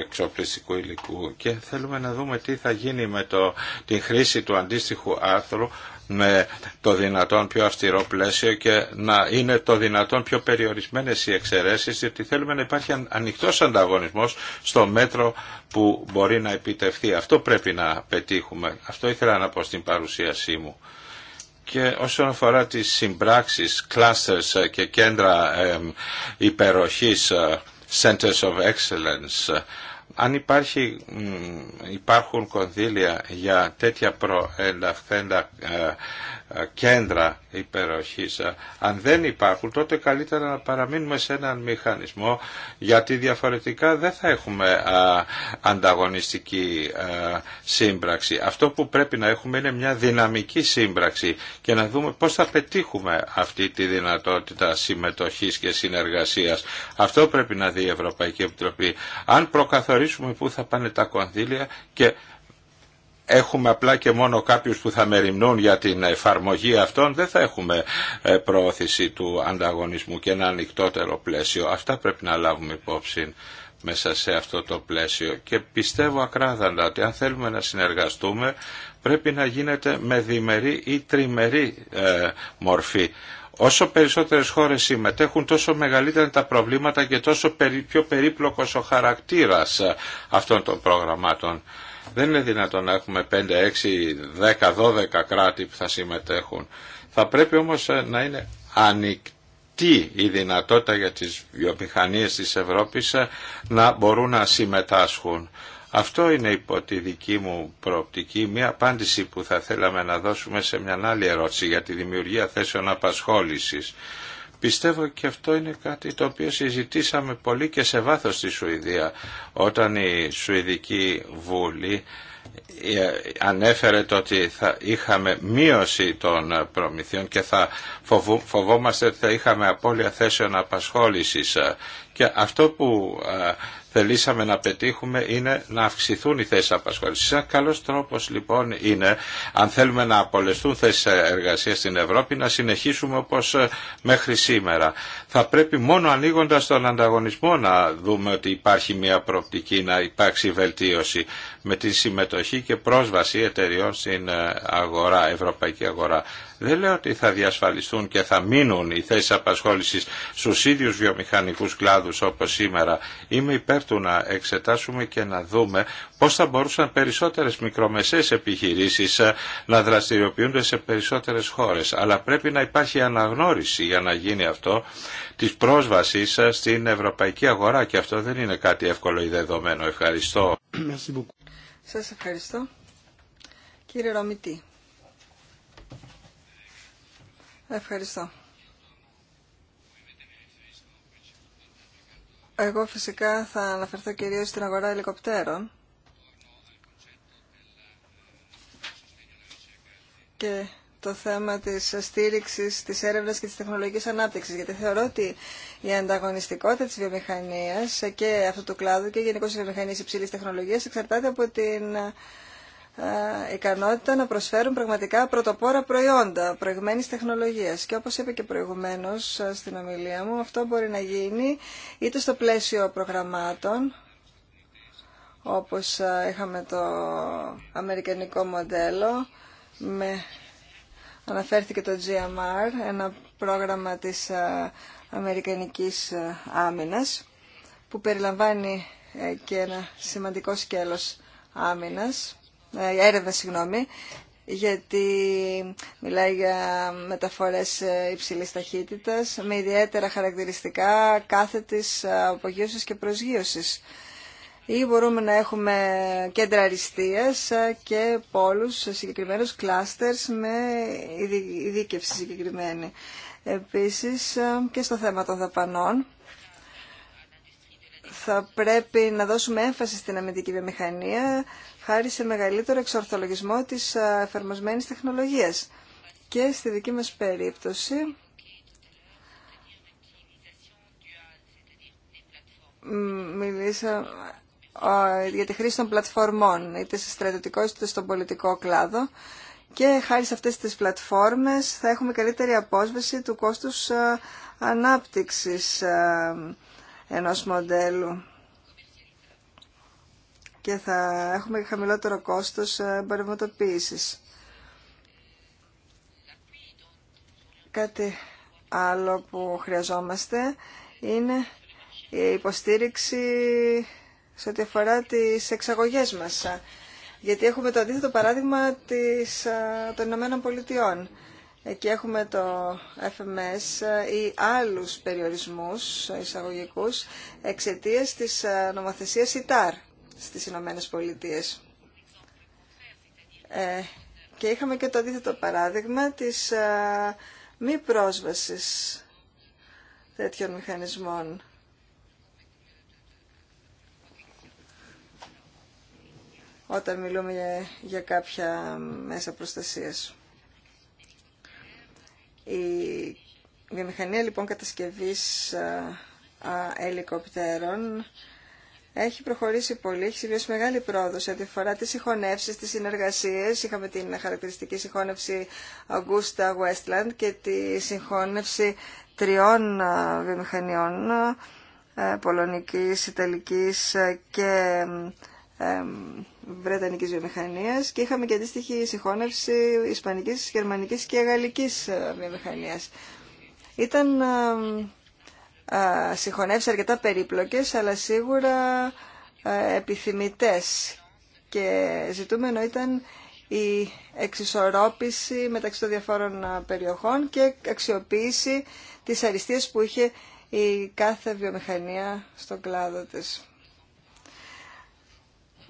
εξοπλιστικού υλικού και θέλουμε να δούμε τι θα γίνει με το, την χρήση του αντίστοιχου άρθρου με το δυνατόν πιο αυστηρό πλαίσιο και να είναι το δυνατόν πιο περιορισμένες οι εξαιρέσεις διότι θέλουμε να υπάρχει ανοιχτός ανταγωνισμός στο μέτρο που μπορεί να επιτευχθεί. Αυτό πρέπει να πετύχουμε. Αυτό ήθελα να πω στην παρουσίασή μου. Και όσον αφορά τις συμπράξεις, clusters και κέντρα υπεροχής, ε, centers of excellence, αν υπάρχει, υπάρχουν κονδύλια για τέτοια προενταχθέντα ε, κέντρα υπεροχής. Αν δεν υπάρχουν τότε καλύτερα να παραμείνουμε σε έναν μηχανισμό γιατί διαφορετικά δεν θα έχουμε ανταγωνιστική σύμπραξη. Αυτό που πρέπει να έχουμε είναι μια δυναμική σύμπραξη και να δούμε πώς θα πετύχουμε αυτή τη δυνατότητα συμμετοχής και συνεργασίας. Αυτό πρέπει να δει η Ευρωπαϊκή Επιτροπή. Αν προκαθορίσουμε πού θα πάνε τα κονδύλια και έχουμε απλά και μόνο κάποιους που θα μεριμνούν για την εφαρμογή αυτών, δεν θα έχουμε ε, προώθηση του ανταγωνισμού και ένα ανοιχτότερο πλαίσιο. Αυτά πρέπει να λάβουμε υπόψη μέσα σε αυτό το πλαίσιο. Και πιστεύω ακράδαντα ότι αν θέλουμε να συνεργαστούμε πρέπει να γίνεται με διμερή ή τριμερή ε, μορφή. Όσο περισσότερες χώρες συμμετέχουν τόσο μεγαλύτερα τα προβλήματα και τόσο πιο περίπλοκος ο χαρακτήρας ε, αυτών των προγραμμάτων. Δεν είναι δυνατόν να έχουμε 5, 6, 10, 12 κράτη που θα συμμετέχουν. Θα πρέπει όμως ε, να είναι ανοιχτή η δυνατότητα για τις βιομηχανίες της Ευρώπης ε, να μπορούν να συμμετάσχουν. Αυτό είναι υπό τη δική μου προοπτική μια απάντηση που θα θέλαμε να δώσουμε σε μια άλλη ερώτηση για τη δημιουργία θέσεων απασχόλησης. Πιστεύω και αυτό είναι κάτι το οποίο συζητήσαμε πολύ και σε βάθος στη Σουηδία όταν η Σουηδική Βούλη ε, ανέφερε το ότι θα είχαμε μείωση των προμηθειών και θα φοβόμαστε ότι θα είχαμε απώλεια θέσεων απασχόλησης και αυτό που ε, θελήσαμε να πετύχουμε είναι να αυξηθούν οι θέσεις απασχόλησης. Ένα καλός τρόπος λοιπόν είναι, αν θέλουμε να απολεστούν θέσεις εργασίας στην Ευρώπη, να συνεχίσουμε όπως ε, μέχρι σήμερα. Θα πρέπει μόνο ανοίγοντας τον ανταγωνισμό να δούμε ότι υπάρχει μια προοπτική να υπάρξει βελτίωση με τη συμμετοχή και πρόσβαση εταιριών στην ε, αγορά, ευρωπαϊκή αγορά. Δεν λέω ότι θα διασφαλιστούν και θα μείνουν οι θέσει απασχόληση στου ίδιου βιομηχανικού κλάδου όπω σήμερα. Είμαι υπέρ του να εξετάσουμε και να δούμε πώ θα μπορούσαν περισσότερε μικρομεσαίε επιχειρήσει ε, να δραστηριοποιούνται σε περισσότερε χώρε. Αλλά πρέπει να υπάρχει αναγνώριση για να γίνει αυτό τη πρόσβαση ε, στην ευρωπαϊκή αγορά και αυτό δεν είναι κάτι εύκολο ή δεδομένο. Ευχαριστώ. Σας ευχαριστώ. Κύριε Ρωμητή. Ευχαριστώ. Εγώ φυσικά θα αναφερθώ κυρίως στην αγορά ελικοπτέρων και το θέμα της στήριξης της έρευνας και της τεχνολογικής ανάπτυξης, γιατί θεωρώ ότι η ανταγωνιστικότητα της βιομηχανίας και αυτού του κλάδου και γενικώ της βιομηχανίας υψηλής τεχνολογίας εξαρτάται από την ε, ικανότητα να προσφέρουν πραγματικά πρωτοπόρα προϊόντα προηγμένης τεχνολογίας. Και όπως είπε και προηγουμένως ε, στην ομιλία μου, αυτό μπορεί να γίνει είτε στο πλαίσιο προγραμμάτων, όπως ε, είχαμε το αμερικανικό μοντέλο, με αναφέρθηκε το GMR, ένα πρόγραμμα της ε, Αμερικανικής ε, Άμυνας, που περιλαμβάνει ε, και ένα σημαντικό σκέλος άμυνας, έρευνα, συγγνώμη, γιατί μιλάει για μεταφορές υψηλής ταχύτητας με ιδιαίτερα χαρακτηριστικά κάθετης απογείωσης και προσγείωσης ή μπορούμε να έχουμε κέντρα αριστείας και πόλους συγκεκριμένους κλάστερς με ειδίκευση συγκεκριμένη. Επίσης και στο θέμα των δαπανών θα πρέπει να δώσουμε έμφαση στην αμυντική βιομηχανία χάρη σε μεγαλύτερο εξορθολογισμό της εφαρμοσμένης τεχνολογίας. Και στη δική μας περίπτωση μιλήσαμε για τη χρήση των πλατφορμών, είτε σε στρατιωτικό είτε στον πολιτικό κλάδο. Και χάρη σε αυτές τις πλατφόρμες θα έχουμε καλύτερη απόσβεση του κόστους ανάπτυξης ενός μοντέλου και θα έχουμε χαμηλότερο κόστος εμπορευματοποίησης. Κάτι άλλο που χρειαζόμαστε είναι η υποστήριξη σε ό,τι αφορά τις εξαγωγές μας. Γιατί έχουμε το αντίθετο παράδειγμα της, των Ηνωμένων Πολιτειών. Εκεί έχουμε το FMS ή άλλους περιορισμούς εισαγωγικούς εξαιτίας της νομοθεσίας ΙΤΑΡ στις Ηνωμένες Πολιτείες. Ε, και είχαμε και το αντίθετο παράδειγμα της μη πρόσβασης τέτοιων μηχανισμών όταν μιλούμε για κάποια μέσα προστασίας. Η βιομηχανία λοιπόν κατασκευής ελικοπτέρων έχει προχωρήσει πολύ, έχει συμβιώσει μεγάλη πρόοδο σε ό,τι αφορά τι συγχωνεύσει, τι συνεργασίε. Είχαμε την χαρακτηριστική συγχώνευση Augusta Westland και τη συγχώνευση τριών βιομηχανιών πολωνικής, ιταλικής και Βρετανικής βιομηχανίας και είχαμε και αντίστοιχη συγχώνευση Ισπανικής, Γερμανικής και Γαλλικής ε, βιομηχανίας. Ήταν ε, ε, συγχωνεύσει αρκετά περίπλοκες, αλλά σίγουρα επιθυμητές και ζητούμενο ήταν η εξισορρόπηση μεταξύ των διαφόρων περιοχών και αξιοποίηση της αριστείας που είχε η κάθε βιομηχανία στον κλάδο της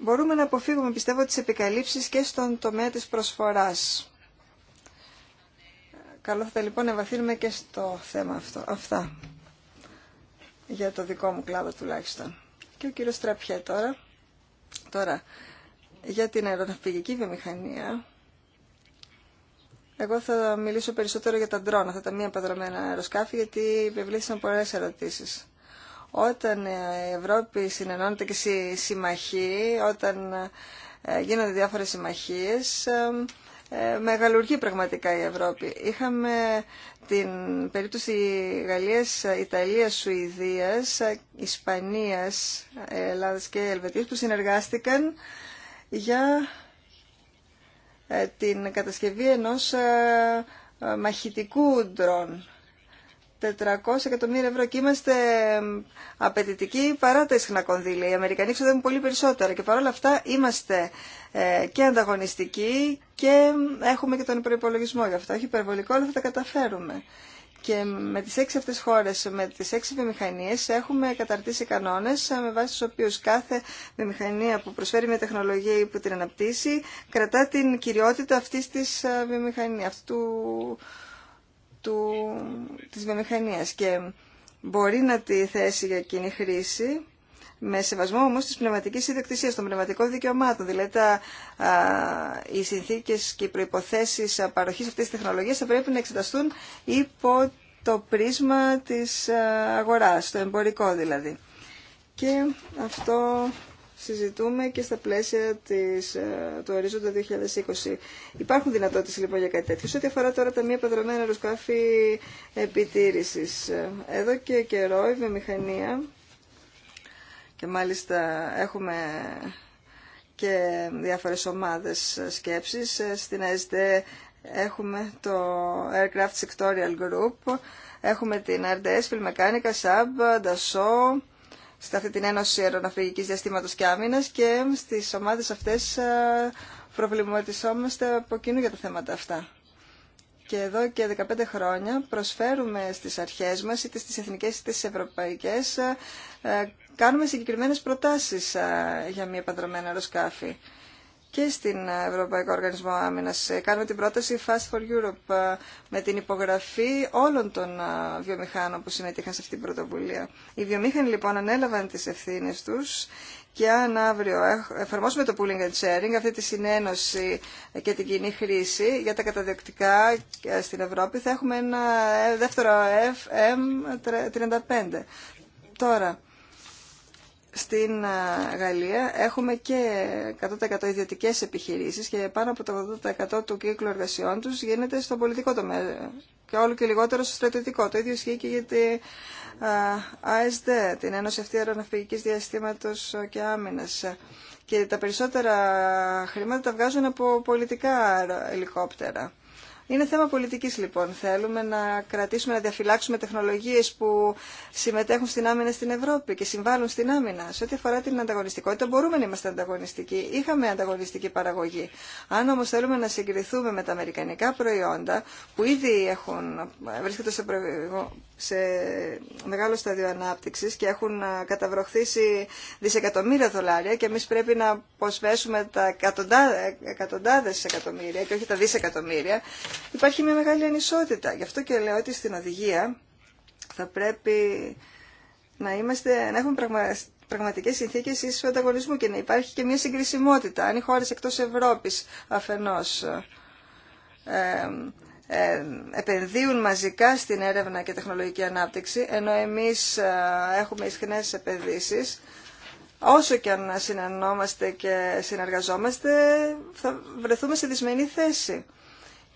μπορούμε να αποφύγουμε, πιστεύω, τις επικαλύψεις και στον τομέα της προσφοράς. Καλό θα ήταν λοιπόν να βαθύνουμε και στο θέμα αυτό. Αυτά για το δικό μου κλάδο τουλάχιστον. Και ο κύριος Τραπιέ τώρα. Τώρα, για την αεροναυπηγική βιομηχανία, εγώ θα μιλήσω περισσότερο για τα ντρόνα, αυτά τα μη επαδρομένα αεροσκάφη, γιατί υπευλήθησαν πολλές ερωτήσεις. Όταν η Ευρώπη συνενώνεται και συμμαχεί, όταν ε, γίνονται διάφορες συμμαχίες, ε, ε, μεγαλουργεί πραγματικά η Ευρώπη. Είχαμε την περίπτωση Γαλλίας, Ιταλίας, Σουηδίας, Ισπανίας, Ελλάδας και Ελβετίας που συνεργάστηκαν για την κατασκευή ενός μαχητικού ντρόν 400 εκατομμύρια ευρώ και είμαστε απαιτητικοί παρά τα ισχνά κονδύλια. Οι Αμερικανοί ξοδεύουν πολύ περισσότερα και παρόλα αυτά είμαστε ε, και ανταγωνιστικοί και έχουμε και τον προπολογισμό για αυτό. Όχι υπερβολικό, αλλά θα τα καταφέρουμε. Και με τις έξι αυτές χώρες, με τις έξι βιομηχανίες, έχουμε καταρτήσει κανόνες με βάση τους οποίους κάθε βιομηχανία που προσφέρει μια τεχνολογία ή που την αναπτύσσει κρατά την κυριότητα αυτής της ε, βιομηχανίας, αυτού του του, της βιομηχανίας και μπορεί να τη θέσει για κοινή χρήση με σεβασμό όμως της πνευματικής ιδιοκτησίας, των πνευματικών δικαιωμάτων. Δηλαδή τα, οι συνθήκες και οι προϋποθέσεις παροχής αυτής της τεχνολογίας θα πρέπει να εξεταστούν υπό το πρίσμα της αγοράς, το εμπορικό δηλαδή. Και αυτό συζητούμε και στα πλαίσια της, ε, του ορίζοντα 2020. Υπάρχουν δυνατότητες λοιπόν για κάτι τέτοιο. Σε ό,τι αφορά τώρα τα μη επαδρομένα αεροσκάφη επιτήρησης. Ε, εδώ και καιρό η βιομηχανία και μάλιστα έχουμε και διάφορες ομάδες σκέψης. Ε, στην ΑΕΣΤ έχουμε το Aircraft Sectorial Group, έχουμε την RDS, Filmechanica, sub Dassault, σε αυτή την Ένωση Αεροναυπηγικής Διαστήματος και Άμυνας και στις ομάδες αυτές ε, προβληματισόμαστε από κοινού για τα θέματα αυτά. Και εδώ και 15 χρόνια προσφέρουμε στις αρχές μας, είτε στις εθνικές είτε στις ευρωπαϊκές, ε, ε, κάνουμε συγκεκριμένες προτάσεις για μια επανδρομένα αεροσκάφη και στην Ευρωπαϊκό Οργανισμό Άμυνας. Ε, κάνουμε την πρόταση Fast for Europe ε, με την υπογραφή όλων των ε, βιομηχάνων που συμμετείχαν σε αυτή την πρωτοβουλία. Οι βιομήχανοι λοιπόν ανέλαβαν τις ευθύνες τους και αν αύριο εφαρμόσουμε το pooling and sharing, αυτή τη συνένωση και την κοινή χρήση για τα καταδιοκτικά στην Ευρώπη, θα έχουμε ένα δεύτερο FM35. Τώρα, στην ε, Γαλλία έχουμε και 100% ιδιωτικές επιχειρήσεις και πάνω από το 80% του κύκλου εργασιών τους γίνεται στο πολιτικό τομέα και όλο και λιγότερο στο στρατιωτικό. Το ίδιο ισχύει και για την ε, ΑΕΣΔ, την Ένωση αυτή Αεροναυπηγικής Διαστήματος και Άμυνας. Και τα περισσότερα χρήματα τα βγάζουν από πολιτικά ελικόπτερα. Είναι θέμα πολιτική λοιπόν. Θέλουμε να κρατήσουμε, να διαφυλάξουμε τεχνολογίε που συμμετέχουν στην άμυνα στην Ευρώπη και συμβάλλουν στην άμυνα. Σε ό,τι αφορά την ανταγωνιστικότητα μπορούμε να είμαστε ανταγωνιστικοί. Είχαμε ανταγωνιστική παραγωγή. Αν όμω θέλουμε να συγκριθούμε με τα αμερικανικά προϊόντα που ήδη έχουν, βρίσκονται σε, σε μεγάλο στάδιο ανάπτυξη και έχουν καταβροχθήσει δισεκατομμύρια δολάρια και εμεί πρέπει να αποσβέσουμε τα εκατοντάδε εκατομμύρια και όχι τα δισεκατομμύρια υπάρχει μια μεγάλη ανισότητα. Γι' αυτό και λέω ότι στην οδηγία θα πρέπει να, είμαστε, να έχουμε πραγματικέ πραγματικές συνθήκες ίσου ανταγωνισμού και να υπάρχει και μια συγκρισιμότητα. Αν οι χώρε εκτό Ευρώπης αφενός ε, ε, επενδύουν μαζικά στην έρευνα και τεχνολογική ανάπτυξη, ενώ εμείς ε, έχουμε ισχυρές επενδύσει, όσο και αν συνεννόμαστε και συνεργαζόμαστε, θα βρεθούμε σε δυσμενή θέση.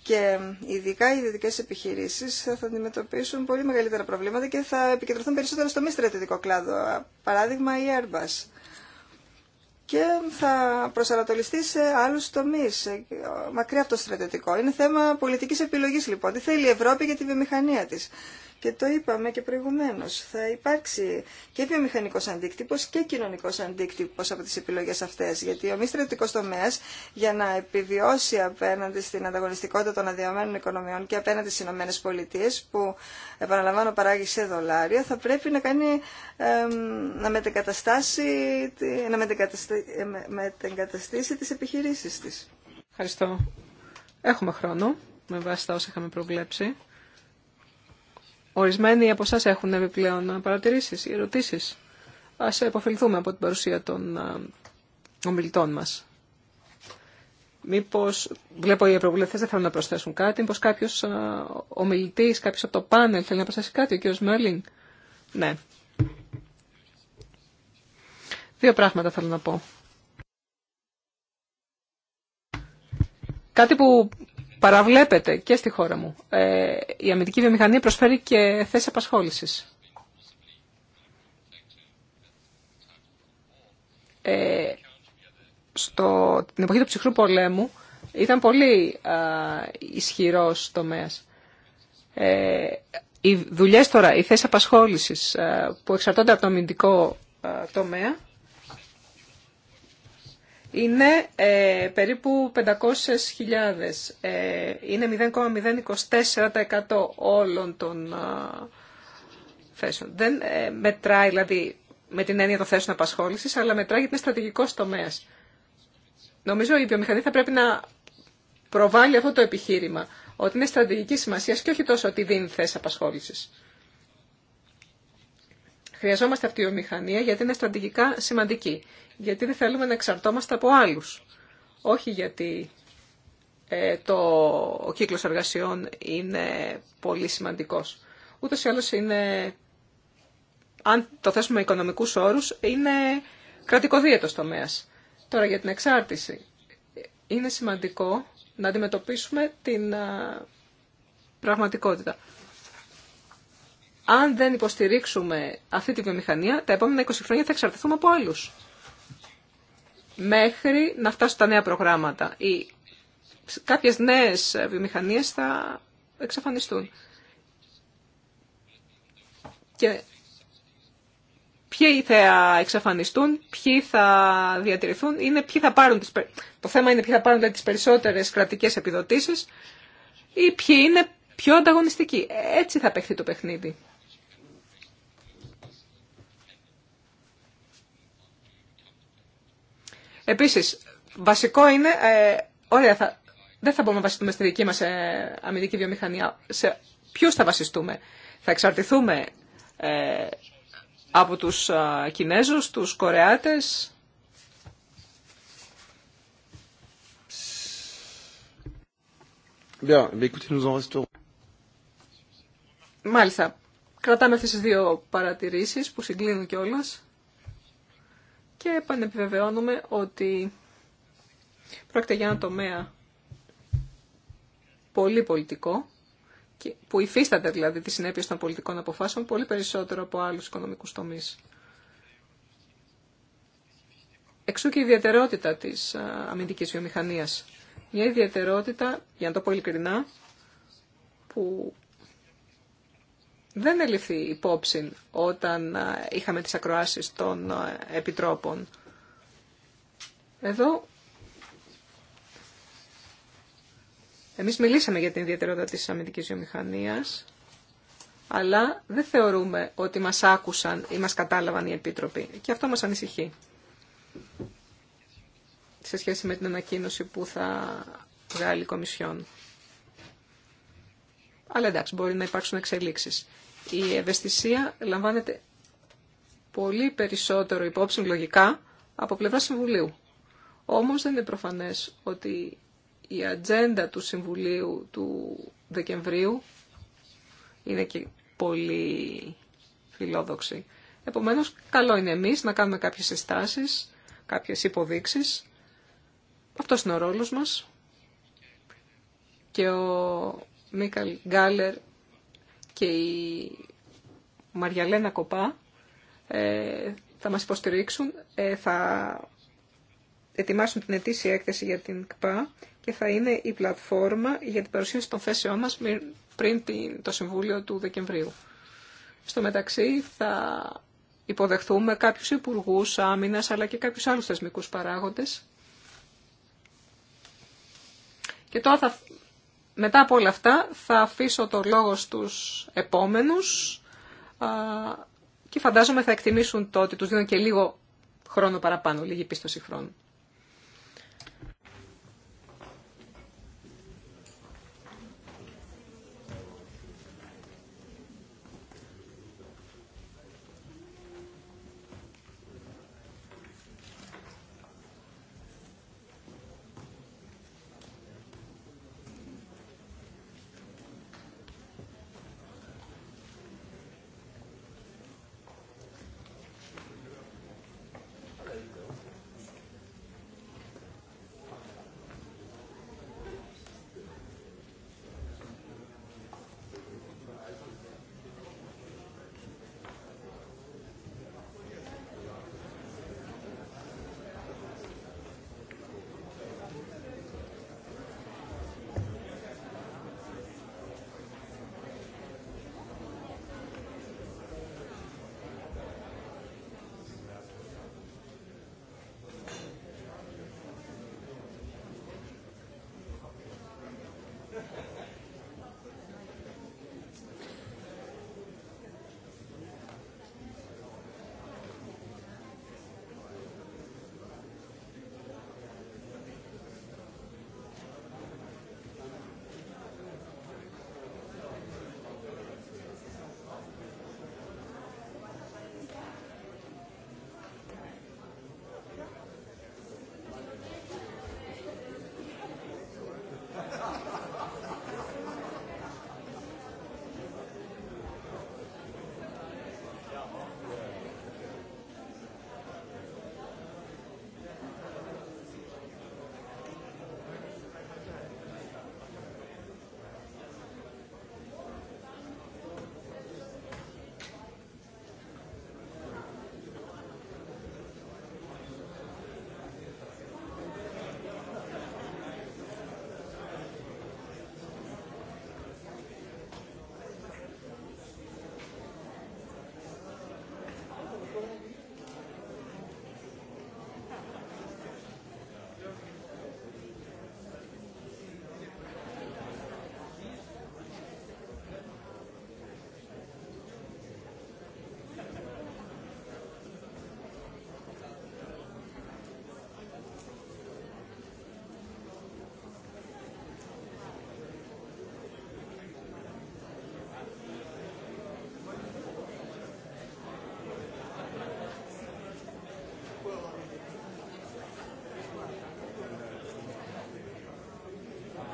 Και ειδικά οι ιδιωτικέ επιχειρήσει θα αντιμετωπίσουν πολύ μεγαλύτερα προβλήματα και θα επικεντρωθούν περισσότερο στο μη στρατιωτικό κλάδο. Παράδειγμα, η Airbus. Και θα προσανατολιστεί σε άλλου τομεί, μακριά από το στρατιωτικό. Είναι θέμα πολιτική επιλογή λοιπόν. Τι θέλει η Ευρώπη για τη βιομηχανία τη. Και το είπαμε και προηγουμένως, θα υπάρξει και βιομηχανικός αντίκτυπος και κοινωνικός αντίκτυπος από τις επιλογές αυτές, γιατί ο μη στρατιωτικό τομέα, για να επιβιώσει απέναντι στην ανταγωνιστικότητα των αδειωμένων οικονομιών και απέναντι στις Ηνωμένες Πολιτείες, που επαναλαμβάνω παράγει σε δολάρια, θα πρέπει να κάνει να μετεγκαταστάσει, να μετεγκαταστήσει τις επιχειρήσεις της. Ευχαριστώ. Έχουμε χρόνο με βάση τα όσα είχαμε προβλέψει. Ορισμένοι από εσά έχουν επιπλέον παρατηρήσεις ή ερωτήσεις. Ας επωφεληθούμε από την παρουσία των ομιλητών μας. Μήπως, βλέπω οι ευρωβουλευτέ δεν θέλουν να προσθέσουν κάτι, μήπως κάποιο ομιλητή, κάποιο από το πάνελ θέλει να προσθέσει κάτι, ο κύριος Μέρλινγκ. Ναι. Δύο πράγματα θέλω να πω. Κάτι που παραβλέπεται και στη χώρα μου. Ε, η αμυντική βιομηχανία προσφέρει και θέσεις απασχόλησης. Ε, στο, την εποχή του ψυχρού πολέμου ήταν πολύ α, ισχυρός τομέας. Ε, οι δουλειές τώρα, οι θέσεις απασχόλησης ε, που εξαρτώνται από το αμυντικό ε, τομέα είναι ε, περίπου 500.000. Ε, είναι 0,024% όλων των ε, θέσεων. Δεν ε, μετράει, δηλαδή, με την έννοια των θέσεων απασχόλησης, αλλά μετράει γιατί είναι στρατηγικός τομέας. Νομίζω η βιομηχανία θα πρέπει να προβάλλει αυτό το επιχείρημα, ότι είναι στρατηγική σημασία και όχι τόσο ότι δίνει θέσεις απασχόλησης. Χρειαζόμαστε αυτή η βιομηχανία γιατί είναι στρατηγικά σημαντική. Γιατί δεν θέλουμε να εξαρτώμαστε από άλλους. Όχι γιατί ε, το, ο κύκλος εργασιών είναι πολύ σημαντικός. Ούτως ή άλλως είναι, αν το θέσουμε οικονομικούς όρους, είναι κρατικοδίαιτος τομέας. Τώρα για την εξάρτηση. Είναι σημαντικό να αντιμετωπίσουμε την πραγματικότητα αν δεν υποστηρίξουμε αυτή τη βιομηχανία, τα επόμενα 20 χρόνια θα εξαρτηθούμε από άλλους. Μέχρι να φτάσουν τα νέα προγράμματα. Οι κάποιες νέες βιομηχανίες θα εξαφανιστούν. Και ποιοι θα εξαφανιστούν, ποιοι θα διατηρηθούν, είναι ποιοι θα πάρουν το θέμα είναι ποιοι θα πάρουν δηλαδή, τις περισσότερες κρατικές επιδοτήσεις ή ποιοι είναι πιο ανταγωνιστικοί. Έτσι θα παιχθεί το παιχνίδι. Επίσης, βασικό είναι, ε, ωραία, θα, δεν θα μπορούμε να βασιστούμε στη δική μας ε, αμυντική βιομηχανία. Σε ποιου θα βασιστούμε. Θα εξαρτηθούμε ε, από τους ε, Κινέζους, τους Κορεάτες. Μάλιστα. Κρατάμε αυτές τις δύο παρατηρήσεις που συγκλίνουν κιόλας και επανεπιβεβαιώνουμε ότι πρόκειται για ένα τομέα πολύ πολιτικό, που υφίσταται δηλαδή τις συνέπειες των πολιτικών αποφάσεων πολύ περισσότερο από άλλους οικονομικούς τομείς. Εξού και η ιδιαιτερότητα της αμυντικής βιομηχανίας. Μια ιδιαιτερότητα, για να το πω ειλικρινά, που δεν ελειφθεί υπόψη όταν είχαμε τις ακροάσεις των επιτρόπων. Εδώ εμείς μιλήσαμε για την ιδιαιτερότητα της αμυντικής βιομηχανίας, αλλά δεν θεωρούμε ότι μας άκουσαν ή μας κατάλαβαν οι επίτροποι. Και αυτό μας ανησυχεί σε σχέση με την ανακοίνωση που θα βγάλει η Κομισιόν. Αλλά εντάξει, μπορεί να υπάρξουν εξελίξεις η ευαισθησία λαμβάνεται πολύ περισσότερο υπόψη λογικά από πλευρά Συμβουλίου. Όμως δεν είναι προφανές ότι η ατζέντα του Συμβουλίου του Δεκεμβρίου είναι και πολύ φιλόδοξη. Επομένως, καλό είναι εμείς να κάνουμε κάποιες συστάσεις, κάποιες υποδείξεις. Αυτός είναι ο ρόλος μας. Και ο Μίκαλ Γκάλερ και η Μαριαλένα Κοπά ε, θα μας υποστηρίξουν, ε, θα ετοιμάσουν την ετήσια έκθεση για την ΚΠΑ και θα είναι η πλατφόρμα για την παρουσίαση των θέσεών μας πριν το Συμβούλιο του Δεκεμβρίου. Στο μεταξύ θα υποδεχθούμε κάποιους υπουργού Άμυνα, αλλά και κάποιους άλλους θεσμικούς παράγοντες. Και τώρα θα μετά από όλα αυτά θα αφήσω το λόγο στους επόμενους και φαντάζομαι θα εκτιμήσουν το ότι τους δίνω και λίγο χρόνο παραπάνω, λίγη πίστοση χρόνου.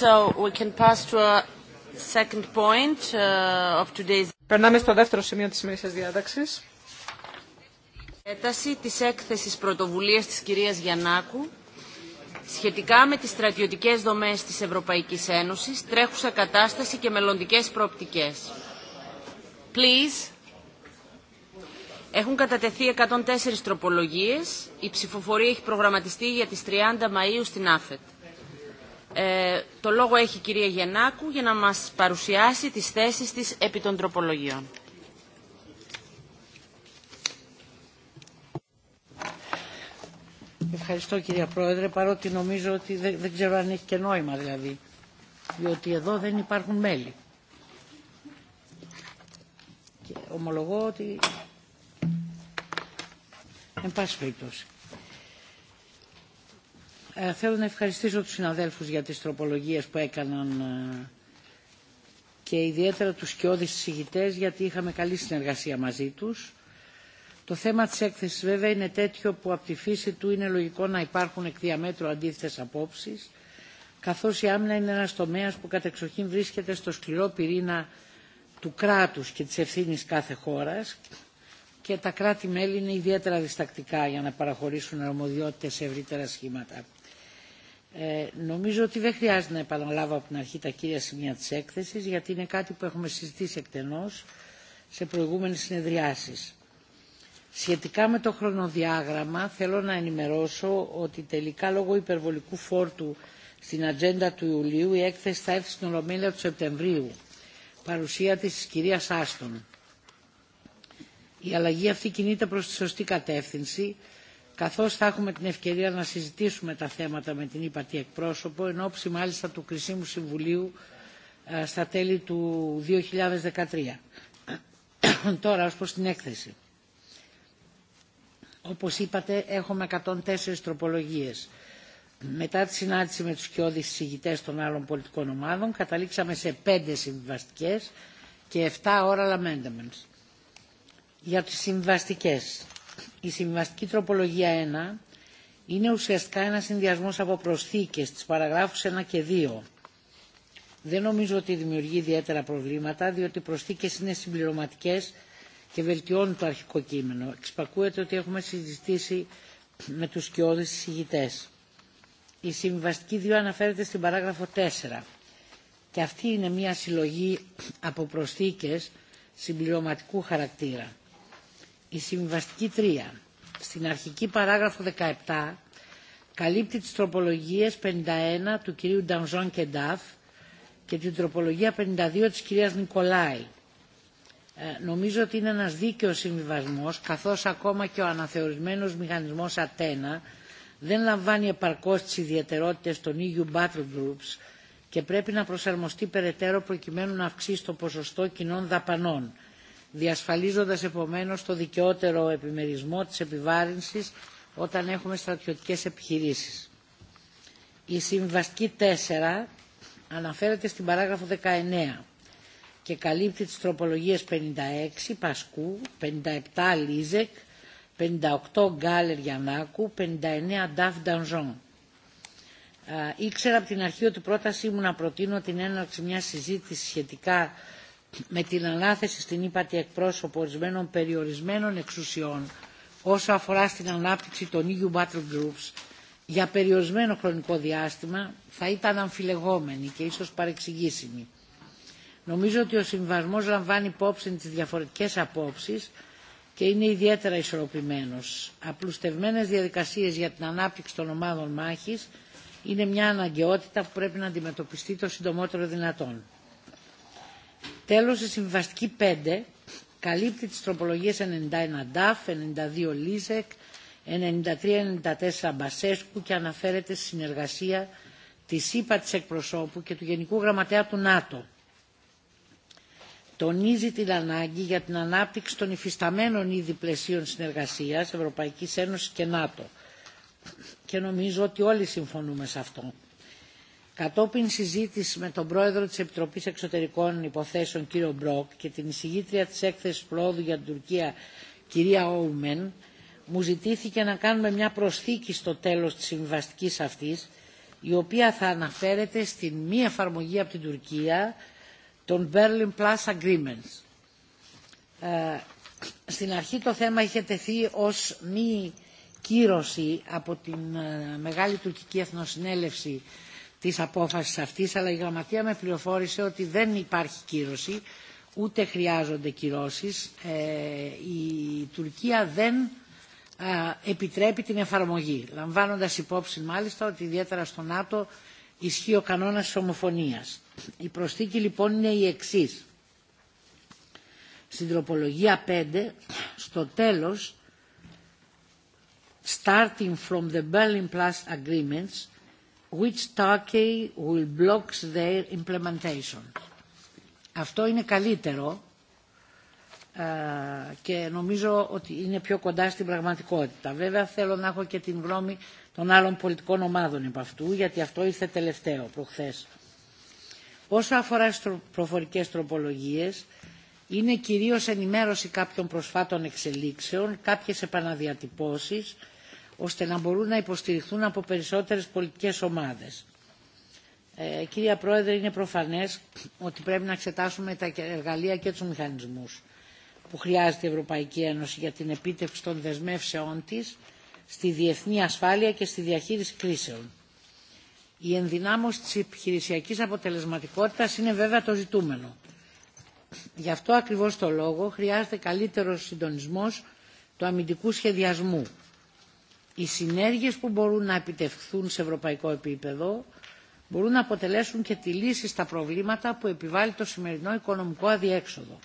Uh, Περνάμε στο δεύτερο σημείο της σημερινής διάταξης. Έταση της έκθεσης πρωτοβουλίας της κυρίας Γιαννάκου σχετικά με τις στρατιωτικές δομές της Ευρωπαϊκής Ένωσης, τρέχουσα κατάσταση και μελλοντικές προοπτικές. Please. Έχουν κατατεθεί 104 τροπολογίες. Η ψηφοφορία έχει προγραμματιστεί για τις 30 Μαΐου στην ΑΦΕΤ λόγο έχει η κυρία Γεννάκου για να μας παρουσιάσει τις θέσεις της επί των τροπολογιών. Ευχαριστώ κυρία Πρόεδρε, παρότι νομίζω ότι δεν, δεν ξέρω αν έχει και νόημα δηλαδή, διότι εδώ δεν υπάρχουν μέλη. Και ομολογώ ότι, εν πάση περιπτώσει. Ε, θέλω να ευχαριστήσω τους συναδέλφους για τις τροπολογίες που έκαναν ε, και ιδιαίτερα τους σκιώδεις συγητές γιατί είχαμε καλή συνεργασία μαζί τους. Το θέμα της έκθεσης βέβαια είναι τέτοιο που από τη φύση του είναι λογικό να υπάρχουν εκ διαμέτρου αντίθετες απόψεις καθώς η άμυνα είναι ένας τομέας που κατεξοχήν βρίσκεται στο σκληρό πυρήνα του κράτους και της ευθύνης κάθε χώρας και τα κράτη-μέλη είναι ιδιαίτερα διστακτικά για να παραχωρήσουν αρμοδιότητες σε ευρύτερα σχήματα. Ε, νομίζω ότι δεν χρειάζεται να επαναλάβω από την αρχή τα κύρια σημεία της έκθεσης γιατί είναι κάτι που έχουμε συζητήσει εκτενώς σε προηγούμενες συνεδριάσεις. Σχετικά με το χρονοδιάγραμμα θέλω να ενημερώσω ότι τελικά λόγω υπερβολικού φόρτου στην ατζέντα του Ιουλίου η έκθεση θα έρθει στην Ολομέλεια του Σεπτεμβρίου παρουσία της κυρίας Άστον. Η αλλαγή αυτή κινείται προς τη σωστή κατεύθυνση καθώς θα έχουμε την ευκαιρία να συζητήσουμε τα θέματα με την ύπατη εκπρόσωπο, εν ώψη μάλιστα του κρισίμου συμβουλίου ε, στα τέλη του 2013. Τώρα, ως προς την έκθεση. Όπως είπατε, έχουμε 104 τροπολογίες. Μετά τη συνάντηση με τους κοιόδης συγητές των άλλων πολιτικών ομάδων, καταλήξαμε σε 5 συμβιβαστικές και 7 oral amendments. Για τις συμβιβαστικές, η συμβιβαστική τροπολογία 1 είναι ουσιαστικά ένα συνδυασμό από προσθήκε τη παραγράφου 1 και 2. Δεν νομίζω ότι δημιουργεί ιδιαίτερα προβλήματα, διότι οι προσθήκε είναι συμπληρωματικέ και βελτιώνουν το αρχικό κείμενο. Εξυπακούεται ότι έχουμε συζητήσει με του σκιώδη εισηγητές. Η συμβιβαστική 2 αναφέρεται στην παράγραφο 4 και αυτή είναι μια συλλογή από προσθήκες συμπληρωματικού χαρακτήρα. Η συμβιβαστική 3 στην αρχική παράγραφο 17 καλύπτει τις τροπολογίες 51 του κυρίου Νταμζόν και και την τροπολογία 52 της κυρίας Νικολάη. Ε, νομίζω ότι είναι ένας δίκαιος συμβιβασμός καθώς ακόμα και ο αναθεωρημένος μηχανισμός Ατένα δεν λαμβάνει επαρκώς τις ιδιαιτερότητες των EU Battle Groups και πρέπει να προσαρμοστεί περαιτέρω προκειμένου να αυξήσει το ποσοστό κοινών δαπανών διασφαλίζοντας επομένως το δικαιότερο επιμερισμό της επιβάρυνσης όταν έχουμε στρατιωτικές επιχειρήσεις. Η συμβαστική 4 αναφέρεται στην παράγραφο 19 και καλύπτει τις τροπολογίες 56 Πασκού, 57 Λίζεκ, 58 Γκάλερ Γιαννάκου, 59 Νταφ Ντανζόν. Ήξερα από την αρχή ότι πρότασή μου να προτείνω την έναρξη μιας συζήτησης σχετικά με την ανάθεση στην ύπατη εκπρόσωπο ορισμένων περιορισμένων εξουσιών όσο αφορά στην ανάπτυξη των EU Battle Groups για περιορισμένο χρονικό διάστημα θα ήταν αμφιλεγόμενη και ίσως παρεξηγήσιμη. Νομίζω ότι ο συμβασμός λαμβάνει υπόψη τις διαφορετικές απόψεις και είναι ιδιαίτερα ισορροπημένος. Απλουστευμένες διαδικασίες για την ανάπτυξη των ομάδων μάχης είναι μια αναγκαιότητα που πρέπει να αντιμετωπιστεί το συντομότερο δυνατόν. Τέλος, η συμβαστική 5 καλύπτει τις τροπολογίες 91 DAF, 92 λιζεκ 93-94 Μπασέσκου και αναφέρεται στη συνεργασία της ΥΠΑ της εκπροσώπου και του Γενικού Γραμματέα του ΝΑΤΟ. Τονίζει την ανάγκη για την ανάπτυξη των υφισταμένων ήδη πλαισίων συνεργασίας Ευρωπαϊκής Ένωσης και ΝΑΤΟ. Και νομίζω ότι όλοι συμφωνούμε σε αυτό. Κατόπιν συζήτηση με τον πρόεδρο της Επιτροπής Εξωτερικών Υποθέσεων κύριο Μπρόκ και την εισηγήτρια της έκθεσης πρόοδου για την Τουρκία κυρία Όουμεν μου ζητήθηκε να κάνουμε μια προσθήκη στο τέλος της συμβαστικής αυτής η οποία θα αναφέρεται στην μη εφαρμογή από την Τουρκία των Berlin Plus Agreements. Ε, στην αρχή το θέμα είχε τεθεί ως μη κύρωση από την ε, Μεγάλη Τουρκική Εθνοσυνέλευση της απόφασης αυτής, αλλά η Γραμματεία με πληροφόρησε ότι δεν υπάρχει κύρωση, ούτε χρειάζονται κυρώσεις. Ε, η Τουρκία δεν επιτρέπει την εφαρμογή, λαμβάνοντας υπόψη μάλιστα ότι ιδιαίτερα στο ΝΑΤΟ ισχύει ο κανόνας της ομοφωνίας. Η προσθήκη λοιπόν είναι η εξής. Στην τροπολογία 5, στο τέλος, starting from the Berlin Plus agreements, which Turkey will block their implementation. Αυτό είναι καλύτερο ε, και νομίζω ότι είναι πιο κοντά στην πραγματικότητα. Βέβαια θέλω να έχω και την γνώμη των άλλων πολιτικών ομάδων επ' αυτού, γιατί αυτό ήρθε τελευταίο προχθές. Όσο αφορά στις προφορικές τροπολογίες, είναι κυρίως ενημέρωση κάποιων προσφάτων εξελίξεων, κάποιες επαναδιατυπώσεις, ώστε να μπορούν να υποστηριχθούν από περισσότερες πολιτικές ομάδες. Ε, κυρία Πρόεδρε, είναι προφανές ότι πρέπει να εξετάσουμε τα εργαλεία και τους μηχανισμούς που χρειάζεται η Ευρωπαϊκή Ένωση για την επίτευξη των δεσμεύσεών της στη διεθνή ασφάλεια και στη διαχείριση κρίσεων. Η ενδυνάμωση της επιχειρησιακής αποτελεσματικότητας είναι βέβαια το ζητούμενο. Γι' αυτό ακριβώς το λόγο χρειάζεται καλύτερος συντονισμός του αμυντικού σχεδιασμού οι συνέργειες που μπορούν να επιτευχθούν σε ευρωπαϊκό επίπεδο μπορούν να αποτελέσουν και τη λύση στα προβλήματα που επιβάλλει το σημερινό οικονομικό αδιέξοδο.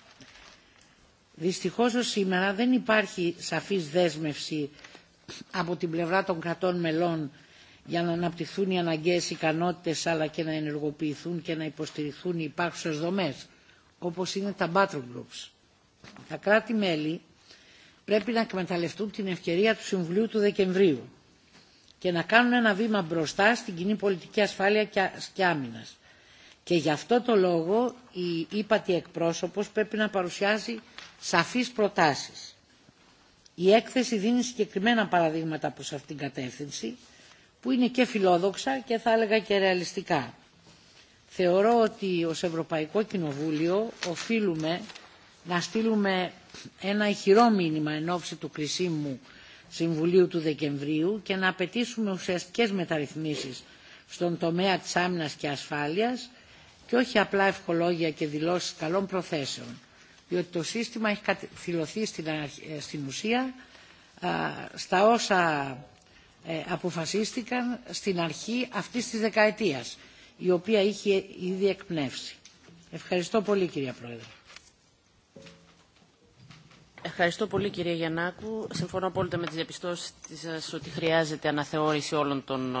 Δυστυχώς ως σήμερα δεν υπάρχει σαφής δέσμευση από την πλευρά των κρατών μελών για να αναπτυχθούν οι αναγκαίες ικανότητες αλλά και να ενεργοποιηθούν και να υποστηριχθούν οι υπάρχουσες δομές όπως είναι τα battle groups. Τα κράτη-μέλη πρέπει να εκμεταλλευτούν την ευκαιρία του Συμβουλίου του Δεκεμβρίου και να κάνουν ένα βήμα μπροστά στην κοινή πολιτική ασφάλεια και άμυνα. Και γι' αυτό το λόγο η ύπατη εκπρόσωπος πρέπει να παρουσιάζει σαφείς προτάσεις. Η έκθεση δίνει συγκεκριμένα παραδείγματα προς αυτήν την κατεύθυνση που είναι και φιλόδοξα και θα έλεγα και ρεαλιστικά. Θεωρώ ότι ως Ευρωπαϊκό Κοινοβούλιο οφείλουμε να στείλουμε ένα ηχηρό μήνυμα εν ώψη του κρισίμου Συμβουλίου του Δεκεμβρίου και να απαιτήσουμε ουσιαστικές μεταρρυθμίσεις στον τομέα της άμυνας και ασφάλειας και όχι απλά ευχολόγια και δηλώσεις καλών προθέσεων, διότι το σύστημα έχει κατηθυλωθεί στην ε, ουσία στα όσα ε, αποφασίστηκαν στην αρχή αυτής της δεκαετίας, η οποία είχε ήδη εκπνεύσει. Ευχαριστώ πολύ κυρία Πρόεδρε. Ευχαριστώ πολύ κυρία Γιαννάκου. Συμφωνώ απόλυτα με τις διαπιστώσεις σας ε, ότι χρειάζεται αναθεώρηση όλων των ε,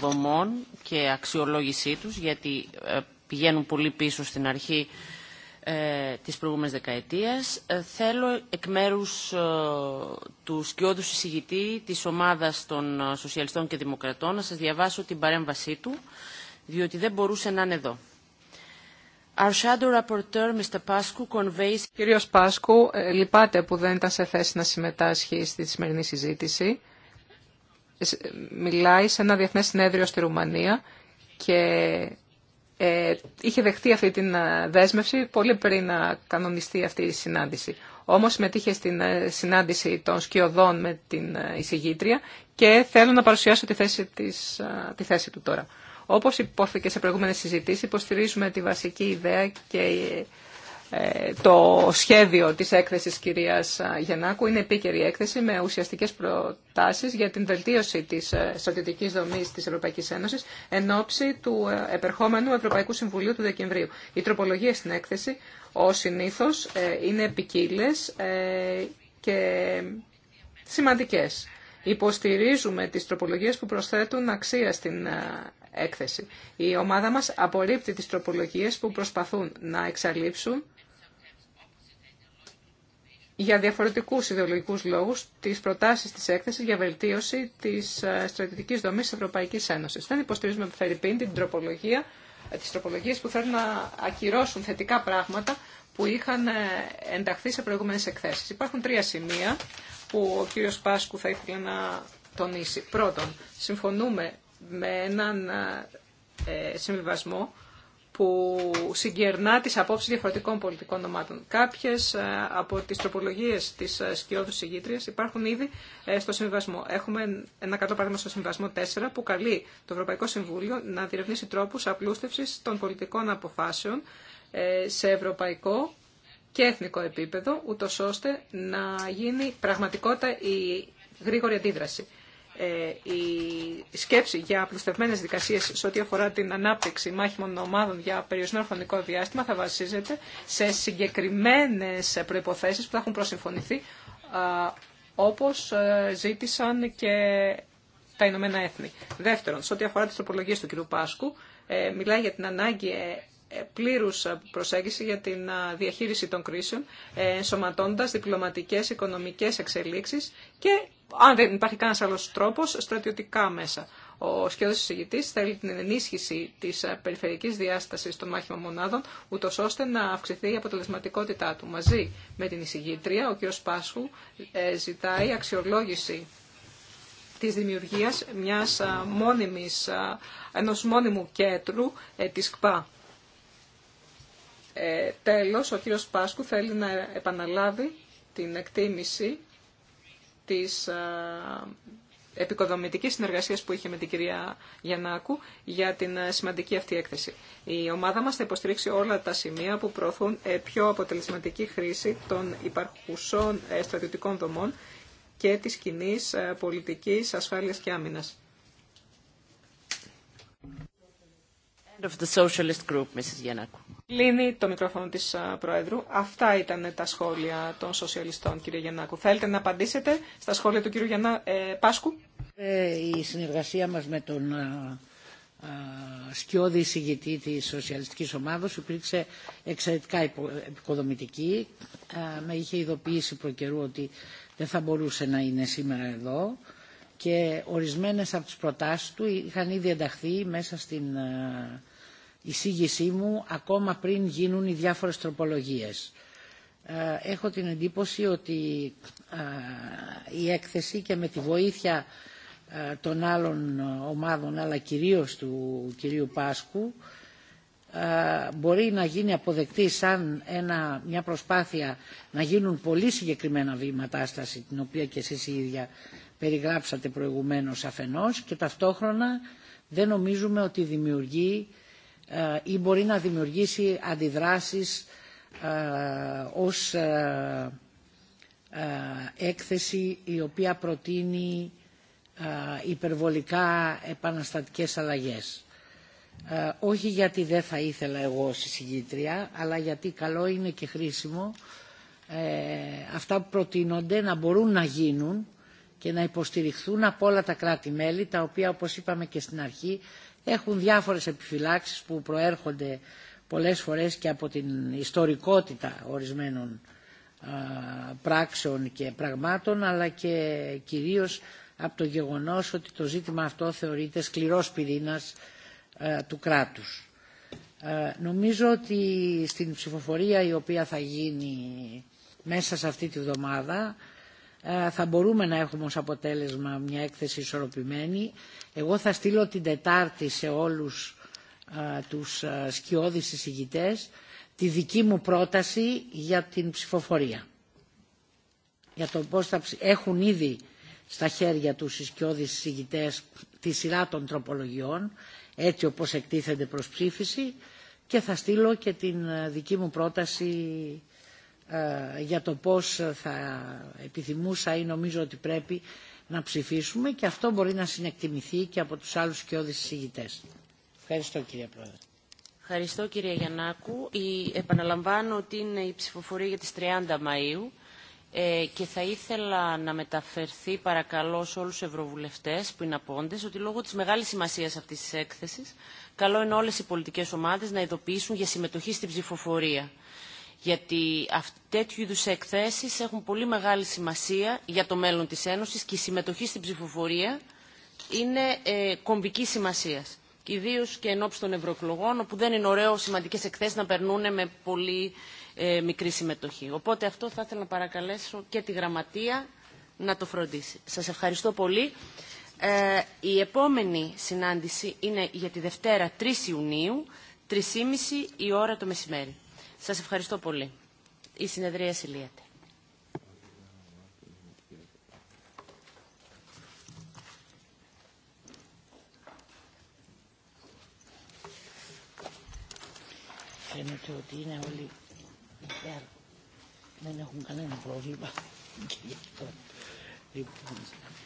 δομών και αξιολόγησή τους γιατί ε, πηγαίνουν πολύ πίσω στην αρχή ε, της προηγούμενης δεκαετίας. θέλω εκ μέρους του σκιώδους συζητητή της ομάδας των Σοσιαλιστών και Δημοκρατών να σας διαβάσω την παρέμβασή του διότι δεν μπορούσε να είναι εδώ. Our shadow Κύριος Πάσκου, ε, λυπάται που δεν ήταν σε θέση να συμμετάσχει στη σημερινή συζήτηση. Ε, ε, μιλάει σε ένα διεθνές συνέδριο στη Ρουμανία και είχε δεχτεί αυτή την δέσμευση πολύ πριν να κανονιστεί αυτή η συνάντηση. Όμως συμμετείχε στην συνάντηση των σκιωδών με την εισηγήτρια και θέλω να παρουσιάσω τη θέση, της, τη θέση του τώρα. Όπως υπόθηκε σε προηγούμενες συζητήσεις, υποστηρίζουμε τη βασική ιδέα και ε, το σχέδιο της έκθεσης κυρίας Γεννάκου. Είναι επίκαιρη έκθεση με ουσιαστικές προτάσεις για την βελτίωση της ε, στρατιωτικής δομής της Ευρωπαϊκής Ένωσης εν ώψη του ε, επερχόμενου Ευρωπαϊκού Συμβουλίου του Δεκεμβρίου. Οι τροπολογίες στην έκθεση, ως συνήθως, είναι επικύλες και σημαντικές. Υποστηρίζουμε τις τροπολογίες που προσθέτουν αξία στην ε, έκθεση. Η ομάδα μας απορρίπτει τις τροπολογίες που προσπαθούν να εξαλείψουν για διαφορετικούς ιδεολογικούς λόγους τις προτάσεις της έκθεσης για βελτίωση της ε, στρατηγικής δομής της Ευρωπαϊκής Ένωσης. Δεν υποστηρίζουμε φερειπίν την τροπολογία, ε, τις τροπολογίες που θέλουν να ακυρώσουν θετικά πράγματα που είχαν ενταχθεί σε προηγούμενες εκθέσεις. Υπάρχουν τρία σημεία που ο κύριος Πάσκου θα ήθελε να τονίσει. Πρώτον, συμφωνούμε με έναν ε, συμβιβασμό που συγκερνά τις απόψεις διαφορετικών πολιτικών ομάδων. Κάποιες ε, από τις τροπολογίες της ε, σκιώδους συγκήτριας υπάρχουν ήδη στο συμβιβασμό. Έχουμε ένα καλό παράδειγμα στο συμβιβασμό 4 που καλεί το Ευρωπαϊκό Συμβούλιο να διερευνήσει τρόπους απλούστευσης των πολιτικών αποφάσεων σε ευρωπαϊκό και εθνικό επίπεδο, ούτω ώστε να γίνει πραγματικότητα η γρήγορη αντίδραση. Ε, η σκέψη για απλουστευμένες δικασίες σε ό,τι αφορά την ανάπτυξη μάχημων ομάδων για περιορισμένο χρονικό διάστημα θα βασίζεται σε συγκεκριμένες προϋποθέσεις που θα έχουν προσυμφωνηθεί όπως ε, ζήτησαν και τα Ηνωμένα Έθνη. Δεύτερον, σε ό,τι αφορά τις τροπολογίες του κ. Πάσκου, ε, μιλάει για την ανάγκη πλήρους προσέγγιση για την διαχείριση των κρίσεων, ε, ενσωματώντας διπλωματικές, οικονομικές εξελίξεις και, αν δεν υπάρχει κανένας άλλος τρόπος, στρατιωτικά μέσα. Ο σχεδόν συζητητή θέλει την ενίσχυση τη περιφερειακή διάσταση των μάχημων μονάδων, ούτω ώστε να αυξηθεί η αποτελεσματικότητά του. Μαζί με την εισηγήτρια, ο κ. Πάσχου ε, ζητάει αξιολόγηση της δημιουργίας μιας μόνιμης, ενός μόνιμου κέντρου ε, της ΚΠΑ ε, τέλος, ο κύριος Πάσκου θέλει να επαναλάβει την εκτίμηση της α, επικοδομητικής συνεργασίας που είχε με την κυρία Γιαννάκου για την σημαντική αυτή έκθεση. Η ομάδα μας θα υποστηρίξει όλα τα σημεία που προωθούν ε, πιο αποτελεσματική χρήση των υπαρχουσών ε, στρατιωτικών δομών και της κοινή ε, πολιτικής ασφάλειας και άμυνας. of the Socialist Group, Mrs. Κλείνει το μικρόφωνο της Προέδρου. Αυτά ήταν τα σχόλια των σοσιαλιστών, κύριε Γιαννάκου. Θέλετε να απαντήσετε στα σχόλια του κύριου Γιαννά... Ε, Πάσκου. Ε, η συνεργασία μας με τον α, α, σκιώδη εισηγητή της Σοσιαλιστικής Ομάδος υπήρξε εξαιρετικά επικοδομητική. Α, ε, με είχε ειδοποιήσει προκαιρού ότι δεν θα μπορούσε να είναι σήμερα εδώ και ορισμένες από τις προτάσεις του είχαν ήδη ενταχθεί μέσα στην α, εισήγησή μου ακόμα πριν γίνουν οι διάφορες τροπολογίες. Ε, έχω την εντύπωση ότι ε, η έκθεση και με τη βοήθεια ε, των άλλων ομάδων αλλά κυρίως του κυρίου Πάσκου μπορεί να γίνει αποδεκτή σαν ένα, μια προσπάθεια να γίνουν πολύ συγκεκριμένα βήματα άσταση την οποία και εσείς οι ίδια περιγράψατε προηγουμένως αφενός και ταυτόχρονα δεν νομίζουμε ότι δημιουργεί ε, ή μπορεί να δημιουργήσει αντιδράσεις ε, ως ε, έκθεση η οποία προτείνει υπερβολικά επαναστατικές αλλαγές. Όχι γιατί δεν θα ήθελα εγώ ως εισηγήτρια, αλλά γιατί καλό είναι και χρήσιμο αυτά που προτείνονται να μπορούν να γίνουν και να υποστηριχθούν από όλα τα κράτη-μέλη, τα οποία όπως είπαμε και στην αρχή έχουν διάφορες επιφυλάξεις που προέρχονται πολλές φορές και από την ιστορικότητα ορισμένων πράξεων και πραγμάτων αλλά και κυρίως από το γεγονός ότι το ζήτημα αυτό θεωρείται σκληρός πυρήνας του κράτους. Νομίζω ότι στην ψηφοφορία η οποία θα γίνει μέσα σε αυτή τη βδομάδα ε, θα μπορούμε να έχουμε ως αποτέλεσμα μια έκθεση ισορροπημένη. Εγώ θα στείλω την Τετάρτη σε όλους ε, τους ε, σκιώδεις εισηγητές τη δική μου πρόταση για την ψηφοφορία. Για το πώς Έχουν ήδη στα χέρια τους οι σκιώδεις εισηγητές τη σειρά των τροπολογιών, έτσι όπως εκτίθενται προς ψήφιση και θα στείλω και την δική μου πρόταση ε, για το πώς θα επιθυμούσα ή νομίζω ότι πρέπει να ψηφίσουμε και αυτό μπορεί να συνεκτιμηθεί και από τους άλλους και συζητητές. Ευχαριστώ κύριε Πρόεδρε. Ευχαριστώ κύριε Γιαννάκου. Η, επαναλαμβάνω ότι είναι ψηφοφορία για τις 30 Μαΐου ε, και θα ήθελα να μεταφερθεί παρακαλώ σε όλους τους ευρωβουλευτές που είναι απόντες ότι λόγω της μεγάλης σημασίας αυτής της έκθεσης καλό είναι όλες οι πολιτικές ομάδες να ειδοποιήσουν για συμμετοχή στην ψηφοφορία γιατί τέτοιου είδου εκθέσει έχουν πολύ μεγάλη σημασία για το μέλλον τη Ένωση και η συμμετοχή στην ψηφοφορία είναι ε, κομβική σημασία. Ιδίω και εν ώψη των ευρωεκλογών, όπου δεν είναι ωραίο σημαντικέ εκθέσει να περνούν με πολύ ε, μικρή συμμετοχή. Οπότε αυτό θα ήθελα να παρακαλέσω και τη Γραμματεία να το φροντίσει. Σα ευχαριστώ πολύ. Ε, η επόμενη συνάντηση είναι για τη Δευτέρα 3 Ιουνίου, 3.30 η ώρα το μεσημέρι. Σας ευχαριστώ πολύ. Η συνεδρία συλλήεται. Φαίνεται ότι είναι όλοι υπέρ. Δεν έχουν κανένα πρόβλημα. Λοιπόν,